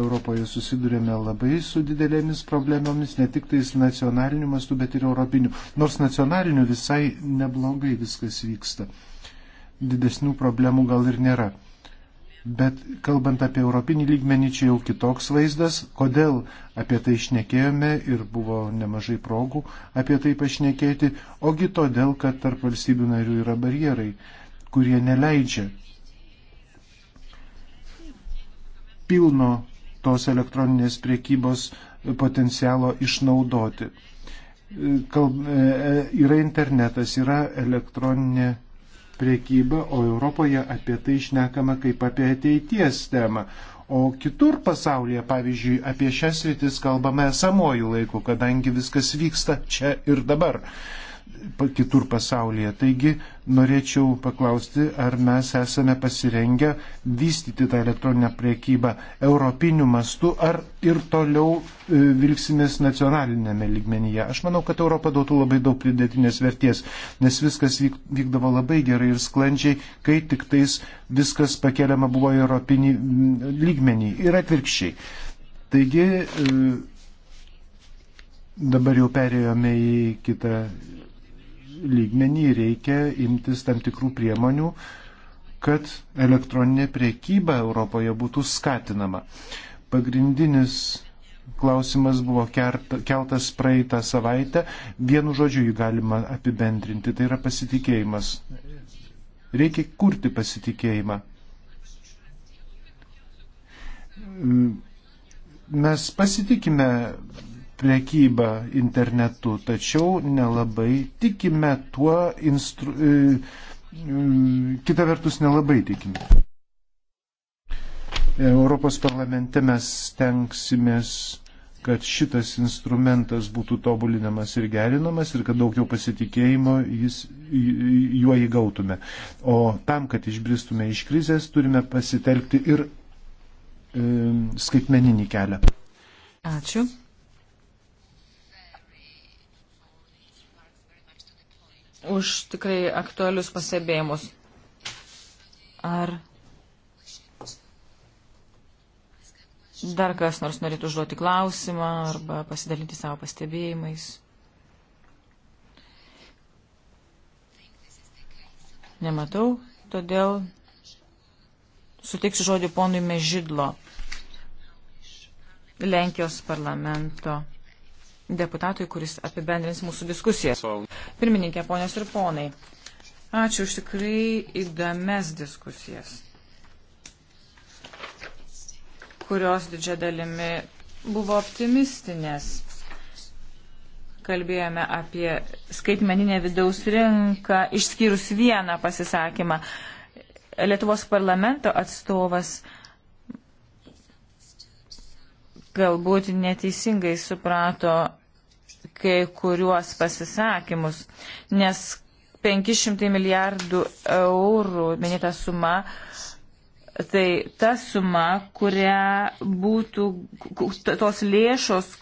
Europoje susidurėme labai su didelėmis problemomis, ne tik tais nacionaliniu mastu, bet ir europiniu. Nors nacionaliniu visai neblogai viskas vyksta. Didesnių problemų gal ir nėra. Bet kalbant apie europinį lygmenį, čia jau kitoks vaizdas, kodėl apie tai išnekėjome ir buvo nemažai progų apie tai pašnekėti, ogi todėl, kad tarp valstybių narių yra barjerai, kurie neleidžia pilno tos elektroninės priekybos potencialo išnaudoti. Kalb, e, e, yra internetas, yra elektroninė priekybą, o Europoje apie tai išnekama kaip apie ateities temą. O kitur pasaulyje, pavyzdžiui, apie šias rytis kalbame esamojų laikų, kadangi viskas vyksta čia ir dabar kitur pasaulyje. Taigi norėčiau paklausti, ar mes esame pasirengę vystyti tą elektroninę priekybą europiniu mastu, ar ir toliau e, vilksimės nacionalinėme lygmenyje. Aš manau, kad Europa duotų labai daug pridėtinės vertės, nes viskas vykdavo labai gerai ir sklandžiai, kai tik tais viskas pakeliama buvo į europinį lygmenį ir atvirkščiai. Taigi e, dabar jau perėjome į kitą lygmenį reikia imtis tam tikrų priemonių, kad elektroninė priekyba Europoje būtų skatinama. Pagrindinis klausimas buvo keltas praeitą savaitę. Vienu žodžiu jį galima apibendrinti, tai yra pasitikėjimas. Reikia kurti pasitikėjimą. Mes pasitikime prekybą internetu, tačiau nelabai tikime tuo, instru... E, mm, kita vertus nelabai tikime. Europos parlamente mes tenksimės, kad šitas instrumentas būtų tobulinamas ir gerinamas ir kad daugiau pasitikėjimo jis, juo įgautume. O tam, kad išbristume iš krizės, turime pasitelkti ir e, skaitmeninį kelią. Ačiū. už tikrai aktualius pasibėjimus. Ar dar kas nors norėtų užduoti klausimą arba pasidalinti savo pastebėjimais? Nematau, todėl suteiksiu žodį ponui Mežidlo, Lenkijos parlamento deputatui, kuris apibendrins mūsų diskusiją. Pirmininkė, ponios ir ponai, ačiū už tikrai įdomias diskusijas, kurios didžia dalimi buvo optimistinės. Kalbėjome apie skaitmeninę vidaus rinką, išskyrus vieną pasisakymą. Lietuvos parlamento atstovas galbūt neteisingai suprato kai kuriuos pasisakymus, nes 500 milijardų eurų minėta suma tai ta suma, kurią būtų tos lėšos,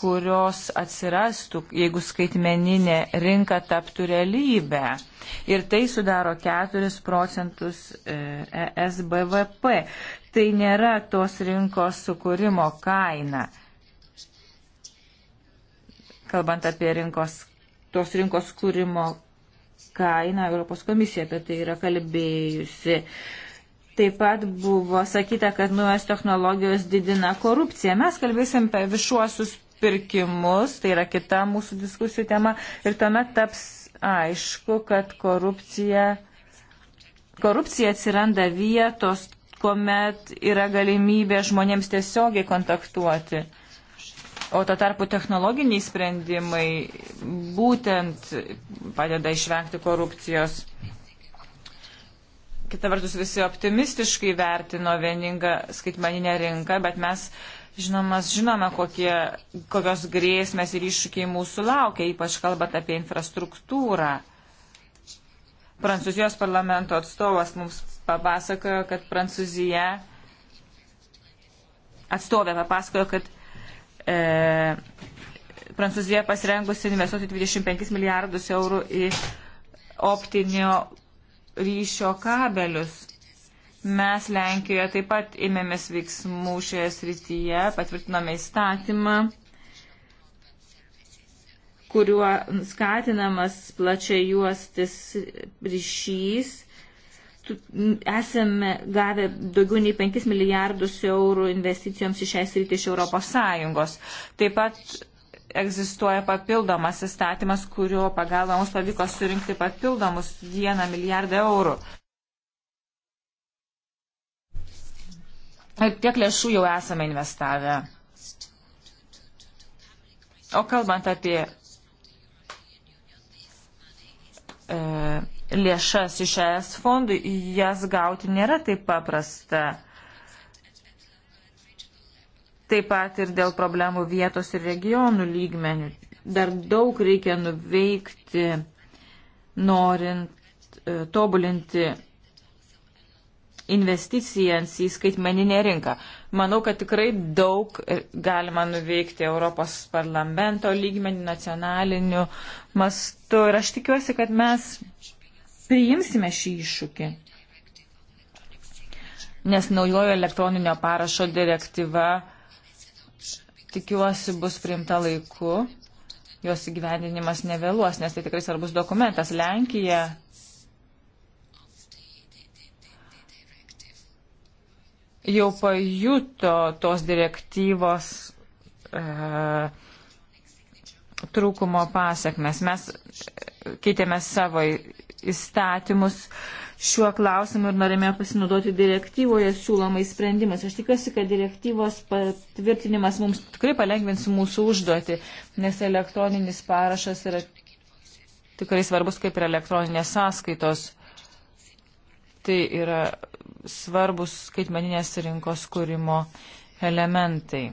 kurios atsirastų, jeigu skaitmeninė rinka taptų realybę. Ir tai sudaro 4 procentus ESBVP. E tai nėra tos rinkos sukūrimo kaina kalbant apie rinkos, tos rinkos kūrimo kainą, Europos komisija apie tai yra kalbėjusi. Taip pat buvo sakyta, kad nuojas technologijos didina korupciją. Mes kalbėsim apie viešuosius pirkimus, tai yra kita mūsų diskusijų tema ir tuomet taps aišku, kad korupcija, korupcija atsiranda vietos, kuomet yra galimybė žmonėms tiesiogiai kontaktuoti. O to tarpu technologiniai sprendimai būtent padeda išvengti korupcijos. Kita vertus, visi optimistiškai vertino vieningą skaitmaninę rinką, bet mes žinomas, žinome, kokie, kokios grėsmės ir iššūkiai mūsų laukia, ypač kalbant apie infrastruktūrą. Prancūzijos parlamento atstovas mums papasakojo, kad Prancūzija atstovė papasakojo, kad e, Prancūzija pasirengusi investuoti 25 milijardus eurų į optinio ryšio kabelius. Mes Lenkijoje taip pat ėmėmės veiksmų šioje srityje, patvirtinome įstatymą, kuriuo skatinamas plačiai juostis ryšys esame gavę daugiau nei 5 milijardus eurų investicijoms į šią sritį iš Europos Sąjungos. Taip pat egzistuoja papildomas įstatymas, kurio pagalba mums pavyko surinkti papildomus 1 milijardą eurų. Ir tiek lėšų jau esame investavę. O kalbant apie e, lėšas iš ES fondų, jas gauti nėra taip paprasta. Taip pat ir dėl problemų vietos ir regionų lygmenių. Dar daug reikia nuveikti, norint e, tobulinti investicijas į skaitmeninę rinką. Manau, kad tikrai daug galima nuveikti Europos parlamento lygmenį, nacionaliniu mastu. Ir aš tikiuosi, kad mes priimsime šį iššūkį. Nes naujojo elektroninio parašo direktyva, tikiuosi, bus priimta laiku, jos įgyvendinimas nevėluos, nes tai tikrai svarbus dokumentas. Lenkija jau pajuto tos direktyvos e, trūkumo pasiekmes. Mes keitėme savo įstatymus šiuo klausimu ir norime pasinaudoti direktyvoje siūlomais sprendimais. Aš tikiuosi, kad direktyvos patvirtinimas mums tikrai palengvins mūsų užduoti, nes elektroninis parašas yra tikrai svarbus kaip ir elektroninės sąskaitos. Tai yra svarbus skaitmeninės rinkos kūrimo elementai.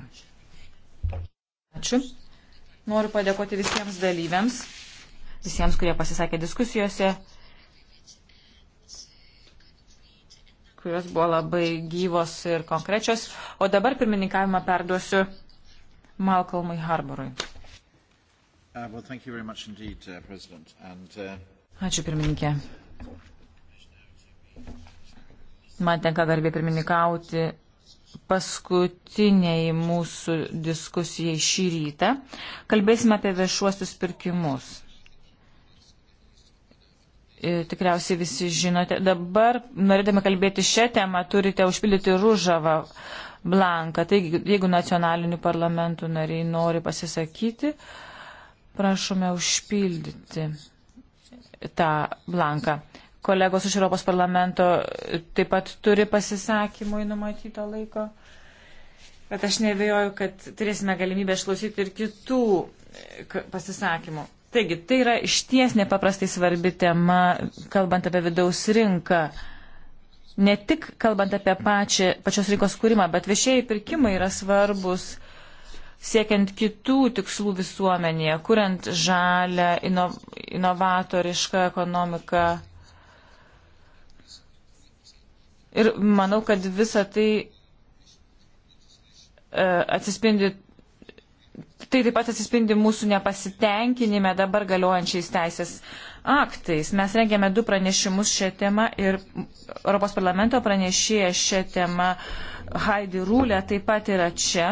Ačiū. Noriu padėkoti visiems dalyviams, visiems, kurie pasisakė diskusijose. kurios buvo labai gyvos ir konkrečios. O dabar pirmininkavimą perduosiu Malcolmui Harborui. Uh, well, indeed, uh, And, uh... Ačiū pirmininkė. Man tenka garbė pirmininkauti paskutiniai mūsų diskusijai šį rytą. Kalbėsime apie viešuosius pirkimus. E, tikriausiai visi žinote. Dabar, norėdami kalbėti šią temą, turite užpildyti ružavą blanką. Taigi, jeigu nacionalinių parlamentų nariai nori pasisakyti, prašome užpildyti tą blanką. Kolegos iš Europos parlamento taip pat turi pasisakymui numatyto laiko. Bet aš nebejoju, kad turėsime galimybę išklausyti ir kitų pasisakymų. Taigi, tai yra išties nepaprastai svarbi tema, kalbant apie vidaus rinką. Ne tik kalbant apie pačią, pačios rinkos kūrimą, bet viešieji pirkimai yra svarbus siekiant kitų tikslų visuomenėje, kuriant žalę, ino, inovatorišką ekonomiką. Ir manau, kad visa tai e, atsispindi Tai taip pat atsispindi mūsų nepasitenkinime dabar galiojančiais teisės aktais. Mes rengėme du pranešimus šią temą ir Europos parlamento pranešėja šią temą Haidi Rūlė taip pat yra čia.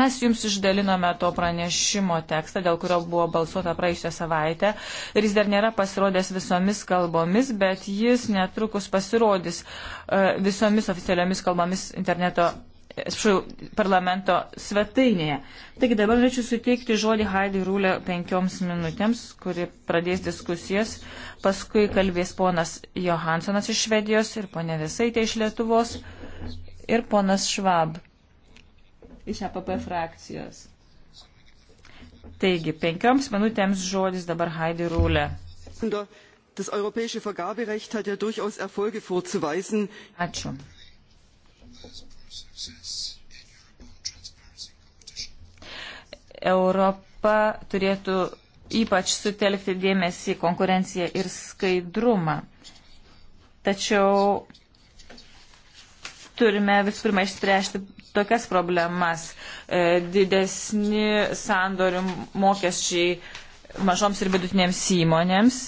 Mes jums išdalinome to pranešimo tekstą, dėl kurio buvo balsuota praėjusią savaitę ir jis dar nėra pasirodęs visomis kalbomis, bet jis netrukus pasirodys e, visomis oficialiomis kalbomis interneto šau, parlamento svetainėje. Taigi dabar norėčiau suteikti žodį Haidį Rūlę penkioms minutėms, kuri pradės diskusijas. Paskui kalbės ponas Johansonas iš Švedijos ir ponė Visaitė iš Lietuvos ir ponas Švab iš APP frakcijos. Taigi, penkioms minutėms žodis dabar Haidį Rūlę. Das europäische Vergaberecht hat ja durchaus Erfolge vorzuweisen. Ačiū. Europa turėtų ypač sutelkti dėmesį į konkurenciją ir skaidrumą. Tačiau turime visų pirma išspręsti tokias problemas. E, didesni sandorių mokesčiai mažoms ir vidutinėms įmonėms.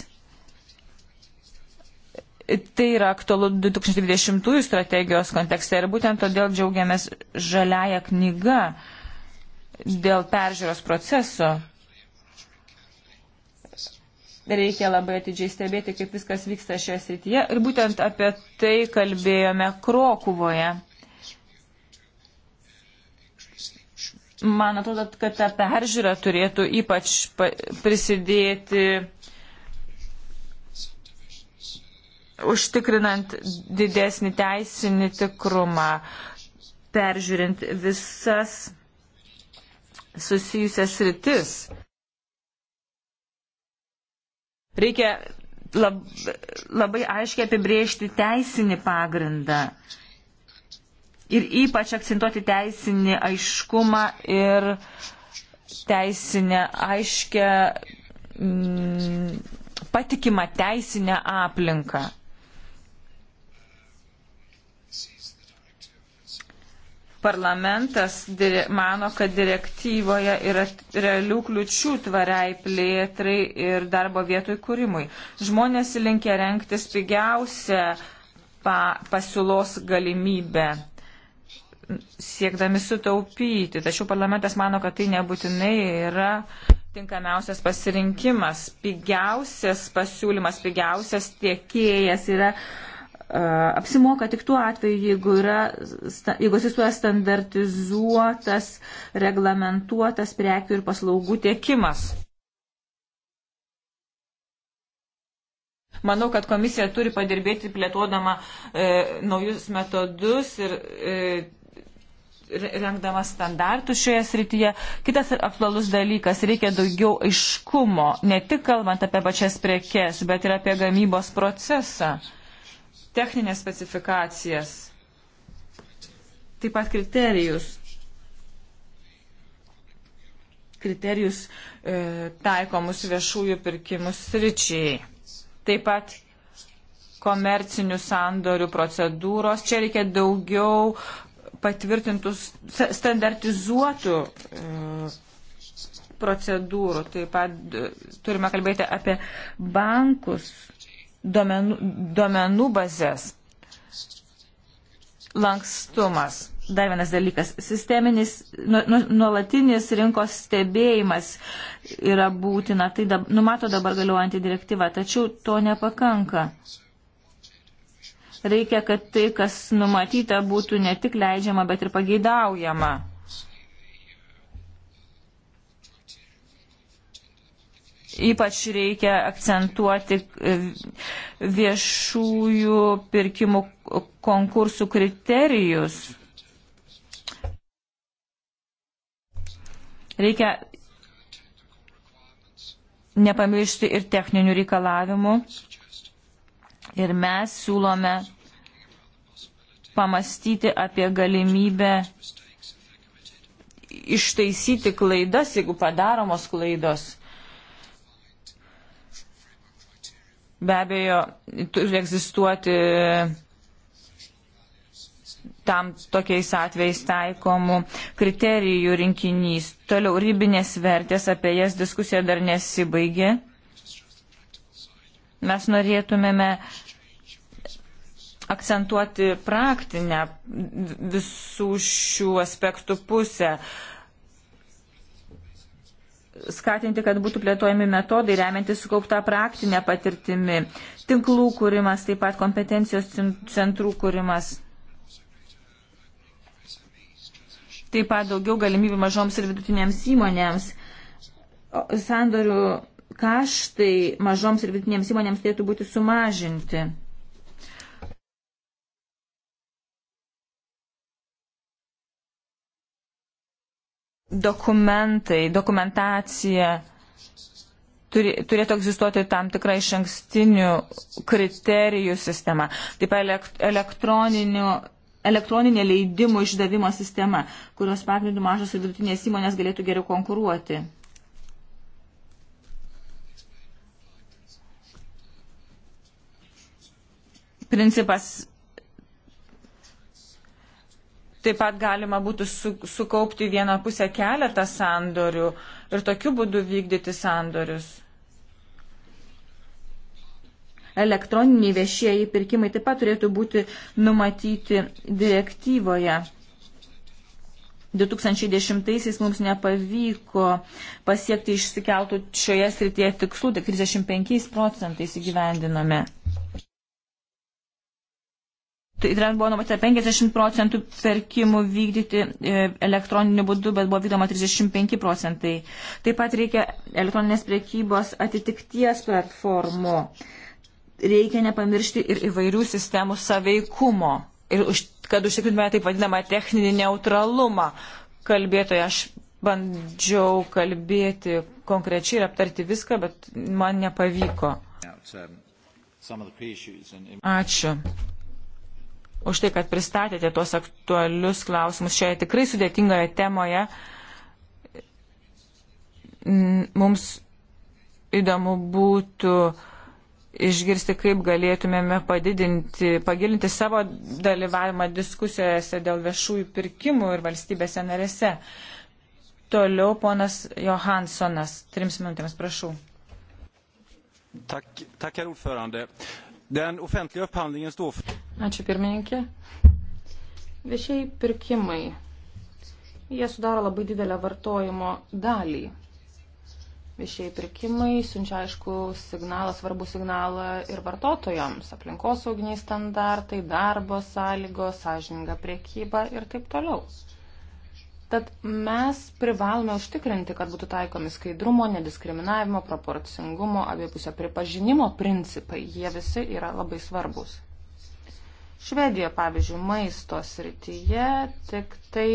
Tai yra aktualu 2020 strategijos kontekste ir būtent todėl džiaugiamės žaliaja knyga. E, dėl peržiūros proceso. Reikia labai atidžiai stebėti, kaip viskas vyksta šioje srityje. Ir būtent apie tai kalbėjome Krokuvoje. Man atrodo, kad ta peržiūra turėtų ypač prisidėti užtikrinant didesnį teisinį tikrumą, peržiūrint visas susijusias sritis. Reikia lab, labai aiškiai apibriežti teisinį pagrindą ir ypač akcentuoti teisinį aiškumą ir teisinę aiškę m, mm, patikimą teisinę aplinką. parlamentas mano, kad direktyvoje yra realių kliučių tvariai plėtrai ir darbo vietų įkūrimui. Žmonės linkia renktis pigiausią pa, pasiūlos galimybę siekdami sutaupyti. Tačiau parlamentas mano, kad tai nebūtinai yra tinkamiausias pasirinkimas. Pigiausias pasiūlymas, pigiausias tiekėjas yra apsimoka tik tuo atveju, jeigu, yra, jeigu egzistuoja standartizuotas, reglamentuotas prekių ir paslaugų tiekimas. Manau, kad komisija turi padirbėti plėtodama e, naujus metodus ir e, rengdamas standartus šioje srityje. Kitas aktualus dalykas - reikia daugiau aiškumo, ne tik kalbant apie pačias prekes, bet ir apie gamybos procesą. E, techninės specifikacijas, taip pat kriterijus. Kriterijus e, taikomus viešųjų pirkimų sričiai. Taip pat komercinių sandorių procedūros. Čia reikia daugiau patvirtintų, standartizuotų e, procedūrų. Taip pat e, turime kalbėti apie bankus duomenų, duomenų bazės. Lankstumas. Dar vienas dalykas. Sisteminis, nu, nu, nuolatinis rinkos stebėjimas yra būtina. Tai dab, numato dabar galiuojantį direktyvą, tačiau to nepakanka. Reikia, kad tai, kas numatyta, būtų ne tik leidžiama, bet ir pageidaujama. Ypač reikia akcentuoti e, viešųjų pirkimų konkursų kriterijus. Reikia nepamiršti ir techninių reikalavimų. Ir mes siūlome pamastyti apie galimybę ištaisyti klaidas, jeigu padaromos klaidos. Be abejo, turi egzistuoti tam tokiais atvejais taikomų kriterijų rinkinys. Toliau rybinės vertės, apie jas diskusija dar nesibaigė. Mes norėtumėme akcentuoti praktinę visų šių aspektų pusę. Uh, skatinti, kad būtų plėtojami metodai, remianti sukauptą praktinę patirtimį, tinklų kūrimas, taip pat kompetencijos centrų kūrimas. Taip pat daugiau galimybių mažoms ir vidutinėms įmonėms. Sandorių kaštai mažoms ir vidutinėms įmonėms turėtų būti sumažinti. dokumentai, dokumentacija turi, turėtų egzistuoti tam tikra iš ankstinių kriterijų sistema, taip elektroninių elektroninė leidimų išdavimo sistema, kurios pagrindų mažos ir vidutinės įmonės galėtų geriau konkuruoti. Principas Taip pat galima būtų su, sukaupti vieną pusę keletą sandorių ir tokiu būdu vykdyti sandorius. Elektroniniai viešieji pirkimai taip pat turėtų būti numatyti direktyvoje. 2010-aisiais mums nepavyko pasiekti išsikeltų šioje srityje tikslų, tik 35 procentais įgyvendinome Tai ten buvo numatyta 50 procentų pirkimų vykdyti e, elektroniniu būdu, bet buvo vykdoma 35 procentai. Taip pat reikia elektroninės priekybos atitikties platformų. Reikia nepamiršti ir įvairių sistemų saveikumo. Ir už, kad užtikrintume taip vadinamą techninį neutralumą. Kalbėtoje aš bandžiau kalbėti konkrečiai ir aptarti viską, bet man nepavyko. Um, Ačiū už tai, kad pristatėte tuos aktualius klausimus šioje tikrai sudėtingoje temoje. Mums įdomu būtų išgirsti, kaip galėtumėme padidinti, pagilinti savo dalyvavimą diskusijose dėl viešųjų pirkimų ir valstybėse narėse. Toliau ponas Johanssonas, trims minutėms, prašau. Tak, tak, Den offentliga upphandlingen står för... Ačiū pirmininkė. Viešiai pirkimai. Jie sudaro labai didelę vartojimo dalį. Viešiai pirkimai siunčia aišku signalą, svarbų signalą ir vartotojams. Aplinkosauginiai standartai, darbo sąlygos, sąžininga priekyba ir taip toliau. Tad mes privalome užtikrinti, kad būtų taikomi skaidrumo, nediskriminavimo, proporcingumo, abipusio pripažinimo principai. Jie visi yra labai svarbus. Švedijoje, pavyzdžiui, maisto srityje tik tai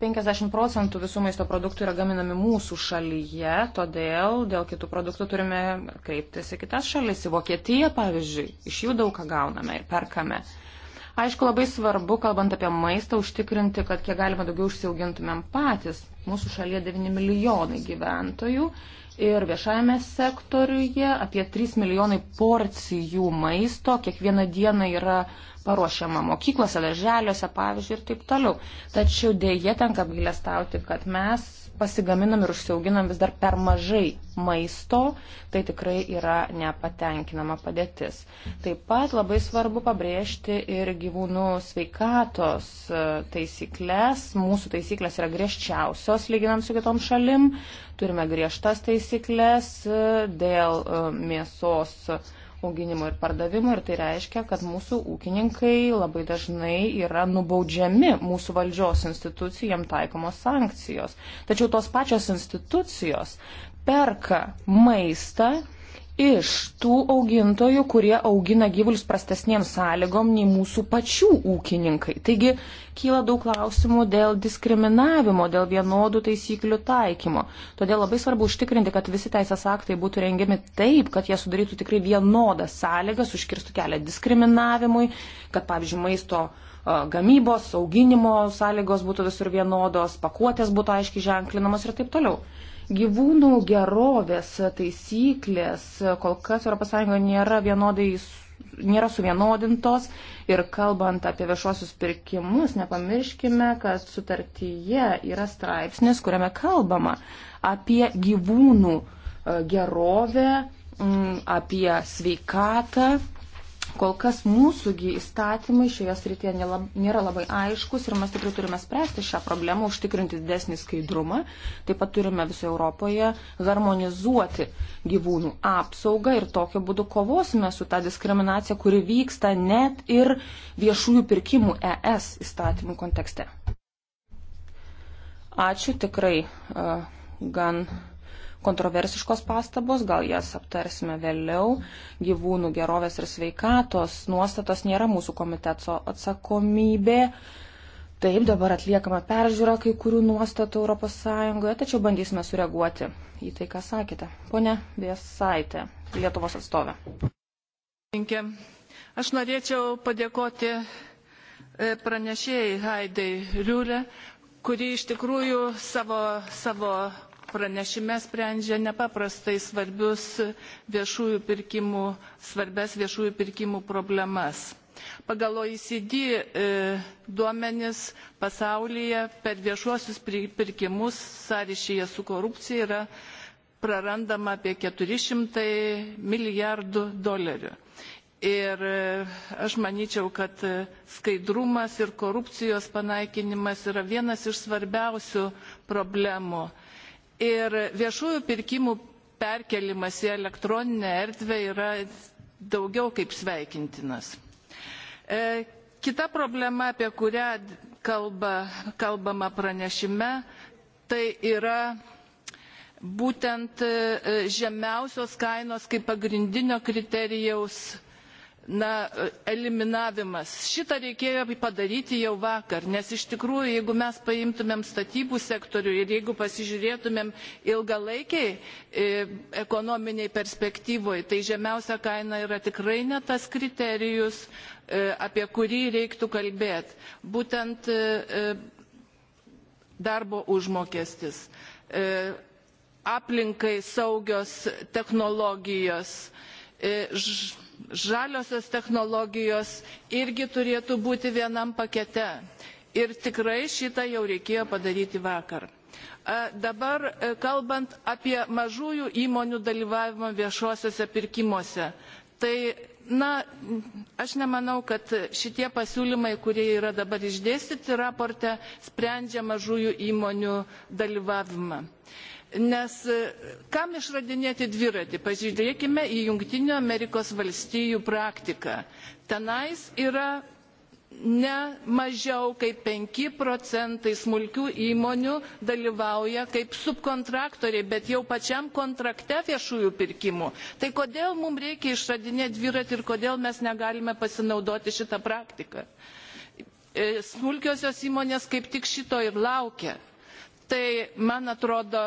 50 procentų visų maisto produktų yra gaminami mūsų šalyje, todėl dėl kitų produktų turime kreiptis į kitas šalis, į Vokietiją, pavyzdžiui, iš jų daug ką gauname ir perkame. Aišku, labai svarbu, kalbant apie maistą, užtikrinti, kad kiek galima daugiau užsiaugintumėm patys. Mūsų šalyje 9 milijonai gyventojų ir viešajame sektoriuje apie 3 milijonai porcijų maisto kiekvieną dieną yra paruošiama mokyklose, darželiuose, pavyzdžiui, ir taip toliau. Tačiau dėje tenka apgailestauti, kad mes pasigaminam ir užsiauginam vis dar per mažai maisto, tai tikrai yra nepatenkinama padėtis. Taip pat labai svarbu pabrėžti ir gyvūnų sveikatos e, taisyklės. Mūsų taisyklės yra griežčiausios lyginant su kitom šalim. Turime griežtas taisyklės e, dėl e, mėsos auginimo ir pardavimo ir tai reiškia, kad mūsų ūkininkai labai dažnai yra nubaudžiami mūsų valdžios institucijam taikomos sankcijos. Tačiau tos pačios institucijos perka maistą iš tų augintojų, kurie augina gyvulius prastesniems sąlygom nei mūsų pačių ūkininkai. Taigi kyla daug klausimų dėl diskriminavimo, dėl vienodų taisyklių taikymo. Todėl labai svarbu užtikrinti, kad visi teisės aktai būtų rengiami taip, kad jie sudarytų tikrai vienodas sąlygas, užkirstų kelią diskriminavimui, kad, pavyzdžiui, maisto gamybos, auginimo sąlygos būtų visur vienodos, pakuotės būtų aiškiai ženklinamos ir taip toliau. Gyvūnų gerovės taisyklės kol kas ES nėra vienodai nėra suvienodintos ir kalbant apie viešuosius pirkimus, nepamirškime, kad sutartyje yra straipsnis, kuriame kalbama apie gyvūnų e, gerovę, apie sveikatą Kol kas mūsųgi įstatymai šioje srityje nėra labai aiškus ir mes tikrai turime spręsti šią problemą, užtikrinti didesnį skaidrumą. Taip pat turime visoje Europoje harmonizuoti gyvūnų apsaugą ir tokiu būdu kovosime su tą diskriminacija, kuri vyksta net ir viešųjų pirkimų ES įstatymų kontekste. Ačiū tikrai uh, gan kontroversiškos pastabos, gal jas aptarsime vėliau. Gyvūnų gerovės ir sveikatos nuostatos nėra mūsų komiteto atsakomybė. Taip, dabar atliekama peržiūra kai kurių nuostatų ES, tačiau bandysime sureaguoti į tai, ką sakėte. Pone Viesaitė, Lietuvos atstovė. Aš norėčiau padėkoti e, pranešėjai Haidai Riulė, kuri iš tikrųjų savo, savo pranešime sprendžia nepaprastai svarbius viešųjų pirkimų, svarbes viešųjų pirkimų problemas. Pagal OECD e, duomenis pasaulyje per viešuosius pirkimus sąryšyje su korupcija yra prarandama apie 400 milijardų dolerių. Ir e, aš manyčiau, kad skaidrumas ir korupcijos panaikinimas yra vienas iš svarbiausių problemų Ir viešųjų pirkimų perkelimas į elektroninę erdvę yra daugiau kaip sveikintinas. E, kita problema, apie kurią kalba, kalbama pranešime, tai yra būtent e, žemiausios kainos kaip pagrindinio kriterijaus na, eliminavimas. Šitą reikėjo padaryti jau vakar, nes iš tikrųjų, jeigu mes paimtumėm statybų sektorių ir jeigu pasižiūrėtumėm ilgalaikiai e, ekonominiai perspektyvoje, tai žemiausia kaina yra tikrai ne tas kriterijus, e, apie kurį reiktų kalbėti. Būtent e, e, darbo užmokestis, e, aplinkai saugios technologijos, e, ž žaliosios technologijos irgi turėtų būti vienam pakete. Ir tikrai šitą jau reikėjo padaryti vakar. Dabar e, kalbant apie mažųjų įmonių dalyvavimą viešuosiuose pirkimuose, tai na, aš nemanau, kad šitie pasiūlymai, kurie yra dabar išdėstyti raporte, sprendžia mažųjų įmonių dalyvavimą. E, Nes e, kam išradinėti dviratį? Pažiūrėkime į Junktinio Amerikos valstijų praktiką. Tenais yra ne mažiau kaip 5 procentai smulkių įmonių dalyvauja kaip subkontraktoriai, bet jau pačiam kontrakte viešųjų pirkimų. Tai kodėl mums reikia išradinėti dviratį ir kodėl mes negalime pasinaudoti šitą praktiką? E, smulkiosios įmonės kaip tik šito ir laukia. Tai man atrodo,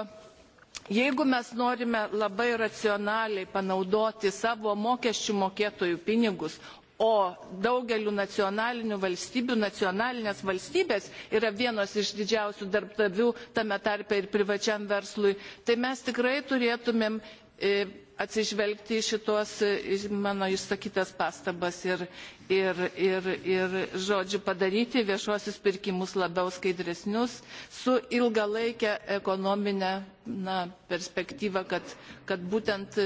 Jeigu mes norime labai racionaliai panaudoti savo mokesčių mokėtojų pinigus, o daugeliu nacionalinių valstybių nacionalinės valstybės yra vienos iš didžiausių darbdavių, tame tarpe ir privačiam verslui, tai mes tikrai turėtumėm e, atsižvelgti į šitos mano išsakytas pastabas ir, ir, ir, ir žodžiu padaryti viešuosius pirkimus labiau skaidresnius su ilgalaikė ekonominė na, perspektyva, kad, kad būtent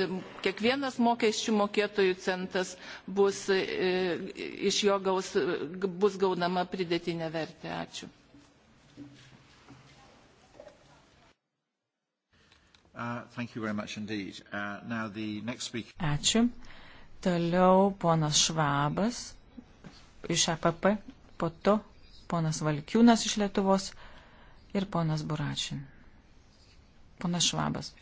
kiekvienas mokesčių mokėtojų centas bus, e, iš jo gaus, bus gaunama pridėtinė vertė. Ačiū. Uh, uh, speaker... Ačiū. Toliau ponas Švabas iš APP, po to ponas Valkiūnas iš Lietuvos ir ponas Buračin. Ponas Švabas.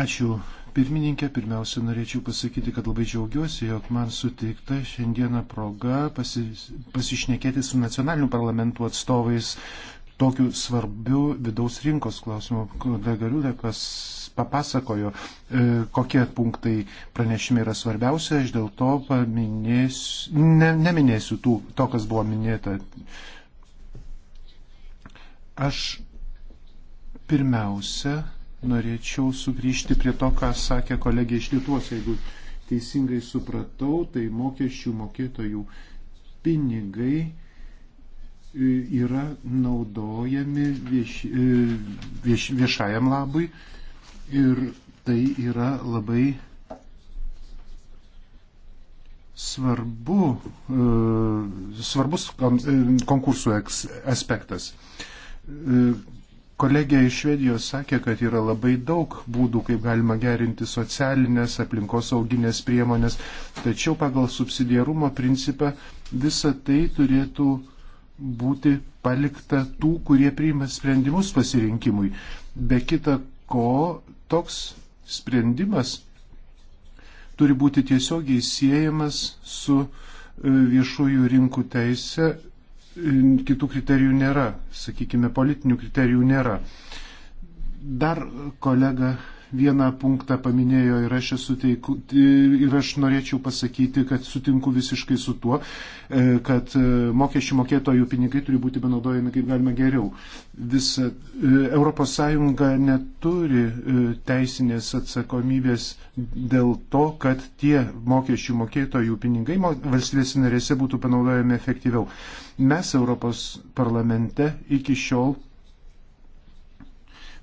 Ačiū. Pirmininkė, pirmiausia, norėčiau pasakyti, kad labai džiaugiuosi, jog man suteikta šiandieną proga pasi, pasišnekėti su nacionalinių parlamentų atstovais tokiu svarbiu vidaus rinkos klausimu. Dagariulėkas papasakojo, e, kokie punktai pranešime yra svarbiausia, aš dėl to paminėsiu, ne, neminėsiu tų, to, kas buvo minėta. Aš pirmiausia norėčiau sugrįžti prie to, ką sakė kolegė iš Lietuvos, jeigu teisingai supratau, tai mokesčių mokėtojų pinigai E, yra naudojami vieš, e, vieš, viešajam labui ir tai yra labai svarbu, e, svarbus konkursų aspektas. Kolegė iš Švedijos sakė, kad yra labai daug būdų, kaip galima gerinti socialinės, aplinkosauginės priemonės, tačiau pagal subsidiarumo principą visa tai turėtų būti palikta tų, kurie priima sprendimus pasirinkimui. Be kita ko, toks sprendimas turi būti tiesiogiai siejamas su e, viešųjų rinkų teise, e, kitų kriterijų nėra, sakykime, politinių kriterijų nėra. Dar kolega vieną punktą paminėjo ir aš, teiku, ir aš norėčiau pasakyti, kad sutinku visiškai su tuo, e, kad e, mokesčių mokėtojų pinigai turi būti panaudojami kaip galima geriau. Visa ES neturi e, teisinės atsakomybės dėl to, kad tie mokesčių mokėtojų pinigai valstybės narėse būtų panaudojami efektyviau. Mes Europos parlamente iki šiol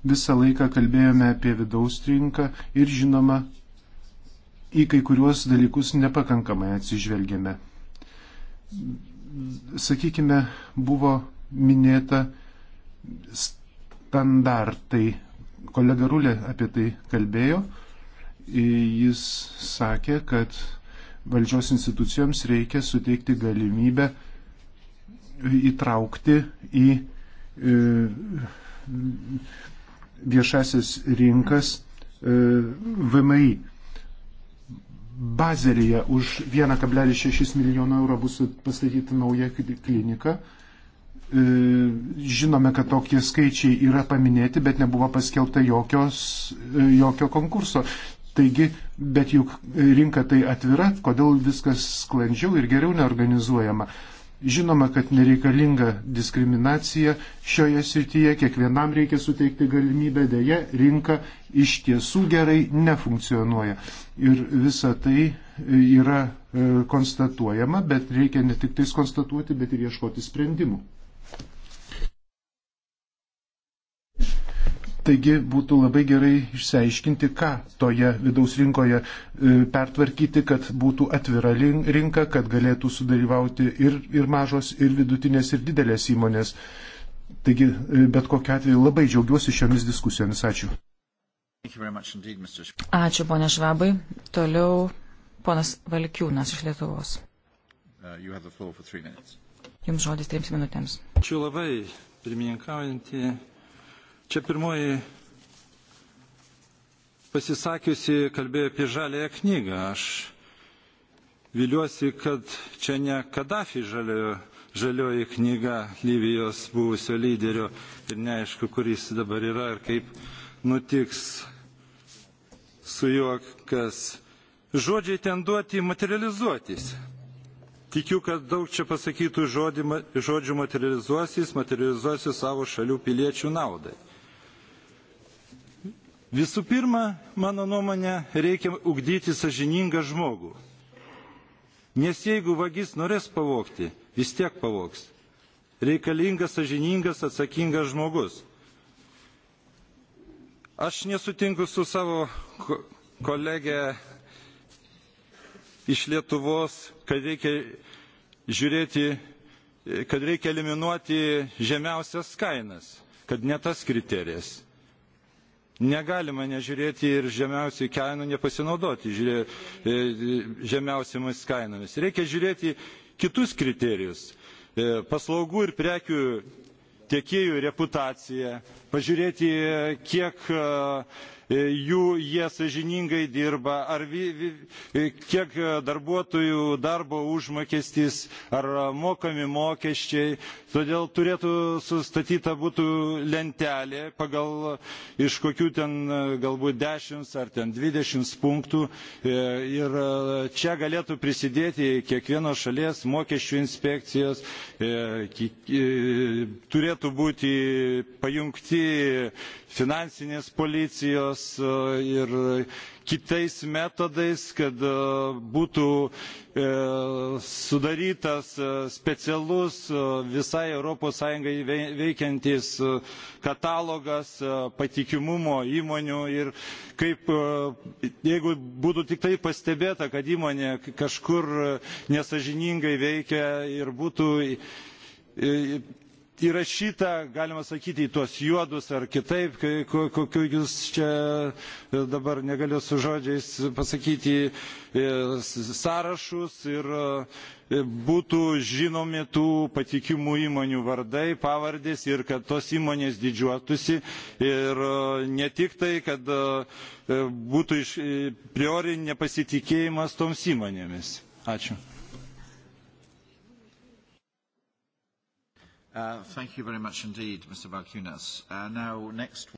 Visą laiką kalbėjome apie vidaus rinką ir žinoma, į kai kuriuos dalykus nepakankamai atsižvelgėme. Sakykime, buvo minėta standartai. Kolega Rulė apie tai kalbėjo. Jis sakė, kad valdžios institucijoms reikia suteikti galimybę įtraukti į e, viešasis rinkas e, VMI. Bazelyje už 1,6 milijono eurų bus pastatyta nauja klinika. E, žinome, kad tokie skaičiai yra paminėti, bet nebuvo paskelbta jokios, e, jokio konkurso. Taigi, bet juk rinka tai atvira, kodėl viskas sklandžiau ir geriau neorganizuojama. Žinoma, kad nereikalinga diskriminacija šioje srityje, kiekvienam reikia suteikti galimybę, dėje rinka iš tiesų gerai nefunkcionuoja. Ir visa tai e, yra e, konstatuojama, bet reikia ne tik tais konstatuoti, bet ir ieškoti sprendimų. Taigi būtų labai gerai išsiaiškinti, ką toje vidaus rinkoje e, pertvarkyti, kad būtų atvira rinka, kad galėtų sudalyvauti ir, ir mažos, ir vidutinės, ir didelės įmonės. Taigi, e, bet kokia atveju labai džiaugiuosi šiomis diskusijomis. Ačiū. Ačiū, ponė Švabai. Toliau ponas Valkiūnas iš Lietuvos. Uh, Jums žodis trims minutėms. Ačiū labai, pirmininkaujantį Čia pirmoji pasisakiusi kalbėjo apie žalėją knygą. Aš viliuosi, kad čia ne Kadafi žaliojo, žalioji knyga Lyvijos buvusio lyderio ir neaišku, kuris dabar yra ir kaip nutiks su juo, kas žodžiai ten duoti materializuotis. Tikiu, kad daug čia pasakytų žodžių materializuosis, materializuosis savo šalių piliečių naudai. Visų pirma, mano nuomonė, reikia ugdyti sažiningą žmogų. Nes jeigu vagis norės pavokti, vis tiek pavoks. Reikalingas sažiningas, atsakingas žmogus. Aš nesutinku su savo kolegė iš Lietuvos, kad reikia žiūrėti, kad reikia eliminuoti žemiausias kainas, kad ne tas kriterijas. Negalima nežiūrėti ir žemiausių kainų nepasinaudoti žiūrė, e, žemiausiamis kainomis. Reikia žiūrėti kitus kriterijus e, paslaugų ir prekių tiekėjų reputaciją, pažiūrėti, kiek E, jų jie sažiningai dirba, ar vi, vi, e, kiek e, darbuotojų darbo užmokestis, ar mokami mokesčiai. Todėl turėtų sustatyta būtų lentelė, pagal iš kokių ten galbūt 10 ar ten 20 punktų. Ir čia galėtų prisidėti kiekvienos šalies mokesčių inspekcijos, turėtų būti pajungti finansinės policijos, juos e, ir kitais metodais, kad e, būtų e, sudarytas specialus visai ES veikiantis katalogas patikimumo įmonių ir kaip, jeigu būtų tik tai pastebėta, kad įmonė kažkur nesažiningai veikia ir būtų įrašyta, galima sakyti, į tuos juodus ar kitaip, kokiu jūs čia e, dabar negaliu su žodžiais pasakyti, e, sąrašus ir e, būtų žinomi tų patikimų įmonių vardai, pavardės ir kad tos įmonės didžiuotųsi ir ne tik tai, kad būtų iš priori nepasitikėjimas toms įmonėmis. Ačiū. Uh, indeed, uh, next...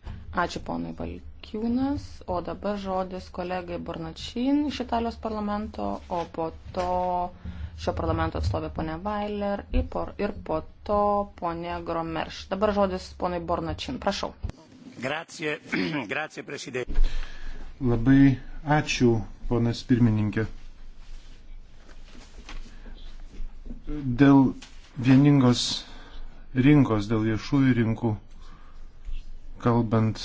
Ačiū ponui Balkiūnas, o dabar žodis kolegai Bornačin iš Italijos parlamento, o po to šio parlamento atstovė ponė Vailer ir po to ponė Gromerš. Dabar žodis ponui Bornačin, prašau. Grazie, grazie prezidentė. Labai ačiū, ponas pirmininkė. Dėl vieningos rinkos, dėl viešųjų rinkų. Kalbant,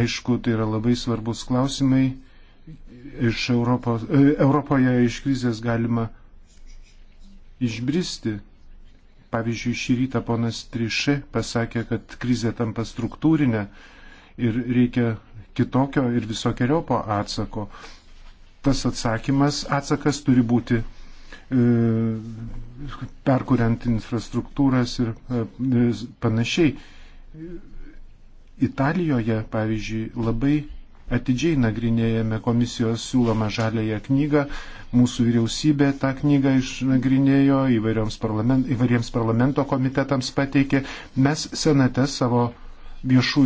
aišku, tai yra labai svarbus klausimai. Iš Europos, e, Europoje iš krizės galima išbristi. Pavyzdžiui, šį rytą ponas Trišė pasakė, kad krizė tampa struktūrinė ir reikia kitokio ir visokiojopo atsako. Tas atsakymas, atsakas turi būti E, perkuriant infrastruktūras e, ir panašiai. Italijoje, pavyzdžiui, labai atidžiai nagrinėjame komisijos siūlomą žalėją knygą. Mūsų vyriausybė tą knygą išnagrinėjo, įvairiems, parlament, įvairiems parlamento komitetams pateikė. Mes senate savo viešų,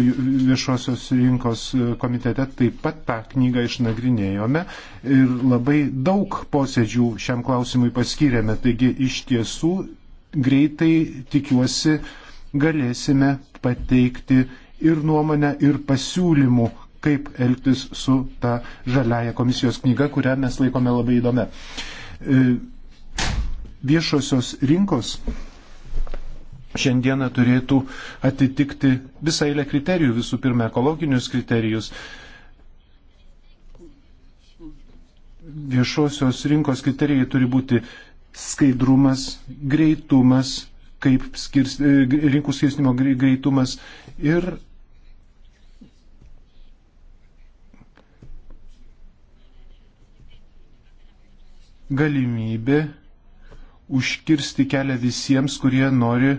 viešosios rinkos komitete taip pat tą knygą išnagrinėjome ir labai daug posėdžių šiam klausimui paskyrėme. Taigi iš tiesų greitai tikiuosi galėsime pateikti ir nuomonę, ir pasiūlymų kaip elgtis su ta žaliaja komisijos knyga, kurią mes laikome labai įdomia. E, viešosios rinkos šiandieną turėtų atitikti visą eilę kriterijų, visų pirma ekologinius kriterijus, viešosios rinkos kriterijai turi būti skaidrumas, greitumas, kaip skirs, e, rinkų skirstimo greitumas ir galimybė užkirsti kelią visiems, kurie nori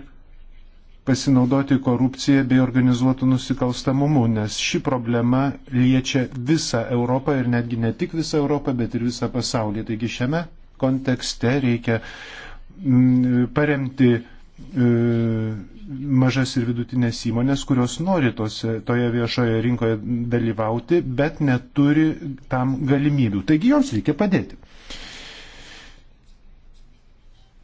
pasinaudoti korupciją bei organizuotų nusikalstamumu, nes ši problema liečia visą Europą ir netgi ne tik visą Europą, bet ir visą pasaulį. Taigi šiame kontekste reikia mm, paremti e, mažas ir vidutinės įmonės, kurios nori tose, toje viešoje rinkoje dalyvauti, bet neturi tam galimybių. Taigi joms reikia padėti.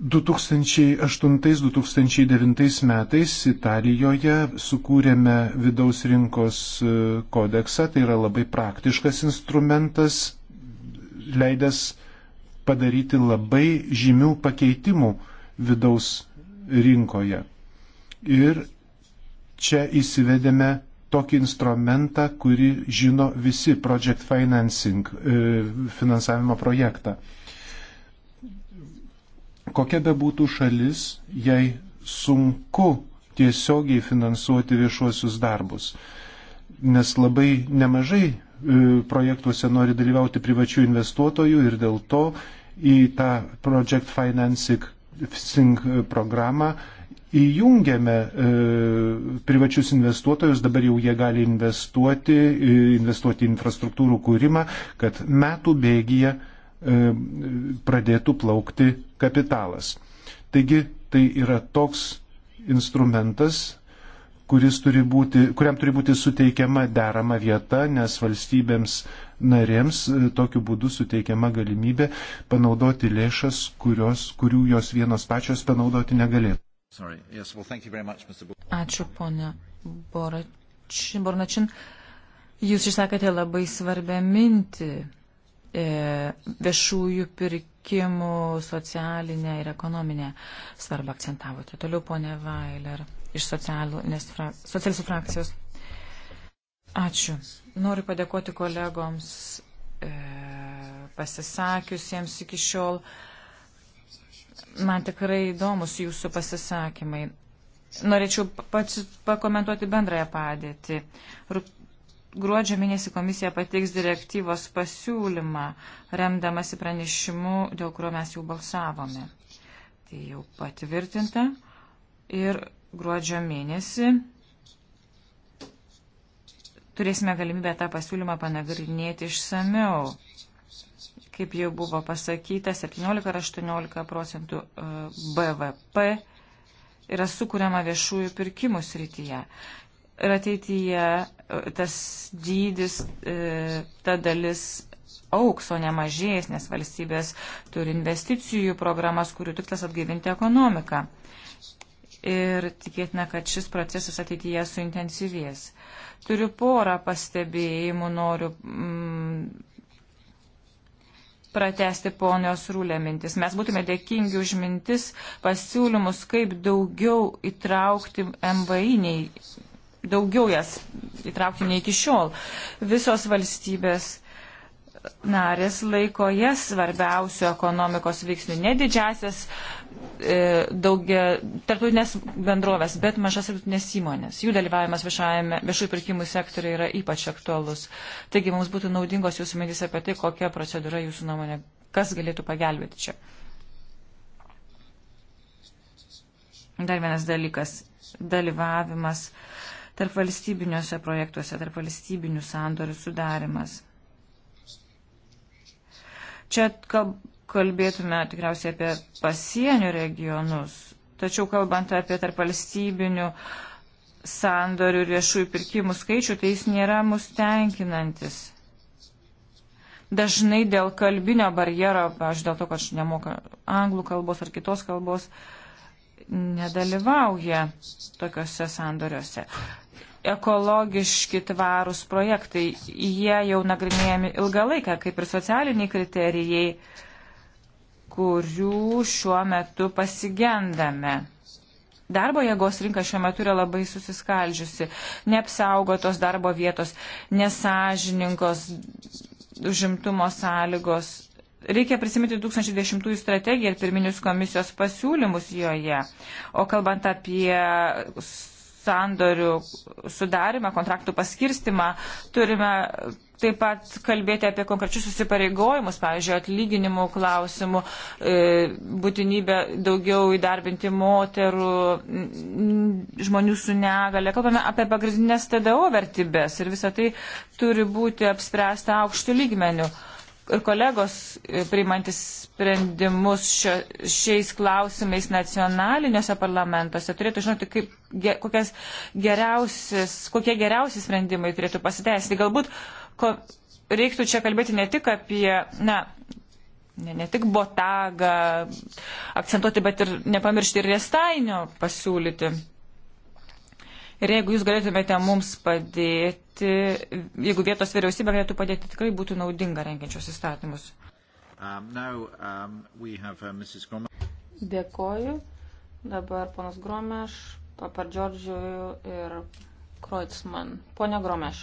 2008-2009 metais Italijoje sukūrėme vidaus rinkos e, kodeksą, tai yra labai praktiškas instrumentas, leidęs padaryti labai žymių pakeitimų vidaus rinkoje. Ir čia įsivedėme tokį instrumentą, kurį žino visi Project Financing e, finansavimo projektą kokia bebūtų šalis, jai sunku tiesiogiai finansuoti viešuosius darbus, nes labai nemažai e, projektuose nori dalyvauti privačių investuotojų ir dėl to į tą Project Financing programą įjungiame e, privačius investuotojus, dabar jau jie gali investuoti, e, investuoti į infrastruktūrų kūrimą, kad metų bėgyje e, pradėtų plaukti kapitalas. Taigi tai yra toks instrumentas, turi būti, kuriam turi būti suteikiama derama vieta, nes valstybėms narėms e, tokiu būdu suteikiama galimybė panaudoti lėšas, kurios, kurių jos vienos pačios panaudoti negalėtų. Yes, well, much, Ačiū, ponia Boračin. Bornačin. Jūs išsakėte labai svarbę mintį. E, viešųjų pirkimų rinkimų socialinę ir ekonominę svarbą akcentavote. Toliau ponė Vailer iš fra, socialistų frakcijos. Ačiū. Noriu padėkoti kolegoms e, pasisakiusiems iki šiol. Man tikrai įdomus jūsų pasisakymai. Norėčiau pats pakomentuoti bendrąją padėtį. Rūp Gruodžio mėnesį komisija pateiks direktyvos pasiūlymą, remdamasi pranešimu, dėl kurio mes jau balsavome. Tai jau patvirtinta. Ir gruodžio mėnesį turėsime galimybę tą pasiūlymą panagrinėti išsamiau. Kaip jau buvo pasakyta, 17 ar 18 procentų e, BVP yra sukūriama viešųjų pirkimų srityje ir ateityje e, tas dydis, e, ta dalis auks, o ne mažės, nes valstybės turi investicijų programas, kurių tikslas atgaivinti ekonomiką. Ir tikėtina, kad šis procesas ateityje suintensyvės. Turiu porą pastebėjimų, noriu mm, pratesti ponios rūlė mintis. Mes būtume dėkingi už mintis pasiūlymus, kaip daugiau įtraukti MVI nei daugiau jas įtraukti nei iki šiol. Visos valstybės narės laiko jas svarbiausių ekonomikos veiksnių, ne didžiasias e, daugia tarptautinės bendrovės, bet mažas ir vidutinės įmonės. Jų dalyvavimas viešųjų pirkimų sektoriai yra ypač aktualus. Taigi mums būtų naudingos jūsų mintys apie tai, kokia procedūra jūsų nuomonė, kas galėtų pagelbėti čia. Dar vienas dalykas - dalyvavimas tarp valstybiniuose projektuose, tarp valstybinių sandorių sudarimas. Čia kalbėtume tikriausiai apie pasienio regionus, tačiau kalbant apie tarp valstybinių sandorių ir viešųjų pirkimų skaičių, tai jis nėra mus tenkinantis. Dažnai dėl kalbinio barjero, aš dėl to, kad aš nemoka anglų kalbos ar kitos kalbos, nedalyvauja tokiuose sandoriuose ekologiški tvarūs projektai. Jie jau nagrinėjami ilgą laiką, kaip ir socialiniai kriterijai, kurių šiuo metu pasigendame. Darbo jėgos rinka šiuo metu yra labai susiskaldžiusi, neapsaugotos darbo vietos, nesažininkos užimtumo sąlygos. Reikia prisiminti 2010 strategiją ir pirminius komisijos pasiūlymus joje. O kalbant apie sandorių sudarimą, kontraktų paskirstimą, turime taip pat kalbėti apie konkrečius susipareigojimus, pavyzdžiui, atlyginimų klausimų, e, būtinybę daugiau įdarbinti moterų, žmonių su negale. Kalbame apie pagrindinės TDO vertybės ir visą tai turi būti apspręsta aukštų lygmenių ir kolegos e, priimantis sprendimus šio, šiais klausimais nacionaliniuose parlamentuose turėtų žinoti, kaip, ge, kokias geriausias, kokie geriausi sprendimai turėtų pasiteisti. Galbūt ko, reiktų čia kalbėti ne tik apie, na, ne, ne tik botagą akcentuoti, bet ir nepamiršti ir riestainio pasiūlyti. Ir jeigu jūs galėtumėte mums padėti, padėti, jeigu vietos vyriausybė galėtų padėti, tikrai būtų naudinga rengiančios įstatymus. Um, now, um, have, uh, Dėkoju. Dabar ponas Gromeš, papar Džordžiu ir Kreutzmann. Pone Gromeš.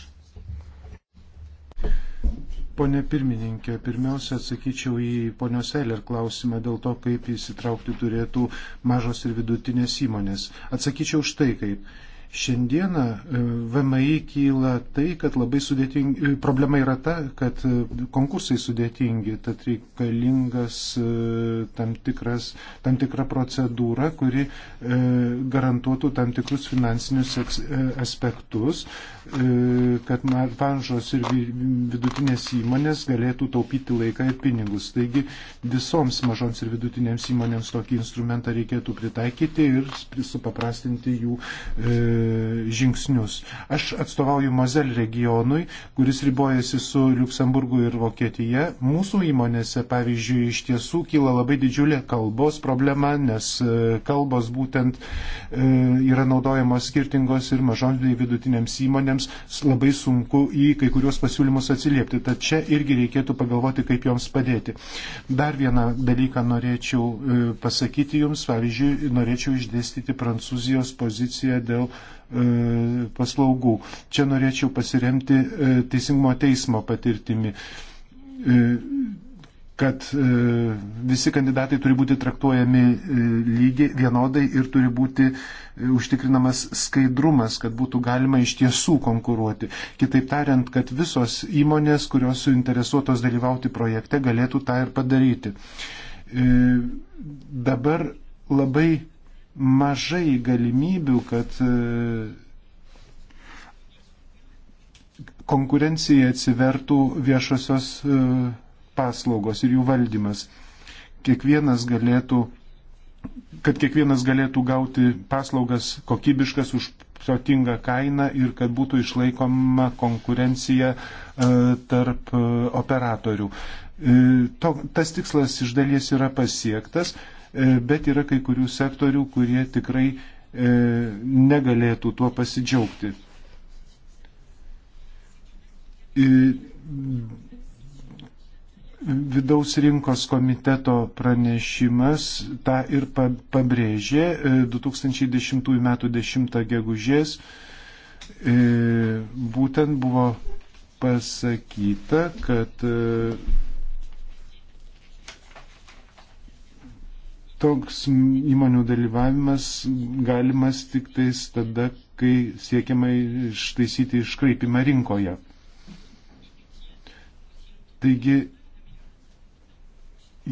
Pone pirmininkė, pirmiausia atsakyčiau į ponios Eiler klausimą dėl to, kaip įsitraukti turėtų mažos ir vidutinės įmonės. Atsakyčiau štai kaip Šiandieną e, VMI kyla tai, kad labai sudėtingi, e, problema yra ta, kad e, konkursai sudėtingi, tad reikalingas tam, tikras, tam tikra procedūra, kuri garantuotų tam tikrus finansinius aspektus, kad mažos ir vidutinės įmonės galėtų taupyti laiką ir pinigus. Taigi visoms mažoms ir vidutinėms įmonėms tokį instrumentą reikėtų pritaikyti ir supaprastinti jų žingsnius. Aš atstovauju Mozel regionui, kuris ribojasi su Luksemburgu ir Vokietija. Mūsų įmonėse, pavyzdžiui, iš tiesų kyla labai didžiulė kalbos problema, nes e, kalbos būtent e, yra naudojamos skirtingos ir mažoms bei vidutinėms įmonėms labai sunku į kai kuriuos pasiūlymus atsiliepti. Tad čia irgi reikėtų pagalvoti, kaip joms padėti. Dar vieną dalyką norėčiau e, pasakyti jums. Pavyzdžiui, norėčiau išdėstyti prancūzijos poziciją dėl E, paslaugų. Čia norėčiau pasiremti e, Teisingumo teismo patirtimi e, kad visi kandidatai turi būti traktuojami lygiai, vienodai ir turi būti užtikrinamas skaidrumas, kad būtų galima iš tiesų konkuruoti. Kitaip tariant, kad visos įmonės, kurios suinteresuotos dalyvauti projekte, galėtų tą ir padaryti. Dabar labai mažai galimybių, kad e, konkurencija atsivertų viešosios e, paslaugos ir jų valdymas. Kiekvienas galėtų, kad kiekvienas galėtų gauti paslaugas kokybiškas už protingą kainą ir kad būtų išlaikoma konkurencija e, tarp operatorių. To, tas tikslas iš dalies yra pasiektas, E, bet yra kai kurių sektorių, kurie tikrai e, negalėtų tuo pasidžiaugti. E, vidaus rinkos komiteto pranešimas tą ir pabrėžė 2010 m. 10 gegužės. Būtent buvo pasakyta, kad toks įmonių dalyvavimas galimas tik tais tada, kai siekiama ištaisyti iškraipimą rinkoje. Taigi,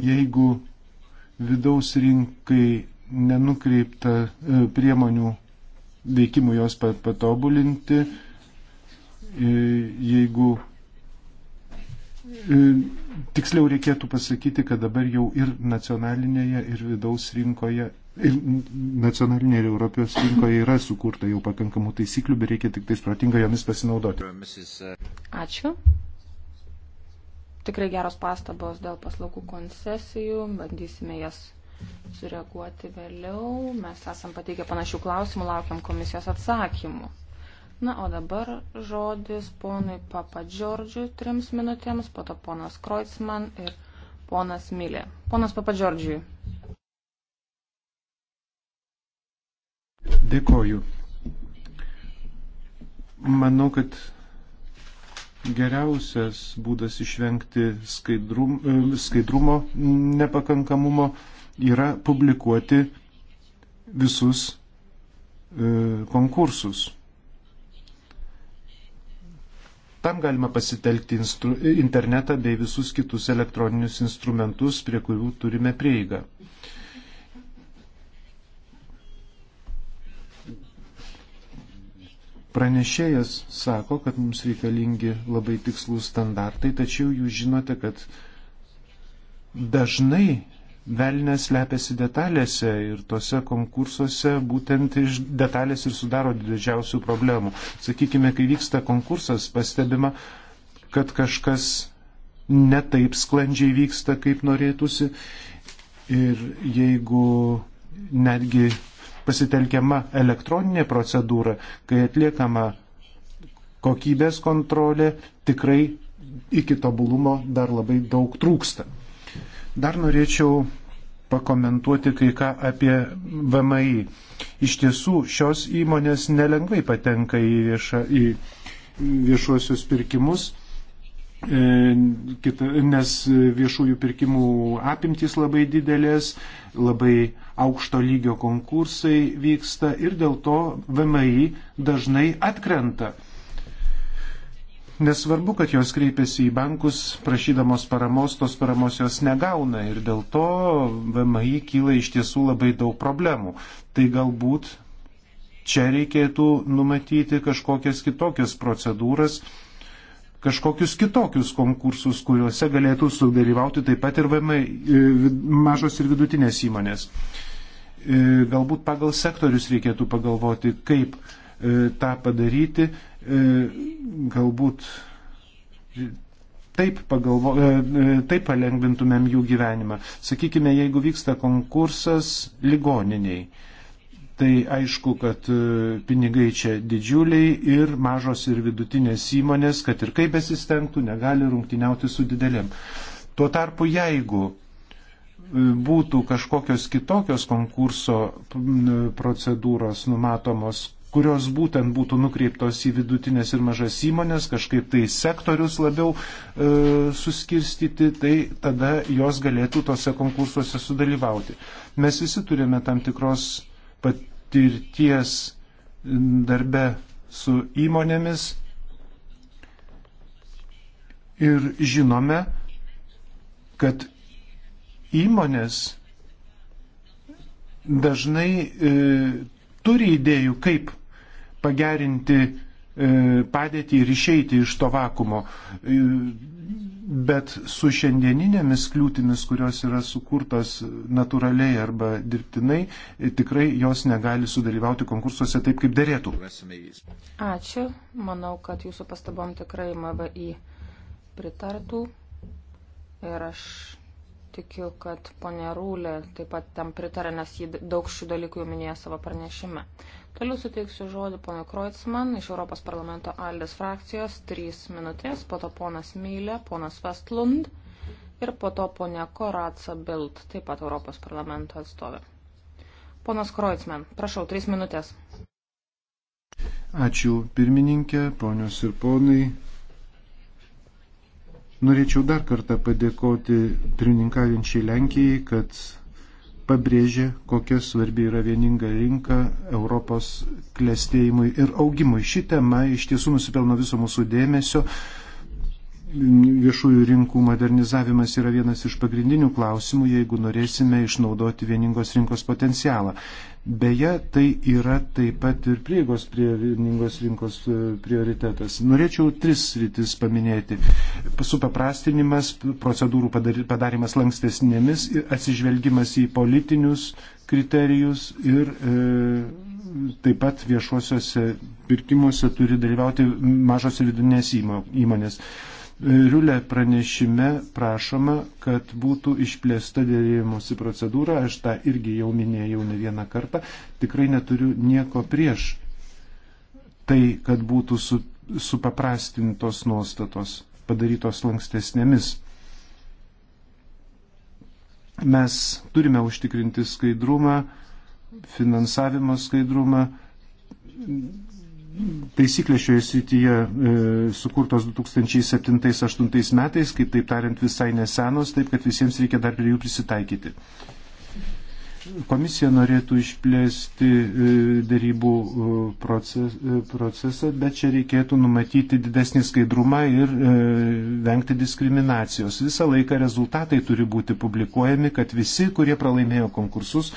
jeigu vidaus rinkai nenukreipta e, priemonių veikimų jos patobulinti, e, jeigu E, tiksliau reikėtų pasakyti, kad dabar jau ir nacionalinėje, ir vidaus rinkoje, ir nacionalinėje, ir Europijos rinkoje yra sukurta jau pakankamų taisyklių, bet reikia tik tais protingai jomis pasinaudoti. Ačiū. Tikrai geros pastabos dėl paslaugų koncesijų, bandysime jas sureaguoti vėliau. Mes esam pateikę panašių klausimų, laukiam komisijos atsakymų. Na, o dabar žodis ponui Papa Džordžiui trims minutėms, po to ponas Kreutzmann ir ponas Milė. Ponas Papa Džordžiui. Dėkoju. Manau, kad geriausias būdas išvengti skaidrum, e, skaidrumo nepakankamumo yra publikuoti visus e, konkursus. Tam galima pasitelkti instru, internetą bei visus kitus elektroninius instrumentus, prie kurių turime prieigą. Pranešėjas sako, kad mums reikalingi labai tikslų standartai, tačiau jūs žinote, kad dažnai Velnes lepiasi detalėse ir tose konkursuose būtent iš detalės ir sudaro didžiausių problemų. Sakykime, kai vyksta konkursas, pastebima, kad kažkas netaip sklandžiai vyksta, kaip norėtųsi. Ir jeigu netgi pasitelkiama elektroninė procedūra, kai atliekama kokybės kontrolė, tikrai iki tobulumo dar labai daug trūksta. Dar norėčiau pakomentuoti kai ką apie VMI. Iš tiesų, šios įmonės nelengvai patenka į, vieša, į viešuosius pirkimus, e, kita, nes viešųjų pirkimų apimtys labai didelės, labai aukšto lygio konkursai vyksta ir dėl to VMI dažnai atkrenta. Nesvarbu, kad jos kreipiasi į bankus prašydamos paramos, tos paramos jos negauna ir dėl to VMI kyla iš tiesų labai daug problemų. Tai galbūt čia reikėtų numatyti kažkokias kitokias procedūras, kažkokius kitokius konkursus, kuriuose galėtų sudalyvauti taip pat ir VMI, e, mažos ir vidutinės įmonės. E, galbūt pagal sektorius reikėtų pagalvoti, kaip e, tą padaryti E, galbūt taip, pagalvo, e, e, taip palengvintumėm jų gyvenimą. Sakykime, jeigu vyksta konkursas ligoniniai, tai aišku, kad pinigai čia didžiuliai ir mažos ir vidutinės įmonės, kad ir kaip besistengtų, negali rungtyniauti su didelėm. Tuo tarpu, jeigu būtų kažkokios kitokios konkurso procedūros numatomos, kurios būtent būtų nukreiptos į vidutinės ir mažas įmonės, kažkaip tai sektorius labiau e, suskirstyti, tai tada jos galėtų tose konkursuose sudalyvauti. Mes visi turime tam tikros patirties darbe su įmonėmis ir žinome, kad įmonės dažnai e, turi idėjų, kaip pagerinti e, padėtį ir išeiti iš to vakumo. E, bet su šiandieninėmis kliūtimis, kurios yra sukurtos natūraliai arba dirbtinai, e, tikrai jos negali sudalyvauti konkursuose taip, kaip dėrėtų. Ačiū. Manau, kad jūsų pastabom tikrai MVI pritartų. Ir aš tikiu, kad ponė Rūlė taip pat tam pritarė, nes jį daug šių dalykų jau minėjo savo pranešime. Toliau suteiksiu žodį pono Kreutzmann iš Europos parlamento Aldės frakcijos, trys minutės, po to ponas Mylė, ponas Vestlund ir po to ponia Koratsa Bild, taip pat Europos parlamento atstovė. Ponas Kreutzmann, prašau, trys minutės. Ačiū pirmininkė, ponios ir ponai. Norėčiau dar kartą padėkoti pirmininkaujančiai Lenkijai, kad pabrėžė, kokia svarbi yra vieninga rinka Europos klėstėjimui ir augimui. Ši tema iš tiesų nusipelno viso mūsų dėmesio viešųjų rinkų modernizavimas yra vienas iš pagrindinių klausimų, jeigu norėsime išnaudoti vieningos rinkos potencialą. Beje, tai yra taip pat ir prieigos prie vieningos rinkos e, prioritetas. Norėčiau tris rytis paminėti. Supaprastinimas, procedūrų padarimas lankstesnėmis, atsižvelgimas į politinius kriterijus ir e, taip pat viešuosiuose pirkimuose turi dalyvauti mažos ir vidinės įmonės. E, Riulė pranešime prašoma, kad būtų išplėsta dėrėjimusi procedūra, aš tą irgi jau minėjau ne vieną kartą, tikrai neturiu nieko prieš tai, kad būtų su, supaprastintos nuostatos, padarytos lankstesnėmis. Mes turime užtikrinti skaidrumą, finansavimo skaidrumą, taisyklės šioje srityje e, sukurtos 2007-2008 metais, kaip taip tariant, visai nesenos, taip kad visiems reikia dar prie jų prisitaikyti. E, Komisija norėtų išplėsti e, darybų e, e, procesą, bet čia reikėtų numatyti didesnį skaidrumą ir vengti diskriminacijos. Visą laiką rezultatai turi būti publikuojami, kad visi, kurie pralaimėjo konkursus,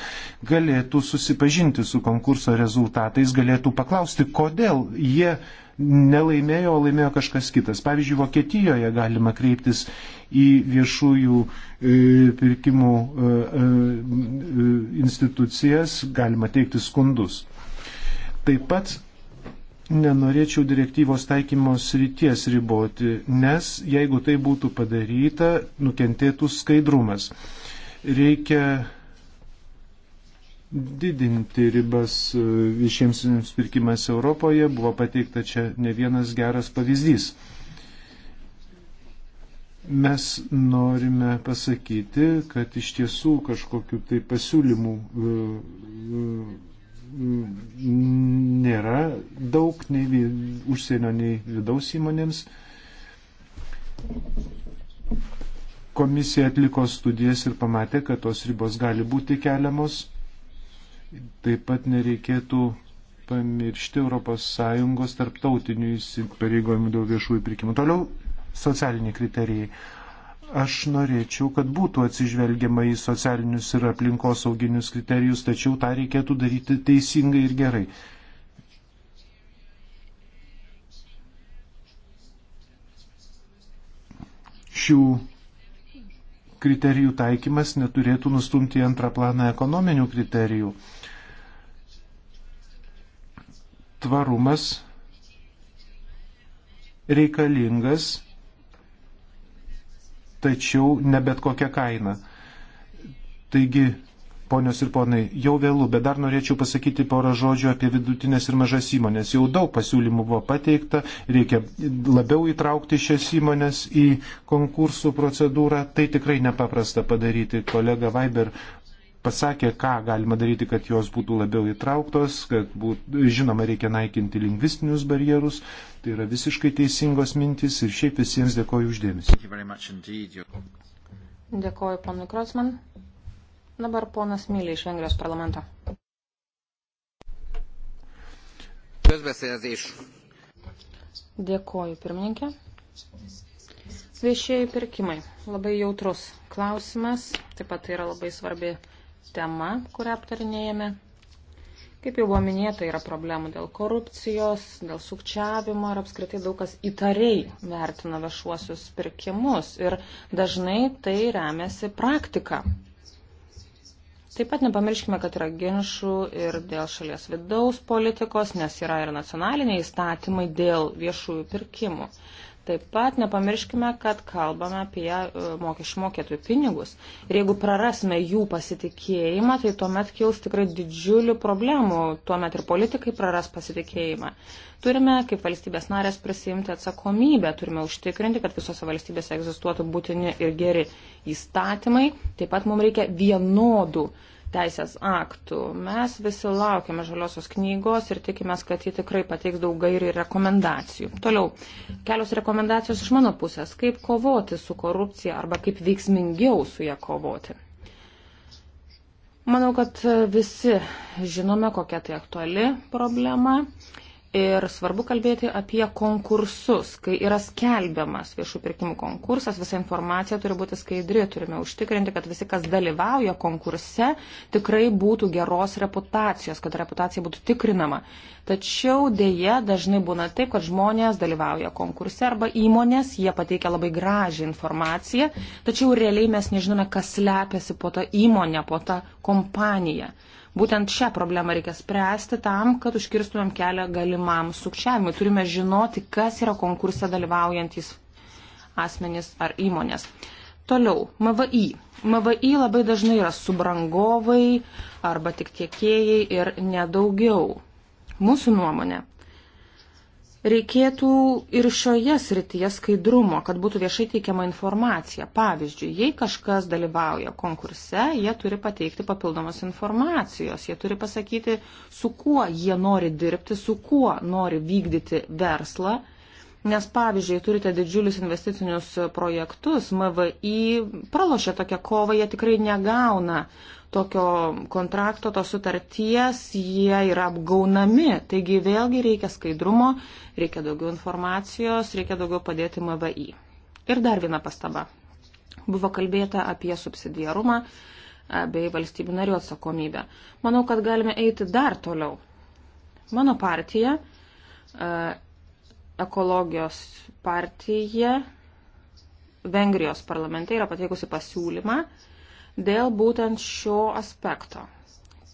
galėtų susipažinti su konkurso rezultatais, galėtų paklausti, kodėl jie nelaimėjo, o laimėjo kažkas kitas. Pavyzdžiui, Vokietijoje galima kreiptis į viešųjų e, pirkimų e, e, institucijas, galima teikti skundus. Taip pat nenorėčiau direktyvos taikymos ryties riboti, nes jeigu tai būtų padaryta, nukentėtų skaidrumas. Reikia didinti ribas e, viešiems pirkimas Europoje. Buvo pateikta čia ne vienas geras pavyzdys. Mes norime pasakyti, kad iš tiesų kažkokiu tai pasiūlymų e, e, nėra daug nei užsienio, nei vidaus įmonėms. Komisija atliko studijas ir pamatė, kad tos ribos gali būti keliamos. Taip pat nereikėtų pamiršti ES tarptautinių įsipareigojimų dėl viešųjų pirkimų. Toliau socialiniai kriterijai. Aš norėčiau, kad būtų atsižvelgiama į socialinius ir aplinkosauginius kriterijus, tačiau tą reikėtų daryti teisingai ir gerai. Šių kriterijų taikymas neturėtų nustumti į antrą planą ekonominių kriterijų tvarumas reikalingas, tačiau ne bet kokia kaina. Taigi, ponios ir ponai, jau vėlų, bet dar norėčiau pasakyti porą žodžių apie vidutinės ir mažas įmonės. Jau daug pasiūlymų buvo pateikta, reikia labiau įtraukti šias įmonės į konkursų procedūrą. Tai tikrai nepaprasta padaryti. Kolega Vaiber pasakė, ką galima daryti, kad jos būtų labiau įtrauktos, kad būtų, žinoma, reikia naikinti lingvistinius barjerus. Tai yra visiškai teisingos mintis ir šiaip visiems dėkoju uždėmesi. Dėkoju, ponui Krosman. Dabar ponas Mylė iš Vengrijos parlamento. Dėkoju, pirmininkė. Viešieji pirkimai. Labai jautrus klausimas, taip pat tai yra labai svarbi tema, kurią aptarinėjame. Kaip jau buvo minėta, yra problemų dėl korupcijos, dėl sukčiavimo ir apskritai daug kas įtariai vertina viešuosius pirkimus ir dažnai tai remiasi praktika. Taip pat nepamirškime, kad yra ginšų ir dėl šalies vidaus politikos, nes yra ir nacionaliniai įstatymai dėl viešųjų pirkimų. Taip pat nepamirškime, kad kalbame apie e, mokesčių mokėtojų pinigus. Ir jeigu prarasime jų pasitikėjimą, tai tuomet kils tikrai didžiulių problemų. Tuomet ir politikai praras pasitikėjimą. Turime, kaip valstybės narės, prisimti atsakomybę. Turime užtikrinti, kad visose valstybėse egzistuotų būtini ir geri įstatymai. Taip pat mums reikia vienodų teisės aktų. Mes visi laukiame žaliosios knygos ir tikimės, kad ji tikrai pateiks daug gairių ir rekomendacijų. Toliau, kelios rekomendacijos iš mano pusės, kaip kovoti su korupcija arba kaip veiksmingiau su ją kovoti. Manau, kad visi žinome, kokia tai aktuali problema Ir svarbu kalbėti apie konkursus, kai yra skelbiamas viešų pirkimų konkursas, visa informacija turi būti skaidri, turime užtikrinti, kad visi, kas dalyvauja konkurse, tikrai būtų geros reputacijos, kad reputacija būtų tikrinama. Tačiau dėje dažnai būna taip, kad žmonės dalyvauja konkurse arba įmonės, jie pateikia labai gražią informaciją, tačiau realiai mes nežinome, kas slepiasi po tą įmonę, po tą kompaniją. Būtent šią problemą reikia spręsti tam, kad užkirstumėm kelią galimam sukčiavimui. Turime žinoti, kas yra konkurse dalyvaujantis asmenys ar įmonės. Toliau, MVI. MVI labai dažnai yra subrangovai arba tik tiekėjai ir nedaugiau. Mūsų nuomonė reikėtų ir šioje srityje skaidrumo, kad būtų viešai teikiama informacija. Pavyzdžiui, jei kažkas dalyvauja konkurse, jie turi pateikti papildomos informacijos, jie turi pasakyti, su kuo jie nori dirbti, su kuo nori vykdyti verslą. Nes, pavyzdžiui, turite didžiulius investicinius projektus, MVI pralošia tokią kovą, jie tikrai negauna tokio kontrakto, tos sutarties, jie yra apgaunami. Taigi vėlgi reikia skaidrumo, reikia daugiau informacijos, reikia daugiau padėti MVI. Ir dar viena pastaba. Buvo kalbėta apie subsidiarumą e, bei valstybių narių atsakomybę. Manau, kad galime eiti dar toliau. Mano partija, e, ekologijos partija, Vengrijos parlamente yra pateikusi pasiūlymą, dėl būtent šio aspekto.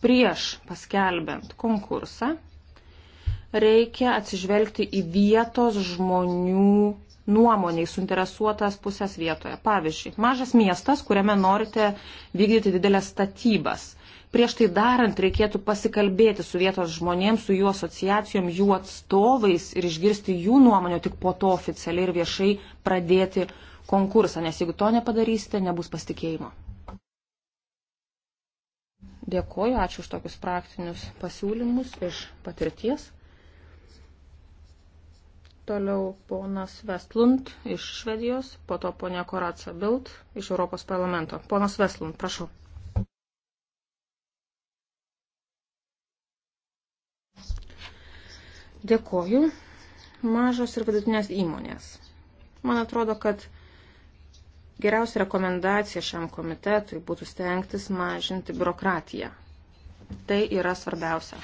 Prieš paskelbent konkursą reikia atsižvelgti į vietos žmonių nuomoniai suinteresuotas pusės vietoje. Pavyzdžiui, mažas miestas, kuriame norite vykdyti didelės statybas. Prieš tai darant reikėtų pasikalbėti su vietos žmonėms, su jų asociacijom, jų atstovais ir išgirsti jų nuomonę, tik po to oficialiai ir viešai pradėti konkursą, nes jeigu to nepadarysite, nebus pasitikėjimo. Dėkoju, ačiū už tokius praktinius pasiūlymus iš patirties. Toliau ponas Vestlund iš Švedijos, po to ponia Koratsa Bild iš Europos parlamento. Ponas Vestlund, prašau. Dėkoju. Mažos ir vidutinės įmonės. Man atrodo, kad Geriausia rekomendacija šiam komitetui būtų stengtis mažinti biurokratiją. Tai yra svarbiausia.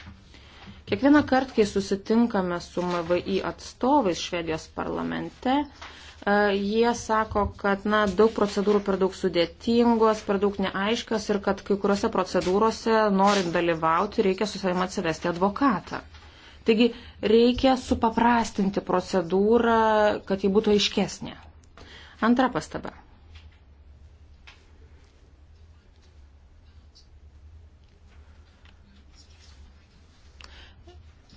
Kiekvieną kartą, kai susitinkame su MVI atstovais Švedijos parlamente, e, jie sako, kad na, daug procedūrų per daug sudėtingos, per daug neaiškios ir kad kai kuriuose procedūrose, norint dalyvauti, reikia su savimi atsivesti advokatą. Taigi reikia supaprastinti procedūrą, kad ji būtų aiškesnė. Antra pastaba.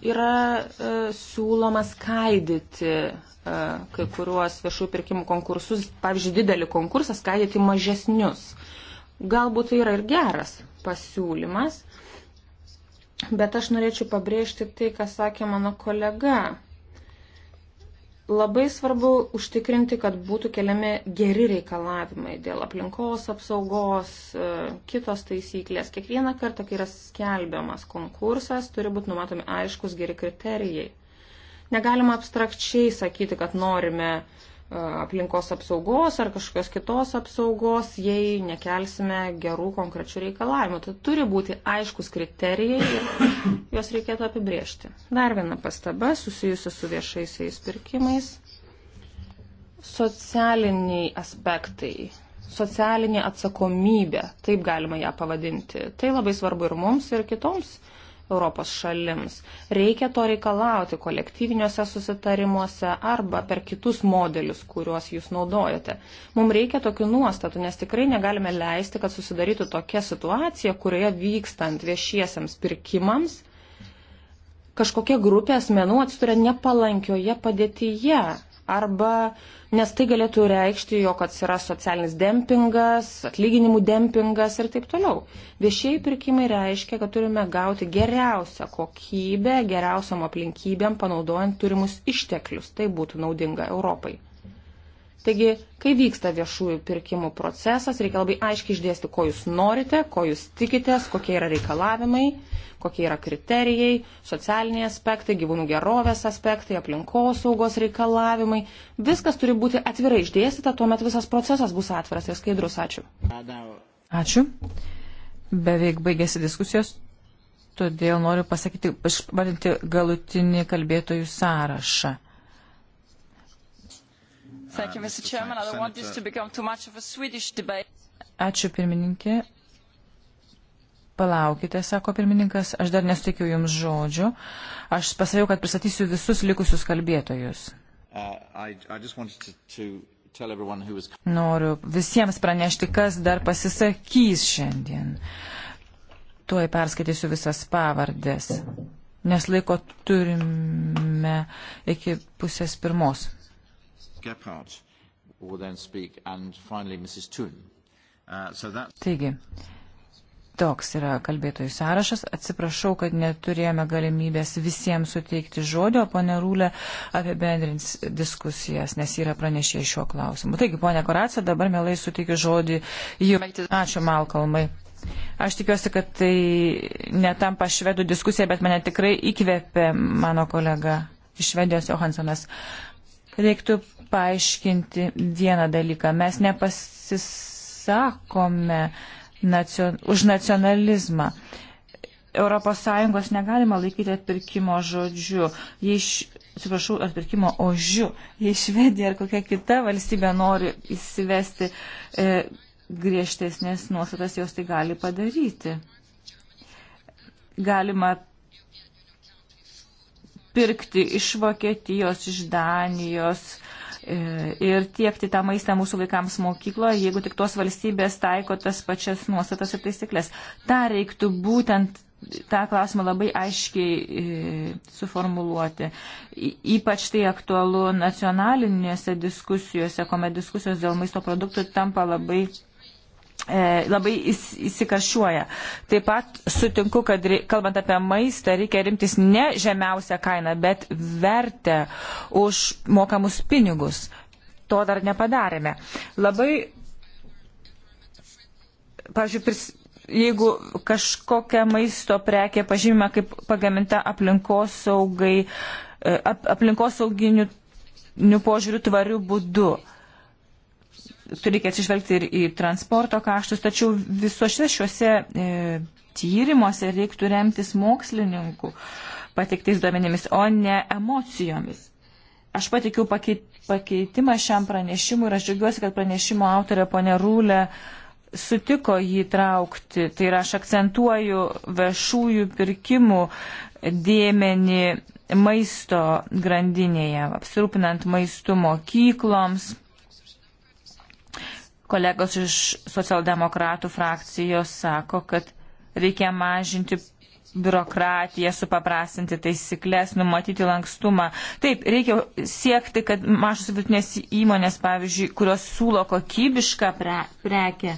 yra e, siūloma skaidyti e, kai kuriuos viešųjų pirkimų konkursus, pavyzdžiui, didelį konkursą skaidyti mažesnius. Galbūt tai yra ir geras pasiūlymas, bet aš norėčiau pabrėžti tai, ką sakė mano kolega. Labai svarbu užtikrinti, kad būtų keliami geri reikalavimai dėl aplinkos apsaugos, e, kitos taisyklės. Kiekvieną kartą, kai yra skelbiamas konkursas, turi būti numatomi aiškus geri kriterijai. Negalima abstrakčiai sakyti, kad norime uh, aplinkos apsaugos ar kažkokios kitos apsaugos, jei nekelsime gerų konkrečių reikalavimų. Tai turi būti aiškus kriterijai ir juos reikėtų apibriežti. Dar viena pastaba susijusi su viešaisiais pirkimais. Socialiniai aspektai, socialinė atsakomybė, taip galima ją pavadinti. Tai labai svarbu ir mums, ir kitoms Europos šalims. Reikia to reikalauti kolektyviniuose susitarimuose arba per kitus modelius, kuriuos jūs naudojate. Mums reikia tokių nuostatų, nes tikrai negalime leisti, kad susidarytų tokia situacija, kurioje vykstant viešiesiams pirkimams kažkokia grupė asmenų atsturia nepalankioje padėtyje arba nes tai galėtų reikšti, jog atsiras socialinis dempingas, atlyginimų dempingas ir taip toliau. Viešieji pirkimai reiškia, kad turime gauti geriausią kokybę, geriausiam aplinkybėm, panaudojant turimus išteklius. Tai būtų naudinga Europai. Taigi, kai vyksta viešųjų pirkimų procesas, reikia labai aiškiai išdėsti, ko jūs norite, ko jūs tikitės, kokie yra reikalavimai, kokie yra kriterijai, socialiniai aspektai, gyvūnų gerovės aspektai, aplinkosaugos reikalavimai. Viskas turi būti atvirai išdėstyta, tuomet visas procesas bus atviras ir skaidrus. Ačiū. Ačiū. Beveik baigėsi diskusijos, todėl noriu pasakyti, išvardinti galutinį kalbėtojų sąrašą. Thank you, uh, Mr. Chairman. I don't want this to become too much of a Swedish debate. Ačiū pirmininkė. Palaukite, sako pirmininkas, aš dar nesuteikiau jums žodžio. Aš pasakiau, kad pristatysiu visus likusius kalbėtojus. Uh, I, I was... Noriu visiems pranešti, kas dar pasisakys šiandien. Tuoj perskaitysiu visas pavardės, nes laiko turime iki pusės pirmos. Gephardt will then speak, and finally Mrs. Toon. Uh, so that's... Taigi, toks yra kalbėtojų sąrašas. Atsiprašau, kad neturėjome galimybės visiems suteikti žodžio, o ponė Rūlė apibendrins diskusijas, nes yra pranešė šiuo klausimu. Taigi, ponė Koracija, dabar mielai suteikiu žodį jums. Ačiū, Malkalmai. Aš tikiuosi, kad tai netampa švedų diskusija, bet mane tikrai įkvėpė mano kolega iš Švedijos Johansonas. Reiktų paaiškinti vieną dalyką. Mes nepasisakome nacion, už nacionalizmą. ES negalima laikyti atpirkimo žodžiu, jei, atsiprašau, atpirkimo ožiu, jei Švedija ar kokia kita valstybė nori įsivesti e, griežtesnės nuostatas, jos tai gali padaryti. Galima pirkti iš Vokietijos, iš Danijos, E, ir tiekti tą maistą mūsų vaikams mokykloje, jeigu tik tos valstybės taiko tas pačias nuostatas ir taisyklės. Ta reiktų būtent tą klausimą labai aiškiai e, suformuluoti. Ypač tai aktualu nacionalinėse diskusijose, kuomet diskusijos dėl maisto produktų tampa labai E, labai įsikašiuoja. Taip pat sutinku, kad kalbant apie maistą, reikia rimtis ne žemiausią kainą, bet vertę už mokamus pinigus. To dar nepadarėme. Labai, pažiūrėjau, jeigu kažkokia maisto prekė pažymima kaip pagaminta aplinkosaugai, e, ap, aplinkosauginiu nu, požiūriu tvariu būdu reikia atsižvelgti ir į transporto kaštus, tačiau visuose šiuose e, tyrimuose reiktų remtis mokslininkų patiktais duomenimis, o ne emocijomis. Aš patikiu pakeitimą šiam pranešimui ir aš džiaugiuosi, kad pranešimo autorė ponė Rūlė sutiko jį traukti. Tai yra, aš akcentuoju viešųjų pirkimų dėmenį maisto grandinėje, apsirūpinant maistu mokykloms, Kolegos iš socialdemokratų frakcijos sako, kad reikia mažinti biurokratiją, supaprastinti taisyklės, numatyti lankstumą. Taip, reikia siekti, kad mažos vidutinės įmonės, pavyzdžiui, kurios siūlo kokybišką pre prekę,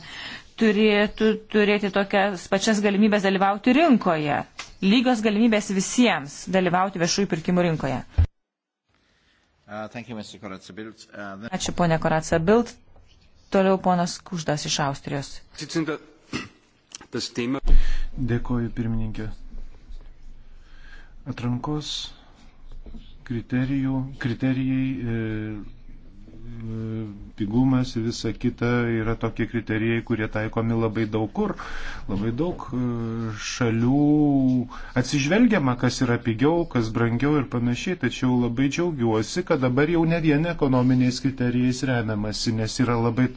turėtų turėti tokias pačias galimybės dalyvauti rinkoje. Lygios galimybės visiems dalyvauti viešųjų pirkimų rinkoje. Uh, you, uh, then... Ačiū, ponė Koratsa Bild. Toliau ponas Kuždas iš Austrijos. Dėkoju pirmininkė. Atrankos kriterijų, kriterijai e, pigumas ir visa kita yra tokie kriterijai, kurie taikomi labai daug kur. Labai daug e, šalių atsižvelgiama, kas yra pigiau, kas brangiau ir panašiai, tačiau labai džiaugiuosi, kad dabar jau ne vien ekonominiais kriterijais remiamasi, nes yra labai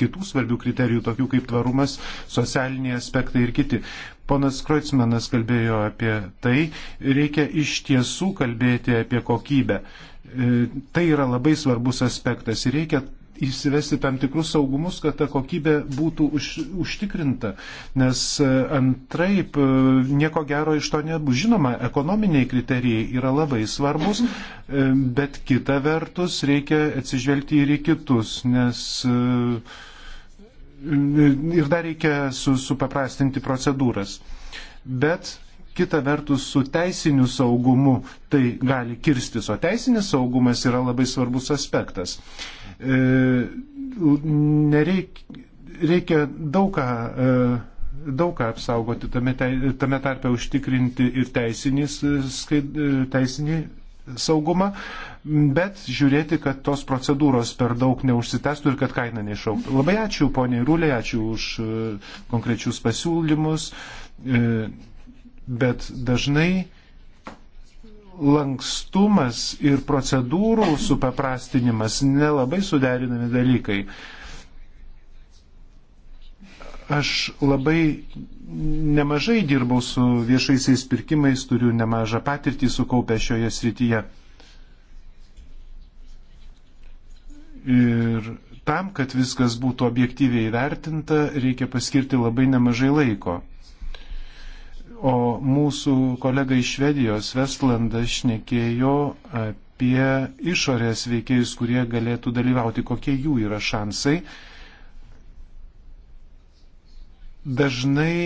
kitų svarbių kriterijų, tokių kaip tvarumas, socialiniai aspektai ir kiti. Ponas Kreutzmanas kalbėjo apie tai, reikia iš tiesų kalbėti apie kokybę. E, tai yra labai svarbus aspektas ir reikia įsivesti tam tikrus saugumus, kad ta kokybė būtų už, užtikrinta, nes e, antraip e, nieko gero iš to nebus. Žinoma, ekonominiai kriterijai yra labai svarbus, bet kita vertus reikia atsižvelgti ir į kitus, nes ir dar reikia supaprastinti su, su procedūras. Bet kita vertus su teisiniu saugumu tai gali kirstis, o teisinis saugumas yra labai svarbus aspektas. E, nereik, reikia daug ką. E, daug ką apsaugoti, tame, tame tarpe užtikrinti ir teisinys, skaid, e, teisinį saugumą, bet žiūrėti, kad tos procedūros per daug neužsitestų ir kad kaina neišauktų. Labai ačiū poniai Rūlė, ačiū už e, konkrečius pasiūlymus. E, bet dažnai lankstumas ir procedūrų supaprastinimas nelabai suderinami dalykai. Aš labai nemažai dirbau su viešaisiais pirkimais, turiu nemažą patirtį sukaupę šioje srityje. Ir tam, kad viskas būtų objektyviai įvertinta, reikia paskirti labai nemažai laiko. O mūsų kolega iš Švedijos, Vestlandas, šnekėjo apie išorės veikėjus, kurie galėtų dalyvauti, kokie jų yra šansai. Dažnai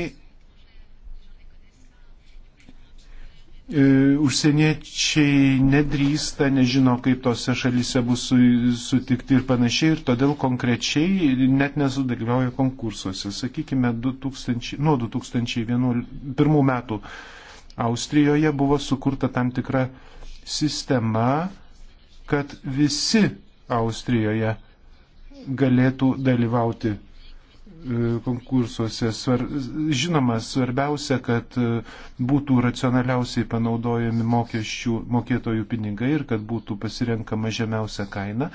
E, užsieniečiai nedrįsta, nežino, kaip tose šalyse bus su, sutikti ir panašiai, ir todėl konkrečiai net nesudalyvauja konkursuose. Sakykime, 2000, nuo 2001 metų Austrijoje buvo sukurta tam tikra sistema, kad visi Austrijoje galėtų dalyvauti konkursuose. Svar, žinoma, svarbiausia, kad e, būtų racionaliausiai panaudojami mokesčių mokėtojų pinigai ir kad būtų pasirenkama žemiausia kaina.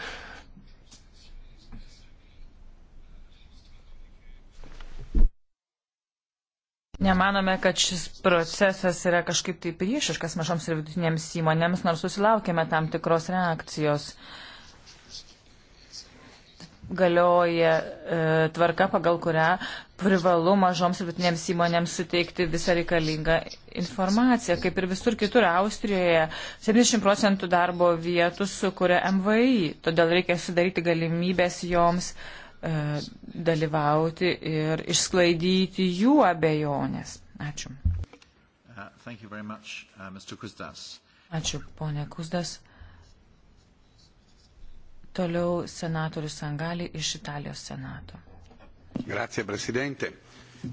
Nemanome, kad šis procesas yra kažkaip tai priešiškas mažoms ir vidutinėms įmonėms, nors susilaukėme tam tikros reakcijos. Uh, galioja e, tvarka, pagal kurią privalu mažoms ir vidutinėms įmonėms suteikti visą reikalingą informaciją. Kaip ir visur kitur, Austrijoje 70 procentų darbo vietų sukuria MVI, todėl reikia sudaryti galimybės joms e, dalyvauti ir išsklaidyti jų abejonės. Ačiū. Uh, much, uh, Ačiū, ponė Kuzdas. Toliau senatorius Sangali iš Italijos senato. Grazie, prezidente.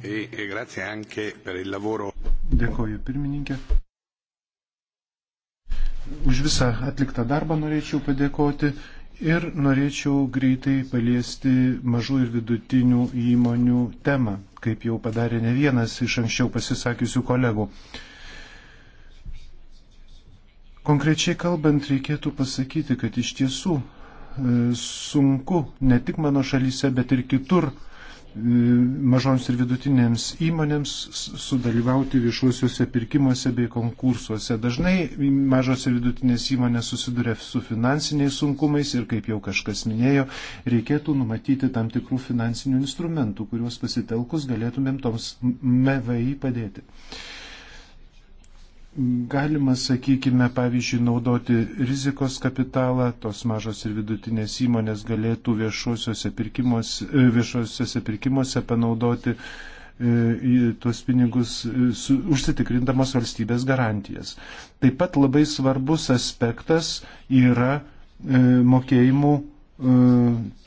E, e grazie anche per il lavoro. Dėkoju, pirmininkė. Už visą atliktą darbą norėčiau padėkoti ir norėčiau greitai paliesti mažų ir vidutinių įmonių temą, kaip jau padarė ne vienas iš anksčiau pasisakiusių kolegų. Konkrečiai kalbant, reikėtų pasakyti, kad iš tiesų E, sunku ne tik mano šalyse, bet ir kitur e, mažoms ir vidutinėms įmonėms sudalyvauti viešuosiuose pirkimuose bei konkursuose. Dažnai mažos ir vidutinės įmonės susiduria su finansiniais sunkumais ir, kaip jau kažkas minėjo, reikėtų numatyti tam tikrų finansinių instrumentų, kuriuos pasitelkus galėtumėm toms MVI padėti. Uh, Galima, sakykime, pavyzdžiui, naudoti rizikos kapitalą, tos mažos ir vidutinės įmonės galėtų viešuosiuose pirkimuose, viešuosiuose pirkimuose panaudoti e, tuos pinigus e, su, užsitikrindamas valstybės garantijas. Taip pat labai svarbus aspektas yra e, mokėjimų e,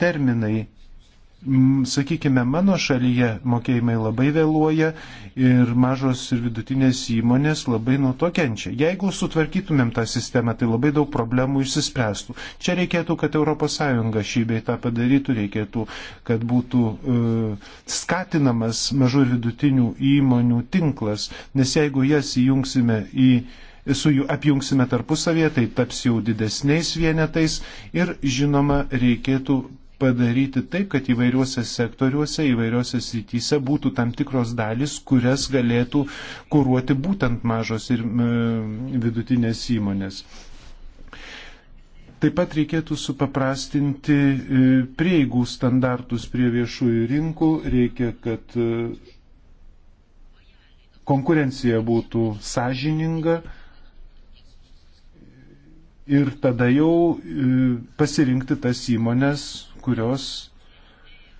terminai sakykime, mano šalyje mokėjimai labai vėluoja ir mažos ir vidutinės įmonės labai nuo to kenčia. Jeigu sutvarkytumėm tą sistemą, tai labai daug problemų išsispręstų. Čia reikėtų, kad ES šį bei tą padarytų, reikėtų, kad būtų e, skatinamas mažų ir vidutinių įmonių tinklas, nes jeigu jas įjungsime į su jų apjungsime tarpusavėje, tai taps jau didesniais vienetais ir žinoma reikėtų padaryti taip, kad įvairiuose sektoriuose, įvairiuose srityse būtų tam tikros dalis, kurias galėtų kūruoti būtent mažos ir vidutinės įmonės. Taip pat reikėtų supaprastinti e, prieigų standartus prie viešųjų rinkų, reikia, kad e, konkurencija būtų sąžininga, ir tada jau e, pasirinkti tas įmonės, kurios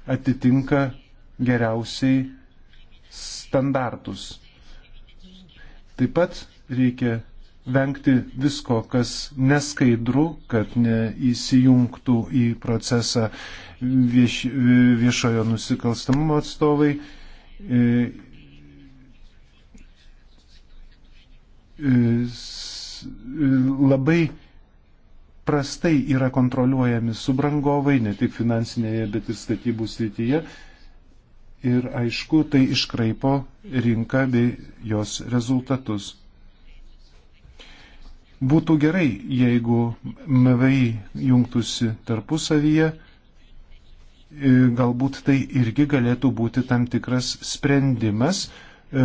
atitinka geriausiai standartus. Taip pat reikia vengti visko, kas neskaidru, kad neįsijungtų į procesą vieš, viešojo nusikalstamumo atstovai. E, e, e, labai prastai yra kontroliuojami subrangovai, ne tik finansinėje, bet ir statybų srityje. Ir aišku, tai iškraipo rinką bei jos rezultatus. Būtų gerai, jeigu MVI jungtųsi tarpusavyje, galbūt tai irgi galėtų būti tam tikras sprendimas, E,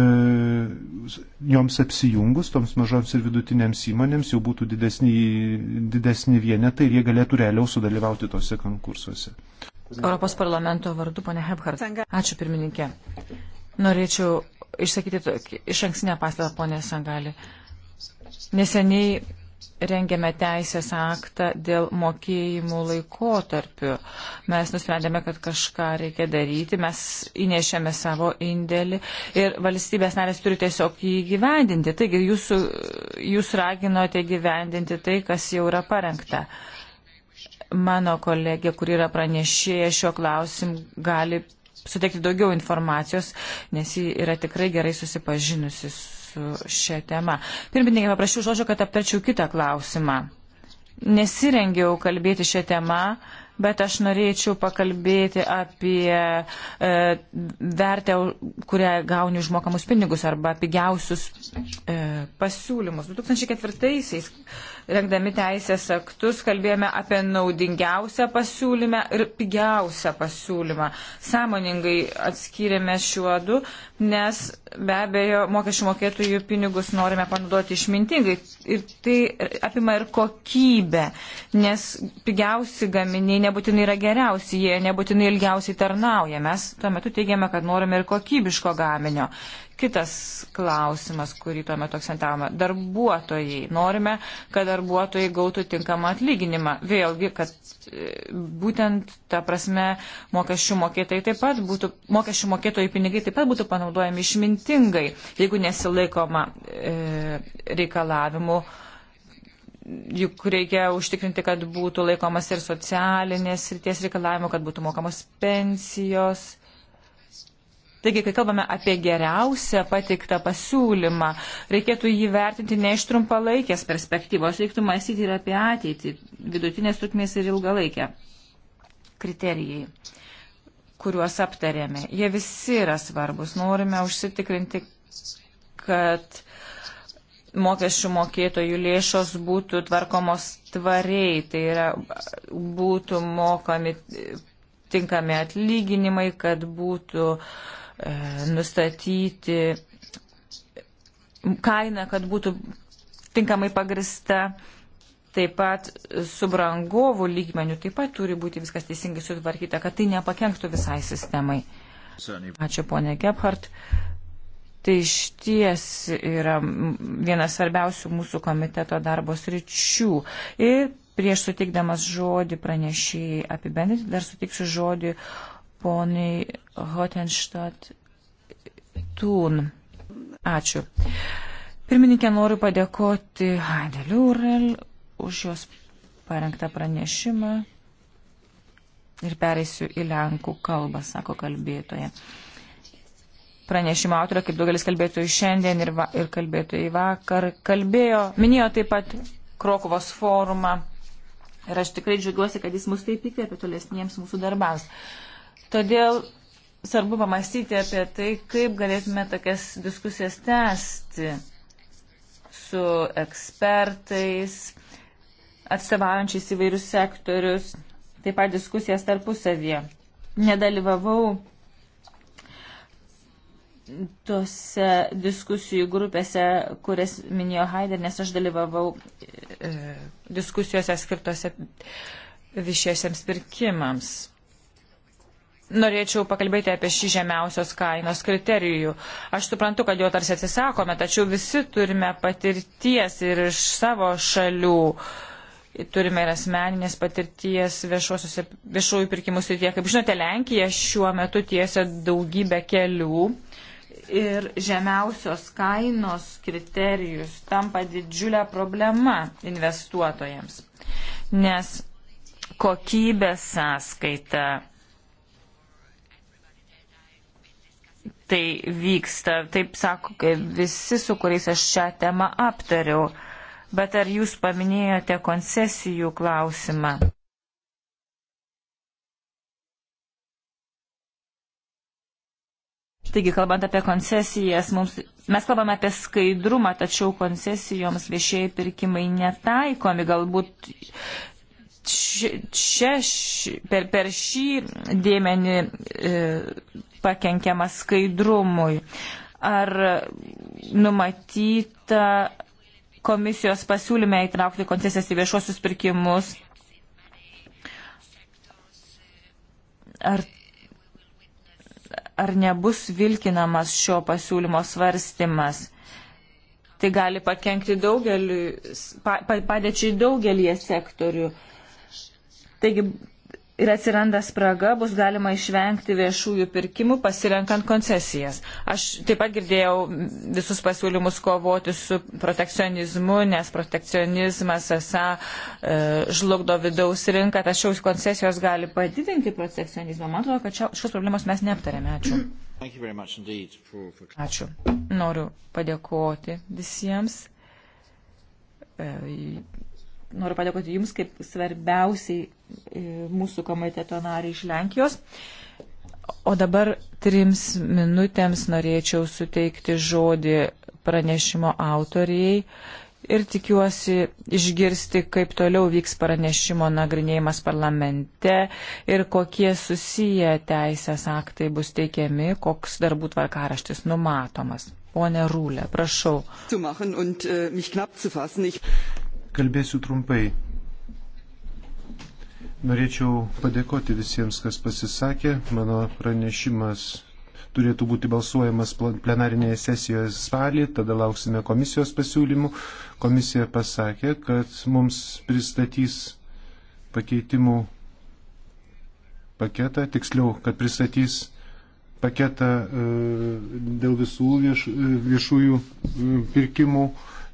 joms apsijungus, toms mažoms ir vidutinėms įmonėms jau būtų didesni, didesni vienetai ir jie galėtų realiau sudalyvauti tose konkursuose. Europos parlamento vardu, ponė Hebhart. Ačiū pirmininkė. Norėčiau išsakyti iš ankstinę pastabą, ponė Sangali. Neseniai rengėme teisės aktą dėl mokėjimų laikotarpių. Mes nusprendėme, kad kažką reikia daryti, mes įnešėme savo indėlį ir valstybės narės turi tiesiog jį gyvendinti. Taigi jūsų, jūs raginote gyvendinti tai, kas jau yra parengta. Mano kolegė, kur yra pranešėja šio klausim, gali suteikti daugiau informacijos, nes ji yra tikrai gerai susipažinusi su su šia tema. Pirmininkai, paprašiau žodžio, kad aptarčiau kitą klausimą. Nesirengiau kalbėti šią temą, bet aš norėčiau pakalbėti apie e, vertę, kurią gauni užmokamus pinigus arba pigiausius e, pasiūlymus. 2004-aisiais rengdami teisės aktus, kalbėjome apie naudingiausią pasiūlymą ir pigiausią pasiūlymą. Sąmoningai atskyrėme šiuodu, nes be abejo mokesčių mokėtojų pinigus norime panaudoti išmintingai. Ir tai apima ir kokybę, nes pigiausi gaminiai nebūtinai yra geriausi, jie nebūtinai ilgiausiai tarnauja. Mes tuo metu teigiame, kad norime ir kokybiško gaminio kitas klausimas, kurį tuo metu akcentavome. Darbuotojai. Norime, kad darbuotojai gautų tinkamą atlyginimą. Vėlgi, kad e, būtent ta prasme mokesčių mokėtojai taip pat būtų, mokesčių mokėtojai pinigai taip pat būtų panaudojami išmintingai, jeigu nesilaikoma e, reikalavimų. Juk reikia užtikrinti, kad būtų laikomas ir socialinės ryties reikalavimų, kad būtų mokamos pensijos Taigi, kai kalbame apie geriausią patiktą pasiūlymą, reikėtų jį vertinti ne iš trumpalaikės perspektyvos, reiktų mąstyti ir apie ateitį, vidutinės trukmės ir ilgalaikę kriterijai kuriuos aptarėme. Jie visi yra svarbus. Norime užsitikrinti, kad mokesčių mokėtojų lėšos būtų tvarkomos tvariai, tai yra būtų mokami tinkami atlyginimai, kad būtų uh, E, nustatyti kainą, kad būtų tinkamai pagrista. Taip pat su brangovų lygmeniu taip pat turi būti viskas teisingai sutvarkyta, kad tai nepakenktų visai sistemai. Ačiū ponė Gebhardt. Tai iš ties yra vienas svarbiausių mūsų komiteto darbo sričių. Ir prieš sutikdamas žodį pranešėjai apibendrinti, dar sutiksiu žodį poniai Hotenstadt Tūn. Ačiū. Pirmininkė, noriu padėkoti Hadeliurel už jos parengtą pranešimą ir pereisiu į lenkų kalbą, sako kalbėtoja. Pranešimo autorė, kaip daugelis kalbėtojų šiandien ir, va, ir kalbėtojai vakar, kalbėjo, minėjo taip pat Krokovos forumą ir aš tikrai džiaugiuosi, kad jis mus taip įkvėpė tolesniems mūsų darbams. Todėl svarbu pamastyti apie tai, kaip galėtume tokias diskusijas tęsti su ekspertais, atstovaujančiais įvairius sektorius, taip pat diskusijas tarpusavyje. Nedalyvavau tose diskusijų grupėse, kurias minėjo Haider, nes aš dalyvavau e, e, diskusijose skirtose viešiesiams pirkimams norėčiau pakalbėti apie šį žemiausios kainos kriterijų. Aš suprantu, kad jo tarsi atsisakome, tačiau visi turime patirties ir iš savo šalių. Turime ir asmeninės patirties viešųjų pirkimų srityje. Kaip žinote, Lenkija šiuo metu tiesia daugybę kelių ir žemiausios kainos kriterijus tampa didžiulę problemą investuotojams, nes kokybės sąskaita tai vyksta. Taip sako visi, su kuriais aš šią temą aptariau. Bet ar jūs paminėjote koncesijų klausimą? Taigi, kalbant apie koncesijas, mums, mes kalbame apie skaidrumą, tačiau koncesijoms viešieji pirkimai netaikomi. Galbūt čia, čia per, per šį dėmenį e, pakenkiama skaidrumui. Ar numatyta komisijos pasiūlyme įtraukti koncesijas į viešuosius pirkimus? Ar, ar nebus vilkinamas šio pasiūlymo svarstymas? Tai gali pakenkti daugeliu, pa, padėčiai daugelie sektorių. Taigi ir atsiranda spraga, bus galima išvengti viešųjų pirkimų pasirenkant koncesijas. Aš taip pat girdėjau visus pasiūlymus kovoti su protekcionizmu, nes protekcionizmas esą e, žlugdo vidaus rinką, tačiau koncesijos gali padidinti protekcionizmą. Man atrodo, kad čia, šios problemos mes neaptarėme. Ačiū. Ačiū. Noriu padėkoti visiems. E, noriu padėkoti Jums kaip svarbiausiai e, mūsų komiteto nariai iš Lenkijos. O dabar trims minutėms norėčiau suteikti žodį pranešimo autorijai ir tikiuosi išgirsti, kaip toliau vyks pranešimo nagrinėjimas parlamente ir kokie susiję teisės aktai bus teikiami, koks darbų tvarkaraštis numatomas. Pone Rūlė, prašau. Kalbėsiu trumpai. Norėčiau padėkoti visiems, kas pasisakė. Mano pranešimas turėtų būti balsuojamas plenarinėje sesijoje spalį, tada lauksime komisijos pasiūlymų. Komisija pasakė, kad mums pristatys pakeitimų paketą, tiksliau, kad pristatys paketą e, dėl visų vieš, viešųjų e, pirkimų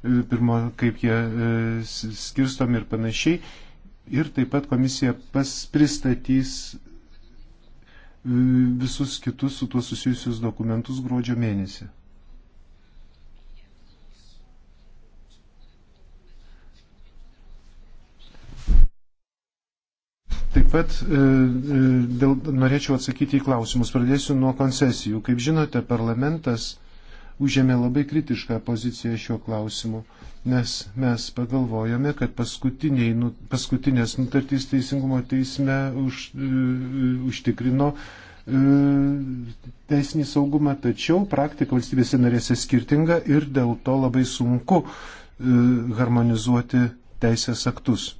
E, pirmo, kaip jie e, skirstomi ir panašiai. Ir taip pat komisija pas, pristatys e, visus kitus su tuo susijusius dokumentus gruodžio mėnesį. Taip pat dėl, norėčiau atsakyti į klausimus. Pradėsiu nuo koncesijų. Kaip žinote, parlamentas užėmė labai kritišką poziciją šiuo klausimu, nes mes pagalvojome, kad nu, paskutinės nutartys Teisingumo teisme už, e, užtikrino e, teisinį saugumą, tačiau praktika valstybėse narėse skirtinga ir dėl to labai sunku e, harmonizuoti teisės aktus.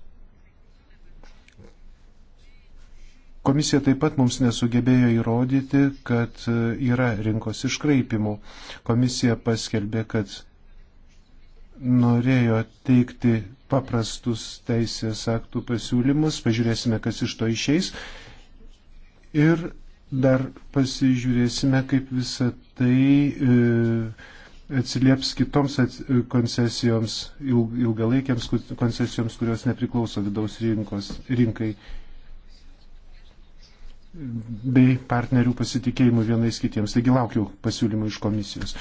Komisija taip pat mums nesugebėjo įrodyti, kad e, yra rinkos iškraipimų. Komisija paskelbė, kad norėjo teikti paprastus teisės aktų pasiūlymus, pažiūrėsime, kas iš to išeis. Ir dar pasižiūrėsime, kaip visa tai e, atsilieps kitoms ats, koncesijoms, ilg, ilgalaikiams koncesijoms, kurios nepriklauso vidaus rinkos, rinkai. E, bei partnerių pasitikėjimu vienais kitiems. Taigi laukiu pasiūlymų iš komisijos.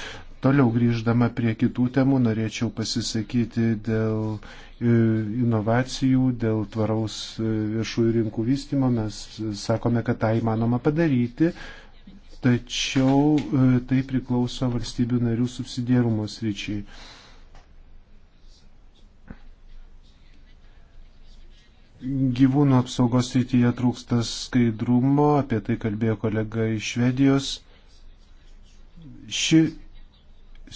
Toliau grįždama prie kitų temų, norėčiau pasisakyti dėl e, inovacijų, dėl tvaraus e, viešųjų rinkų vystimo. Mes sakome, kad tą įmanoma padaryti, tačiau e, tai priklauso valstybių narių subsidierumo sryčiai. Gyvūnų apsaugos rytyje trūksta skaidrumo, apie tai kalbėjo kolega iš Švedijos. Ši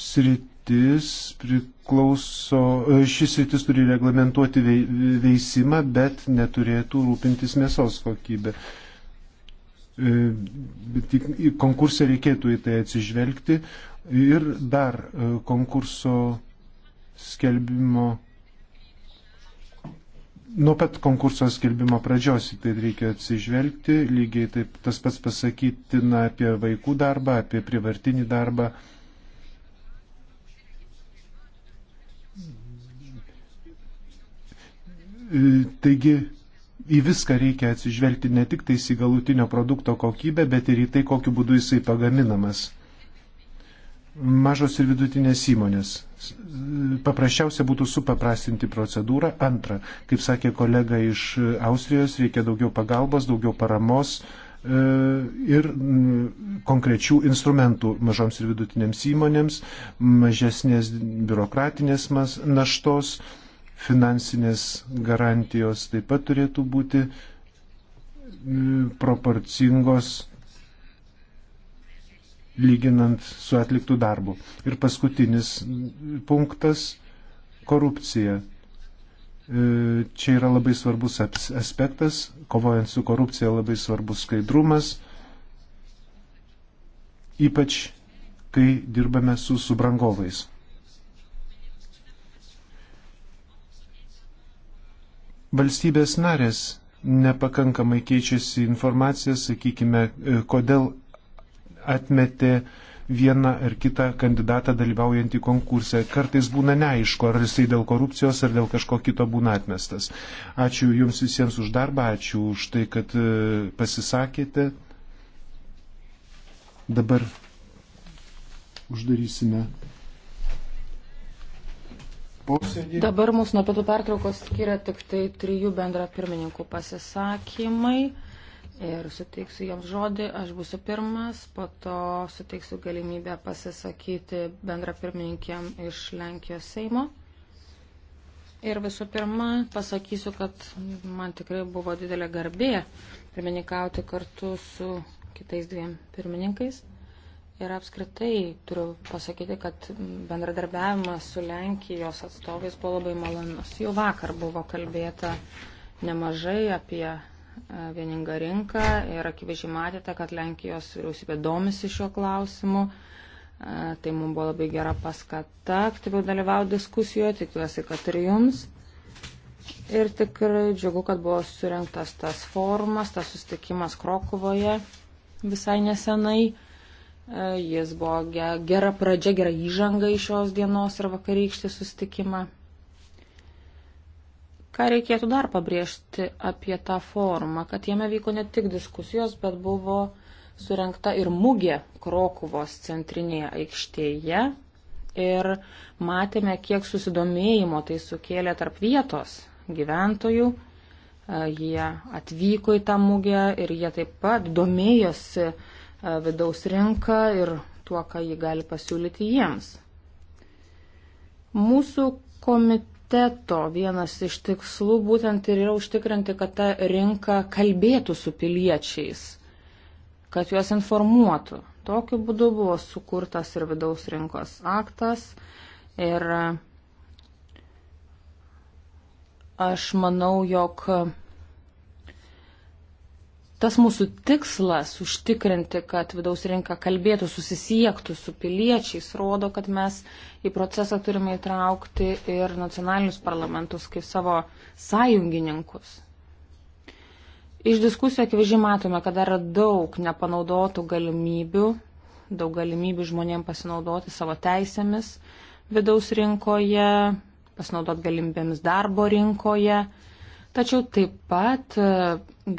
sritis priklauso, e, šis sritis turi reglamentuoti veisimą, bet neturėtų rūpintis mėsos kokybė. E, konkursą reikėtų į tai atsižvelgti ir dar e, konkurso skelbimo Nuo pat konkurso skelbimo pradžios į tai reikia atsižvelgti, lygiai taip tas pats pasakytina apie vaikų darbą, apie privartinį darbą. Taigi į viską reikia atsižvelgti ne tik tais į galutinio produkto kokybę, bet ir į tai, kokiu būdu jisai pagaminamas. Mažos ir vidutinės įmonės paprasčiausia būtų supaprastinti procedūrą. Antra, kaip sakė kolega iš Austrijos, reikia daugiau pagalbos, daugiau paramos e, ir mm, konkrečių instrumentų mažoms ir vidutinėms įmonėms, mažesnės biurokratinės naštos, finansinės garantijos taip pat turėtų būti mm, proporcingos lyginant su atliktų darbu. Ir paskutinis punktas - korupcija. E, čia yra labai svarbus aspektas, kovojant su korupcija labai svarbus skaidrumas, ypač kai dirbame su subrangovais. Valstybės narės nepakankamai keičiasi informacija, sakykime, e, kodėl atmetė vieną ar kitą kandidatą dalyvaujantį konkursą. Kartais būna neaišku, ar jisai dėl korupcijos ar dėl kažko kito būna atmestas. Ačiū Jums visiems už darbą, ačiū už tai, kad e, pasisakėte. Dabar uždarysime. Posėdį. Dabar mūsų nuo pietų pertraukos skiria tik tai trijų bendra pirmininkų pasisakymai ir suteiksiu joms žodį. Aš būsiu pirmas, po to suteiksiu galimybę pasisakyti bendra pirmininkėm iš Lenkijos Seimo. Ir visų pirma, pasakysiu, kad man tikrai buvo didelė garbė pirmininkauti kartu su kitais dviem pirmininkais. Ir apskritai turiu pasakyti, kad bendradarbiavimas su Lenkijos atstovais buvo labai malonus. Jau vakar buvo kalbėta nemažai apie vieningą rinką ir akivaizdžiai matėte, kad Lenkijos vyriausybė domisi šiuo klausimu. Tai mums buvo labai gera paskata aktyviau dalyvauti diskusijoje, tikiuosi, kad ir jums. Ir tikrai džiugu, kad buvo surinktas tas formas, tas susitikimas Krokuvoje visai nesenai. Jis buvo gera pradžia, gera įžanga į šios dienos ir vakarykštį susitikimą. Ką reikėtų dar pabrėžti apie tą forumą, kad jame vyko ne tik diskusijos, bet buvo surinkta ir mugė Krokuvos centrinėje aikštėje ir matėme, kiek susidomėjimo tai sukėlė tarp vietos gyventojų. E, jie atvyko į tą mugę ir jie taip pat domėjosi e, vidaus rinką ir tuo, ką jį gali pasiūlyti jiems. Mūsų komitetas komiteto vienas iš tikslų būtent ir yra užtikrinti, kad ta rinka kalbėtų su piliečiais, kad juos informuotų. Tokiu būdu buvo sukurtas ir vidaus rinkos aktas. Ir aš manau, jog tas mūsų tikslas užtikrinti, kad vidaus rinka kalbėtų, susisiektų su piliečiais, rodo, kad mes į procesą turime įtraukti ir nacionalinius parlamentus kaip savo sąjungininkus. Iš diskusijų akivaizdžiai matome, kad yra daug nepanaudotų galimybių, daug galimybių žmonėms pasinaudoti savo teisėmis vidaus rinkoje, pasinaudoti galimybėmis darbo rinkoje Tačiau taip pat e,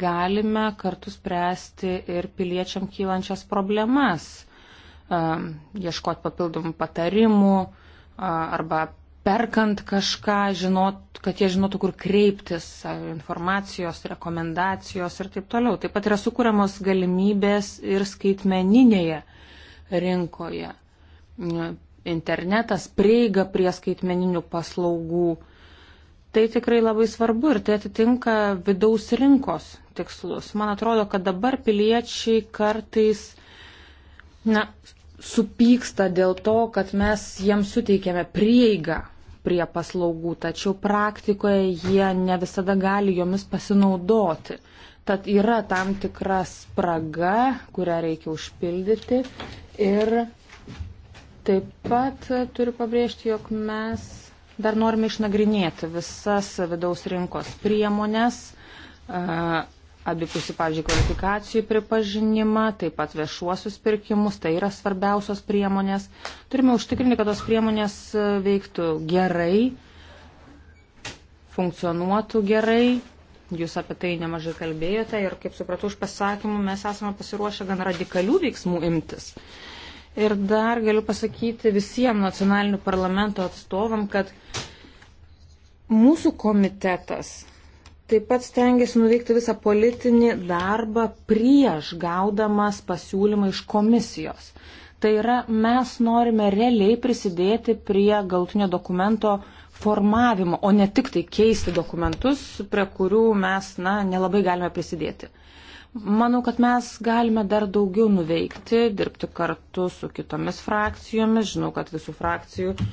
galime kartu spręsti ir piliečiam kylančias problemas, e, ieškoti papildomų patarimų e, arba perkant kažką, žinot, kad jie žinotų, kur kreiptis, informacijos, rekomendacijos ir taip toliau. Taip pat yra sukūriamos galimybės ir skaitmeninėje rinkoje. Internetas prieiga prie skaitmeninių paslaugų Tai tikrai labai svarbu ir tai atitinka vidaus rinkos tikslus. Man atrodo, kad dabar piliečiai kartais na, supyksta dėl to, kad mes jiems suteikėme prieigą prie paslaugų, tačiau praktikoje jie ne visada gali jomis pasinaudoti. Tad yra tam tikra spraga, kurią reikia užpildyti ir taip pat turiu pabrėžti, jog mes Dar norime išnagrinėti visas vidaus rinkos priemonės, abipusį, pavyzdžiui, kvalifikacijų pripažinimą, taip pat viešuosius pirkimus, tai yra svarbiausios priemonės. Turime užtikrinti, kad tos priemonės veiktų gerai, funkcionuotų gerai. Jūs apie tai nemažai kalbėjote ir, kaip supratau, už pasakymų mes esame pasiruošę gan radikalių veiksmų imtis. Uh, Ir dar galiu pasakyti visiems nacionalinių parlamento atstovam, kad mūsų komitetas taip pat stengiasi nuveikti visą politinį darbą prieš gaudamas pasiūlymą iš komisijos. Tai yra, mes norime realiai prisidėti prie galtinio dokumento formavimo, o ne tik tai keisti dokumentus, prie kurių mes, na, nelabai galime prisidėti. Manau, kad mes galime dar daugiau nuveikti, dirbti kartu su kitomis frakcijomis. Žinau, kad visų frakcijų e,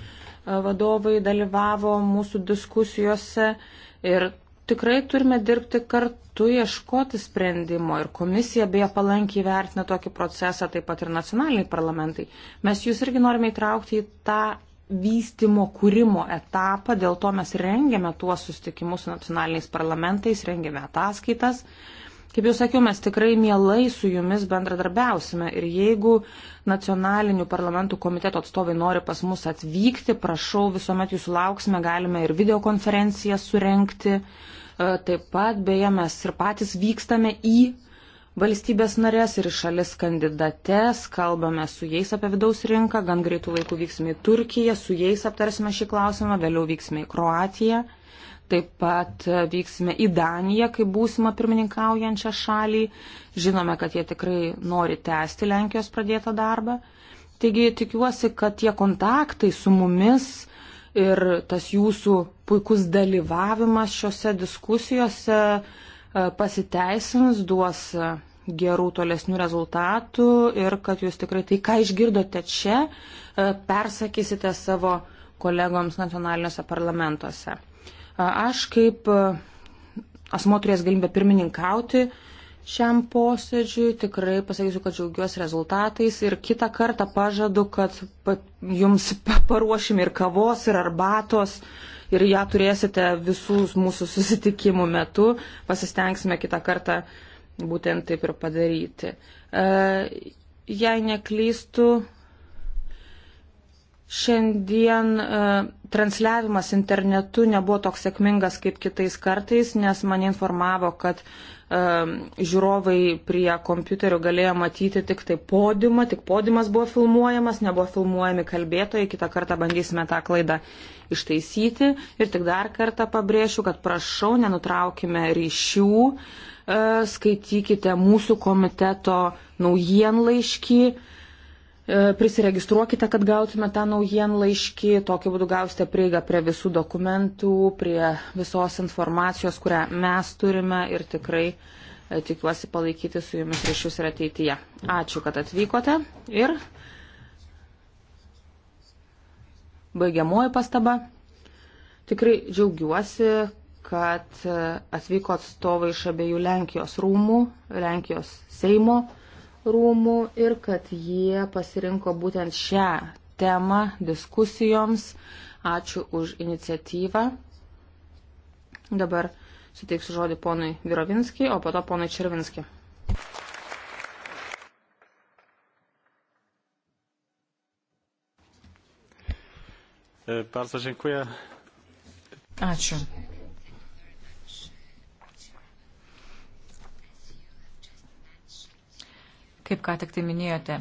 vadovai dalyvavo mūsų diskusijose ir tikrai turime dirbti kartu, ieškoti sprendimo. Ir komisija beje palankiai vertina tokį procesą, taip pat ir nacionaliniai parlamentai. Mes jūs irgi norime įtraukti į tą vystimo kūrimo etapą, dėl to mes rengiame tuos sustikimus su nacionaliniais parlamentais, rengiame ataskaitas. Uh, Kaip jau sakiau, mes tikrai mielai su jumis bendradarbiausime ir jeigu nacionalinių parlamentų komiteto atstovai nori pas mus atvykti, prašau, visuomet jūsų lauksime, galime ir videokonferenciją surenkti. E, taip pat, beje, mes ir patys vykstame į valstybės narės ir šalis kandidates, kalbame su jais apie vidaus rinką, gan greitų laikų vyksime į Turkiją, su jais aptarsime šį klausimą, vėliau vyksime į Kroatiją. Taip pat vyksime į Daniją kaip būsimą pirmininkaujančią šalį. Žinome, kad jie tikrai nori tęsti Lenkijos pradėtą darbą. Taigi tikiuosi, kad tie kontaktai su mumis ir tas jūsų puikus dalyvavimas šiuose diskusijose e, pasiteisins, duos e, gerų tolesnių rezultatų ir kad jūs tikrai tai, ką išgirdote čia, e, persakysite savo kolegoms nacionaliniuose parlamentuose. Aš kaip asmo turės galimybę pirmininkauti šiam posėdžiui, tikrai pasakysiu, kad džiaugiuosi rezultatais ir kitą kartą pažadu, kad jums paruošim ir kavos, ir arbatos, ir ją turėsite visus mūsų susitikimų metu, pasistengsime kitą kartą būtent taip ir padaryti. Jei neklystų, šiandien transliavimas internetu nebuvo toks sėkmingas kaip kitais kartais, nes mane informavo, kad žiūrovai prie kompiuterio galėjo matyti tik tai podiumą, tik podiumas buvo filmuojamas, nebuvo filmuojami kalbėtojai, kitą kartą bandysime tą klaidą ištaisyti. Ir tik dar kartą pabrėšiu, kad prašau, nenutraukime ryšių, e, skaitykite mūsų komiteto naujienlaiškį E, prisiregistruokite, kad gautume tą naujienlaiškį, tokiu būdu gausite prieigą prie visų dokumentų, prie visos informacijos, kurią mes turime ir tikrai e, tikiuosi palaikyti su jumis ryšius ir ateityje. Ačiū, kad atvykote ir baigiamoji pastaba. Tikrai džiaugiuosi, kad e, atvyko atstovai iš abiejų Lenkijos rūmų, Lenkijos Seimo rūmų ir kad jie pasirinko būtent šią temą diskusijoms. Ačiū už iniciatyvą. Dabar suteiksiu žodį ponui Virovinskijai, o po to ponui Červinskijai. E, bardzo dziękuję. Ačiū. kaip ką tik tai minėjote.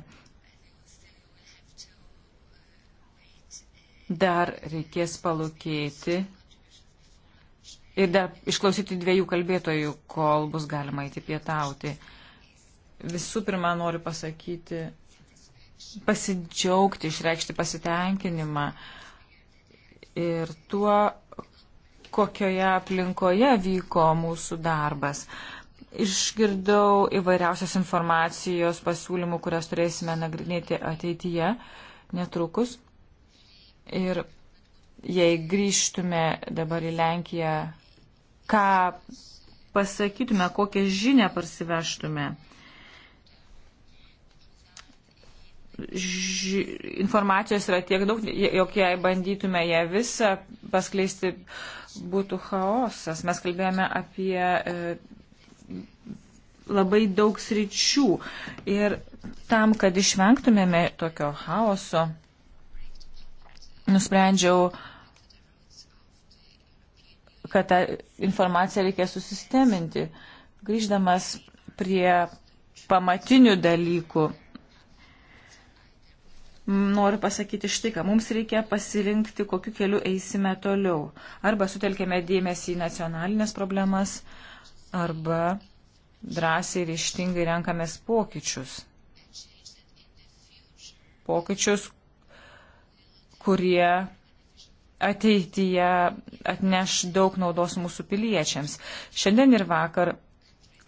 Dar reikės palūkėti ir dar išklausyti dviejų kalbėtojų, kol bus galima įti pietauti. Visų pirma, noriu pasakyti, pasidžiaugti, išreikšti pasitenkinimą ir tuo, kokioje aplinkoje vyko mūsų darbas. Uh, Išgirdau įvairiausios informacijos pasiūlymų, kurias turėsime nagrinėti ateityje netrukus. Ir jei grįžtume dabar į Lenkiją, ką pasakytume, kokią žinę parsivežtume? Ži, informacijos yra tiek daug, jog jei bandytume ją visą paskleisti, būtų chaosas. Mes kalbėjome apie e, labai daug sričių. Ir tam, kad išvengtumėme tokio chaoso, nusprendžiau, kad tą informaciją reikia susisteminti. Grįždamas prie pamatinių dalykų, noriu pasakyti štai, kad mums reikia pasirinkti, kokiu keliu eisime toliau. Arba sutelkėme dėmesį į nacionalinės problemas, arba drąsiai ir ištingai renkamės pokyčius. Pokyčius, kurie ateityje atneš daug naudos mūsų piliečiams. Šiandien ir vakar,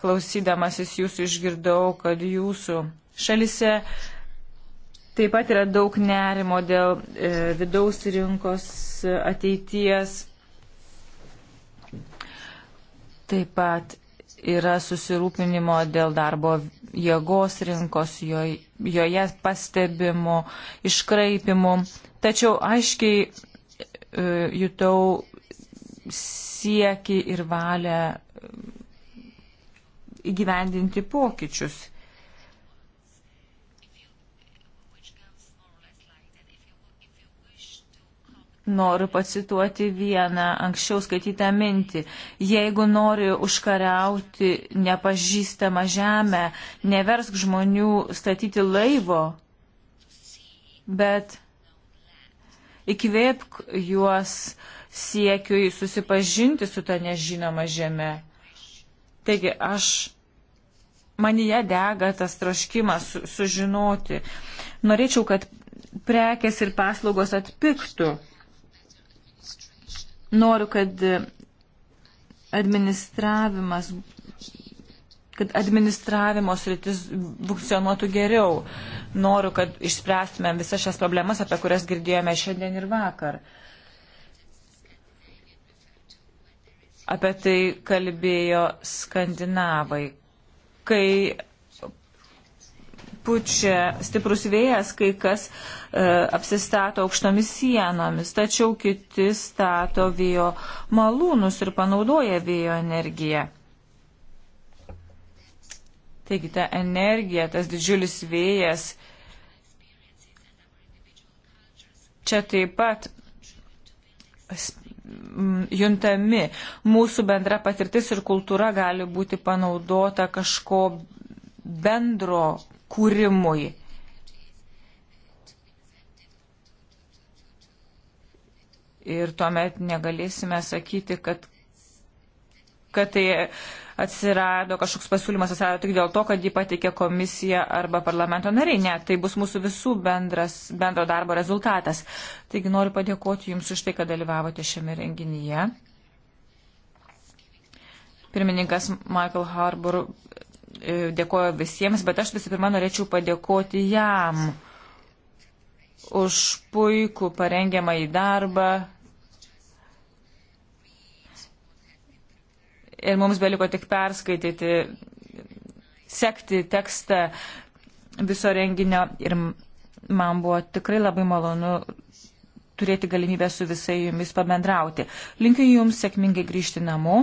klausydamasis jūsų, išgirdau, kad jūsų šalise taip pat yra daug nerimo dėl e, vidaus rinkos ateities. Taip pat yra susirūpinimo dėl darbo jėgos rinkos, jo, joje pastebimų, iškraipimų. Tačiau aiškiai e, jutau sieki ir valią e, įgyvendinti pokyčius. noriu pacituoti vieną anksčiau skaitytą mintį. Jeigu nori užkariauti nepažįstamą žemę, neversk žmonių statyti laivo, bet įkvėpk juos siekiui susipažinti su ta nežinoma žemė. Taigi aš, manyje dega tas troškimas su, sužinoti. Norėčiau, kad prekes ir paslaugos atpiktų Noriu, kad administravimas kad administravimo sritis funkcionuotų geriau. Noriu, kad išspręstume visas šias problemas, apie kurias girdėjome šiandien ir vakar. Apie tai kalbėjo skandinavai, kai pučia stiprus vėjas, kai kas e, apsistato aukštomis sienomis, tačiau kiti stato vėjo malūnus ir panaudoja vėjo energiją. Taigi ta energija, tas didžiulis vėjas, čia taip pat juntami. Mūsų bendra patirtis ir kultūra gali būti panaudota kažko bendro kūrimui. Ir tuomet negalėsime sakyti, kad, kad tai atsirado, kažkoks pasiūlymas atsirado tik dėl to, kad jį pateikė komisija arba parlamento nariai. Ne, tai bus mūsų visų bendras, bendro darbo rezultatas. Taigi noriu padėkoti Jums už tai, kad dalyvavote šiame renginyje. Pirmininkas Michael Harbour E, dėkoju visiems, bet aš visų pirma norėčiau padėkoti jam už puikų parengiamą į darbą. Ir mums beliko tik perskaityti, sekti tekstą viso renginio ir man buvo tikrai labai malonu turėti galimybę su visai jumis pabendrauti. Linkiu jums sėkmingai grįžti namo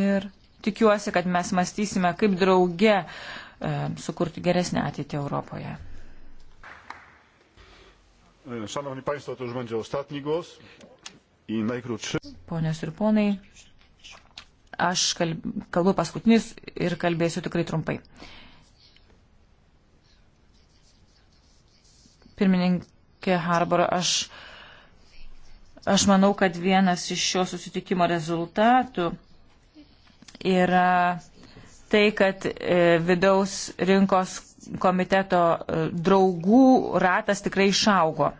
ir tikiuosi, kad mes mąstysime, kaip drauge e, sukurti geresnę ateitį Europoje. E, Szanowni Państwo, to już będzie ostatni głos i najkrótszy. Ponios ir ponai, aš kalbu paskutinis ir kalbėsiu tikrai trumpai. Pirmininkė Harbor, aš, aš manau, kad vienas iš šio susitikimo rezultatų yra tai, kad e, vidaus rinkos komiteto e, draugų ratas tikrai išaugo.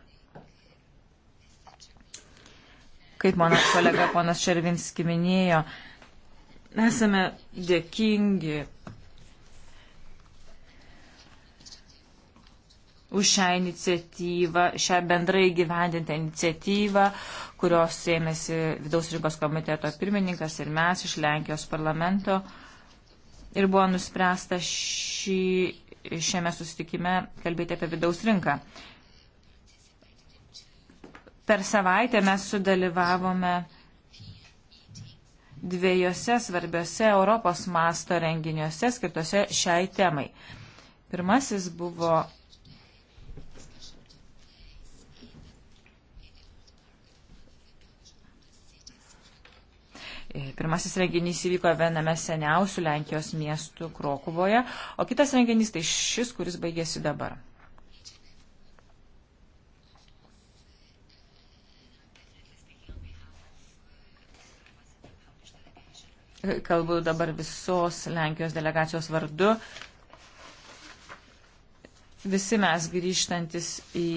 Kaip mano kolega ponas Šervinski minėjo, esame dėkingi už šią iniciatyvą, šią bendrai gyvendintą iniciatyvą, kurios ėmėsi vidaus rinkos komiteto pirmininkas ir mes iš Lenkijos parlamento. Ir buvo nuspręsta šį, šiame susitikime kalbėti apie vidaus rinką. Per savaitę mes sudalyvavome dviejose svarbiose Europos masto renginiuose skirtose šiai temai. Pirmasis buvo E, pirmasis renginys įvyko viename seniausių Lenkijos miestų Krokuvoje, o kitas renginys tai šis, kuris baigėsi dabar. Kalbu dabar visos Lenkijos delegacijos vardu. Visi mes grįžtantis į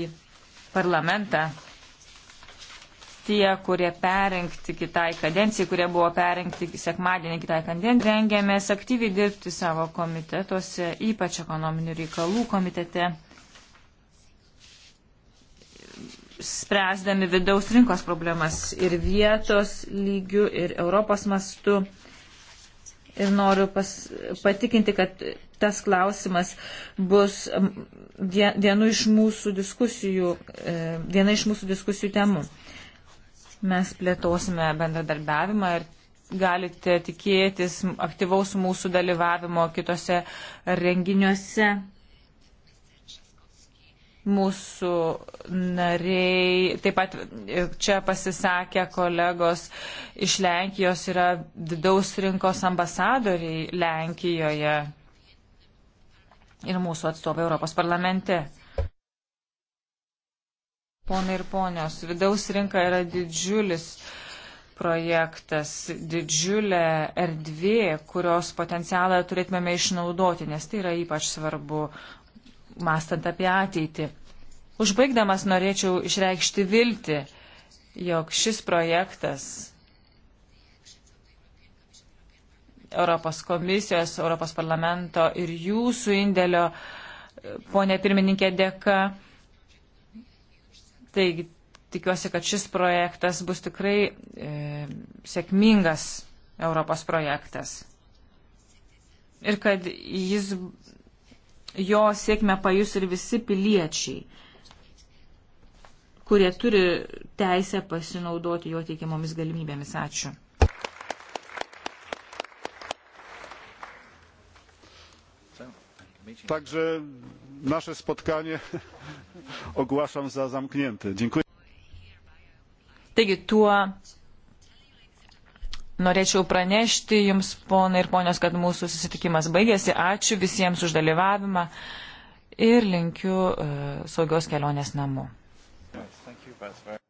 parlamentą tie, kurie perinkti kitai kadencijai, kurie buvo perinkti sekmadienį kitai kadencijai, rengėmės aktyviai dirbti savo komitetuose, ypač ekonominių reikalų komitete, spręsdami vidaus rinkos problemas ir vietos lygių, ir Europos mastu. Ir noriu pas, patikinti, kad tas klausimas bus um, vienu iš mūsų diskusijų, e, viena iš mūsų diskusijų temų. Mes plėtosime bendradarbiavimą ir galite tikėtis aktyvaus mūsų dalyvavimo kitose renginiuose. Mūsų nariai, taip pat čia pasisakė kolegos iš Lenkijos, yra vidaus rinkos ambasadoriai Lenkijoje ir mūsų atstovai Europos parlamente. Pone ir ponios, vidaus rinka yra didžiulis projektas, didžiulė erdvė, kurios potencialą turėtumėme išnaudoti, nes tai yra ypač svarbu, mastant apie ateitį. Užbaigdamas norėčiau išreikšti viltį, jog šis projektas Europos komisijos, Europos parlamento ir jūsų indėlio, ponė pirmininkė, dėka, Taigi tikiuosi, kad šis projektas bus tikrai e, sėkmingas Europos projektas. Ir kad jis, jo sėkmę pajus ir visi piliečiai, kurie turi teisę pasinaudoti jo teikiamomis galimybėmis. Ačiū. Także nasze spotkanie ogłaszam za zamknięte. Dziękuję. Taigi tuo norėčiau pranešti jums, ponai ir ponios, kad mūsų susitikimas baigėsi. Ačiū visiems už dalyvavimą ir linkiu uh, saugios kelionės namo. Yes,